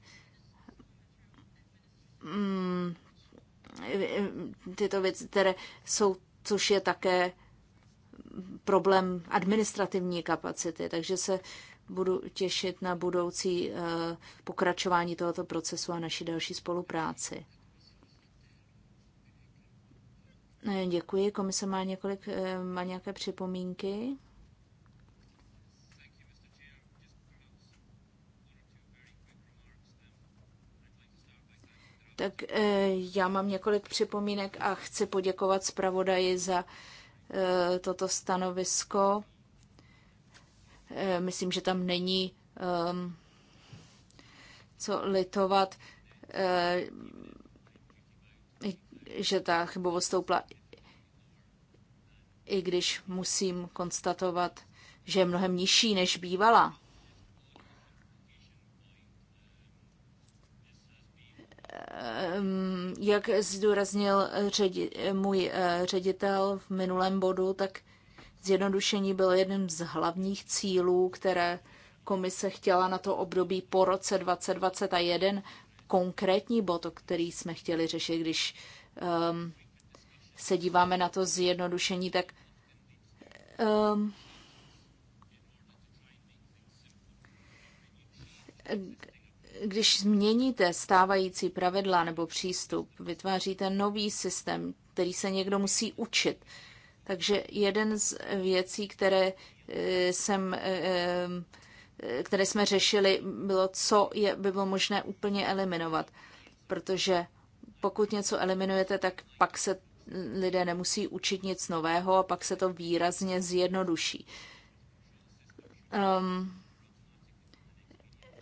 mm, tyto věci, které jsou, což je také problém administrativní kapacity, takže se budu těšit na budoucí eh, pokračování tohoto procesu a naší další spolupráci. Eh, děkuji. Komise má, několik, eh, má nějaké připomínky? Tak eh, já mám několik připomínek a chci poděkovat zpravodaji za eh, toto stanovisko. Eh, myslím, že tam není ehm, co litovat, že ta chybovost stoupla, i když musím konstatovat, že je mnohem nižší, než bývala. jak zdůraznil ředi, můj eh, ředitel v minulém bodu, tak zjednodušení bylo jedním z hlavních cílů, které komise chtěla na to období po roce 2020 a jeden konkrétní bod, který jsme chtěli řešit, když um, se díváme na to zjednodušení, tak um, když změníte stávající pravidla nebo přístup, vytváříte nový systém, který se někdo musí učit. Takže jeden z věcí, které eh, jsem eh, eh, které jsme řešili, bylo, co je, by bylo možné úplně eliminovat. Protože pokud něco eliminujete, tak pak se lidé nemusí učit nic nového a pak se to výrazně zjednoduší. Um,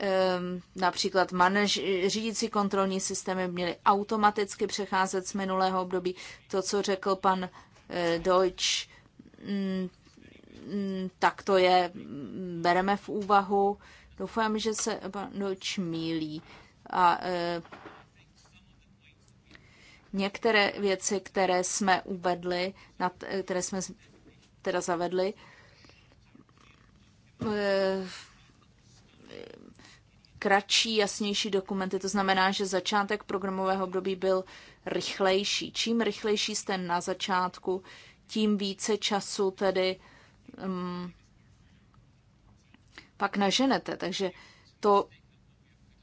Ehm, například manaž, řídící kontrolní systémy měly automaticky přecházet z minulého období. To, co řekl pan eh, Deutsch, mm, mm, tak to je, mm, bereme v úvahu. Doufám, že se pan Deutsch mílí. A eh, některé věci, které jsme uvedli, eh, které jsme teda zavedli, kratší, jasnější dokumenty. To znamená, že začátek programového období byl rychlejší. Čím rychlejší jste na začátku, tím více času tedy um, pak naženete. Takže to,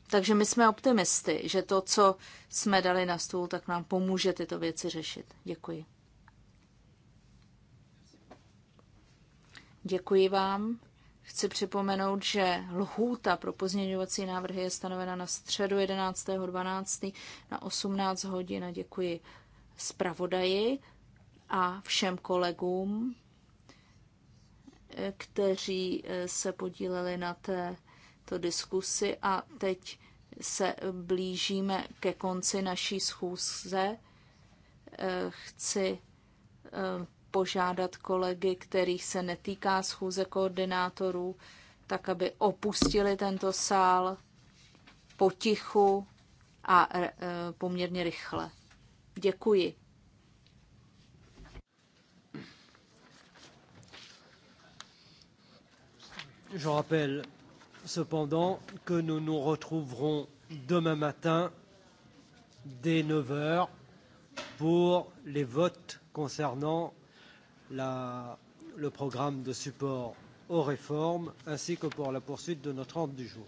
takže my jsme optimisty, že to, co jsme dali na stůl, tak nám pomůže tyto věci řešit. Děkuji. Děkuji vám. Chci připomenout, že lhůta pro pozměňovací návrhy je stanovena na středu 11.12. na 18 hodin. děkuji zpravodaji a všem kolegům, kteří eh, se podíleli na této diskusi. A teď se blížíme ke konci naší schůzce. Eh, chci eh, požádat kolegy, kterých se netýká schůze koordinátorů, tak aby opustili tento sál potichu a e, poměrně rychle. Děkuji. Je rappelle cependant que nous nous retrouverons demain matin dès 9h pour les votes concernant la, le programme de support aux réformes ainsi que pour la poursuite de notre ordre du jour.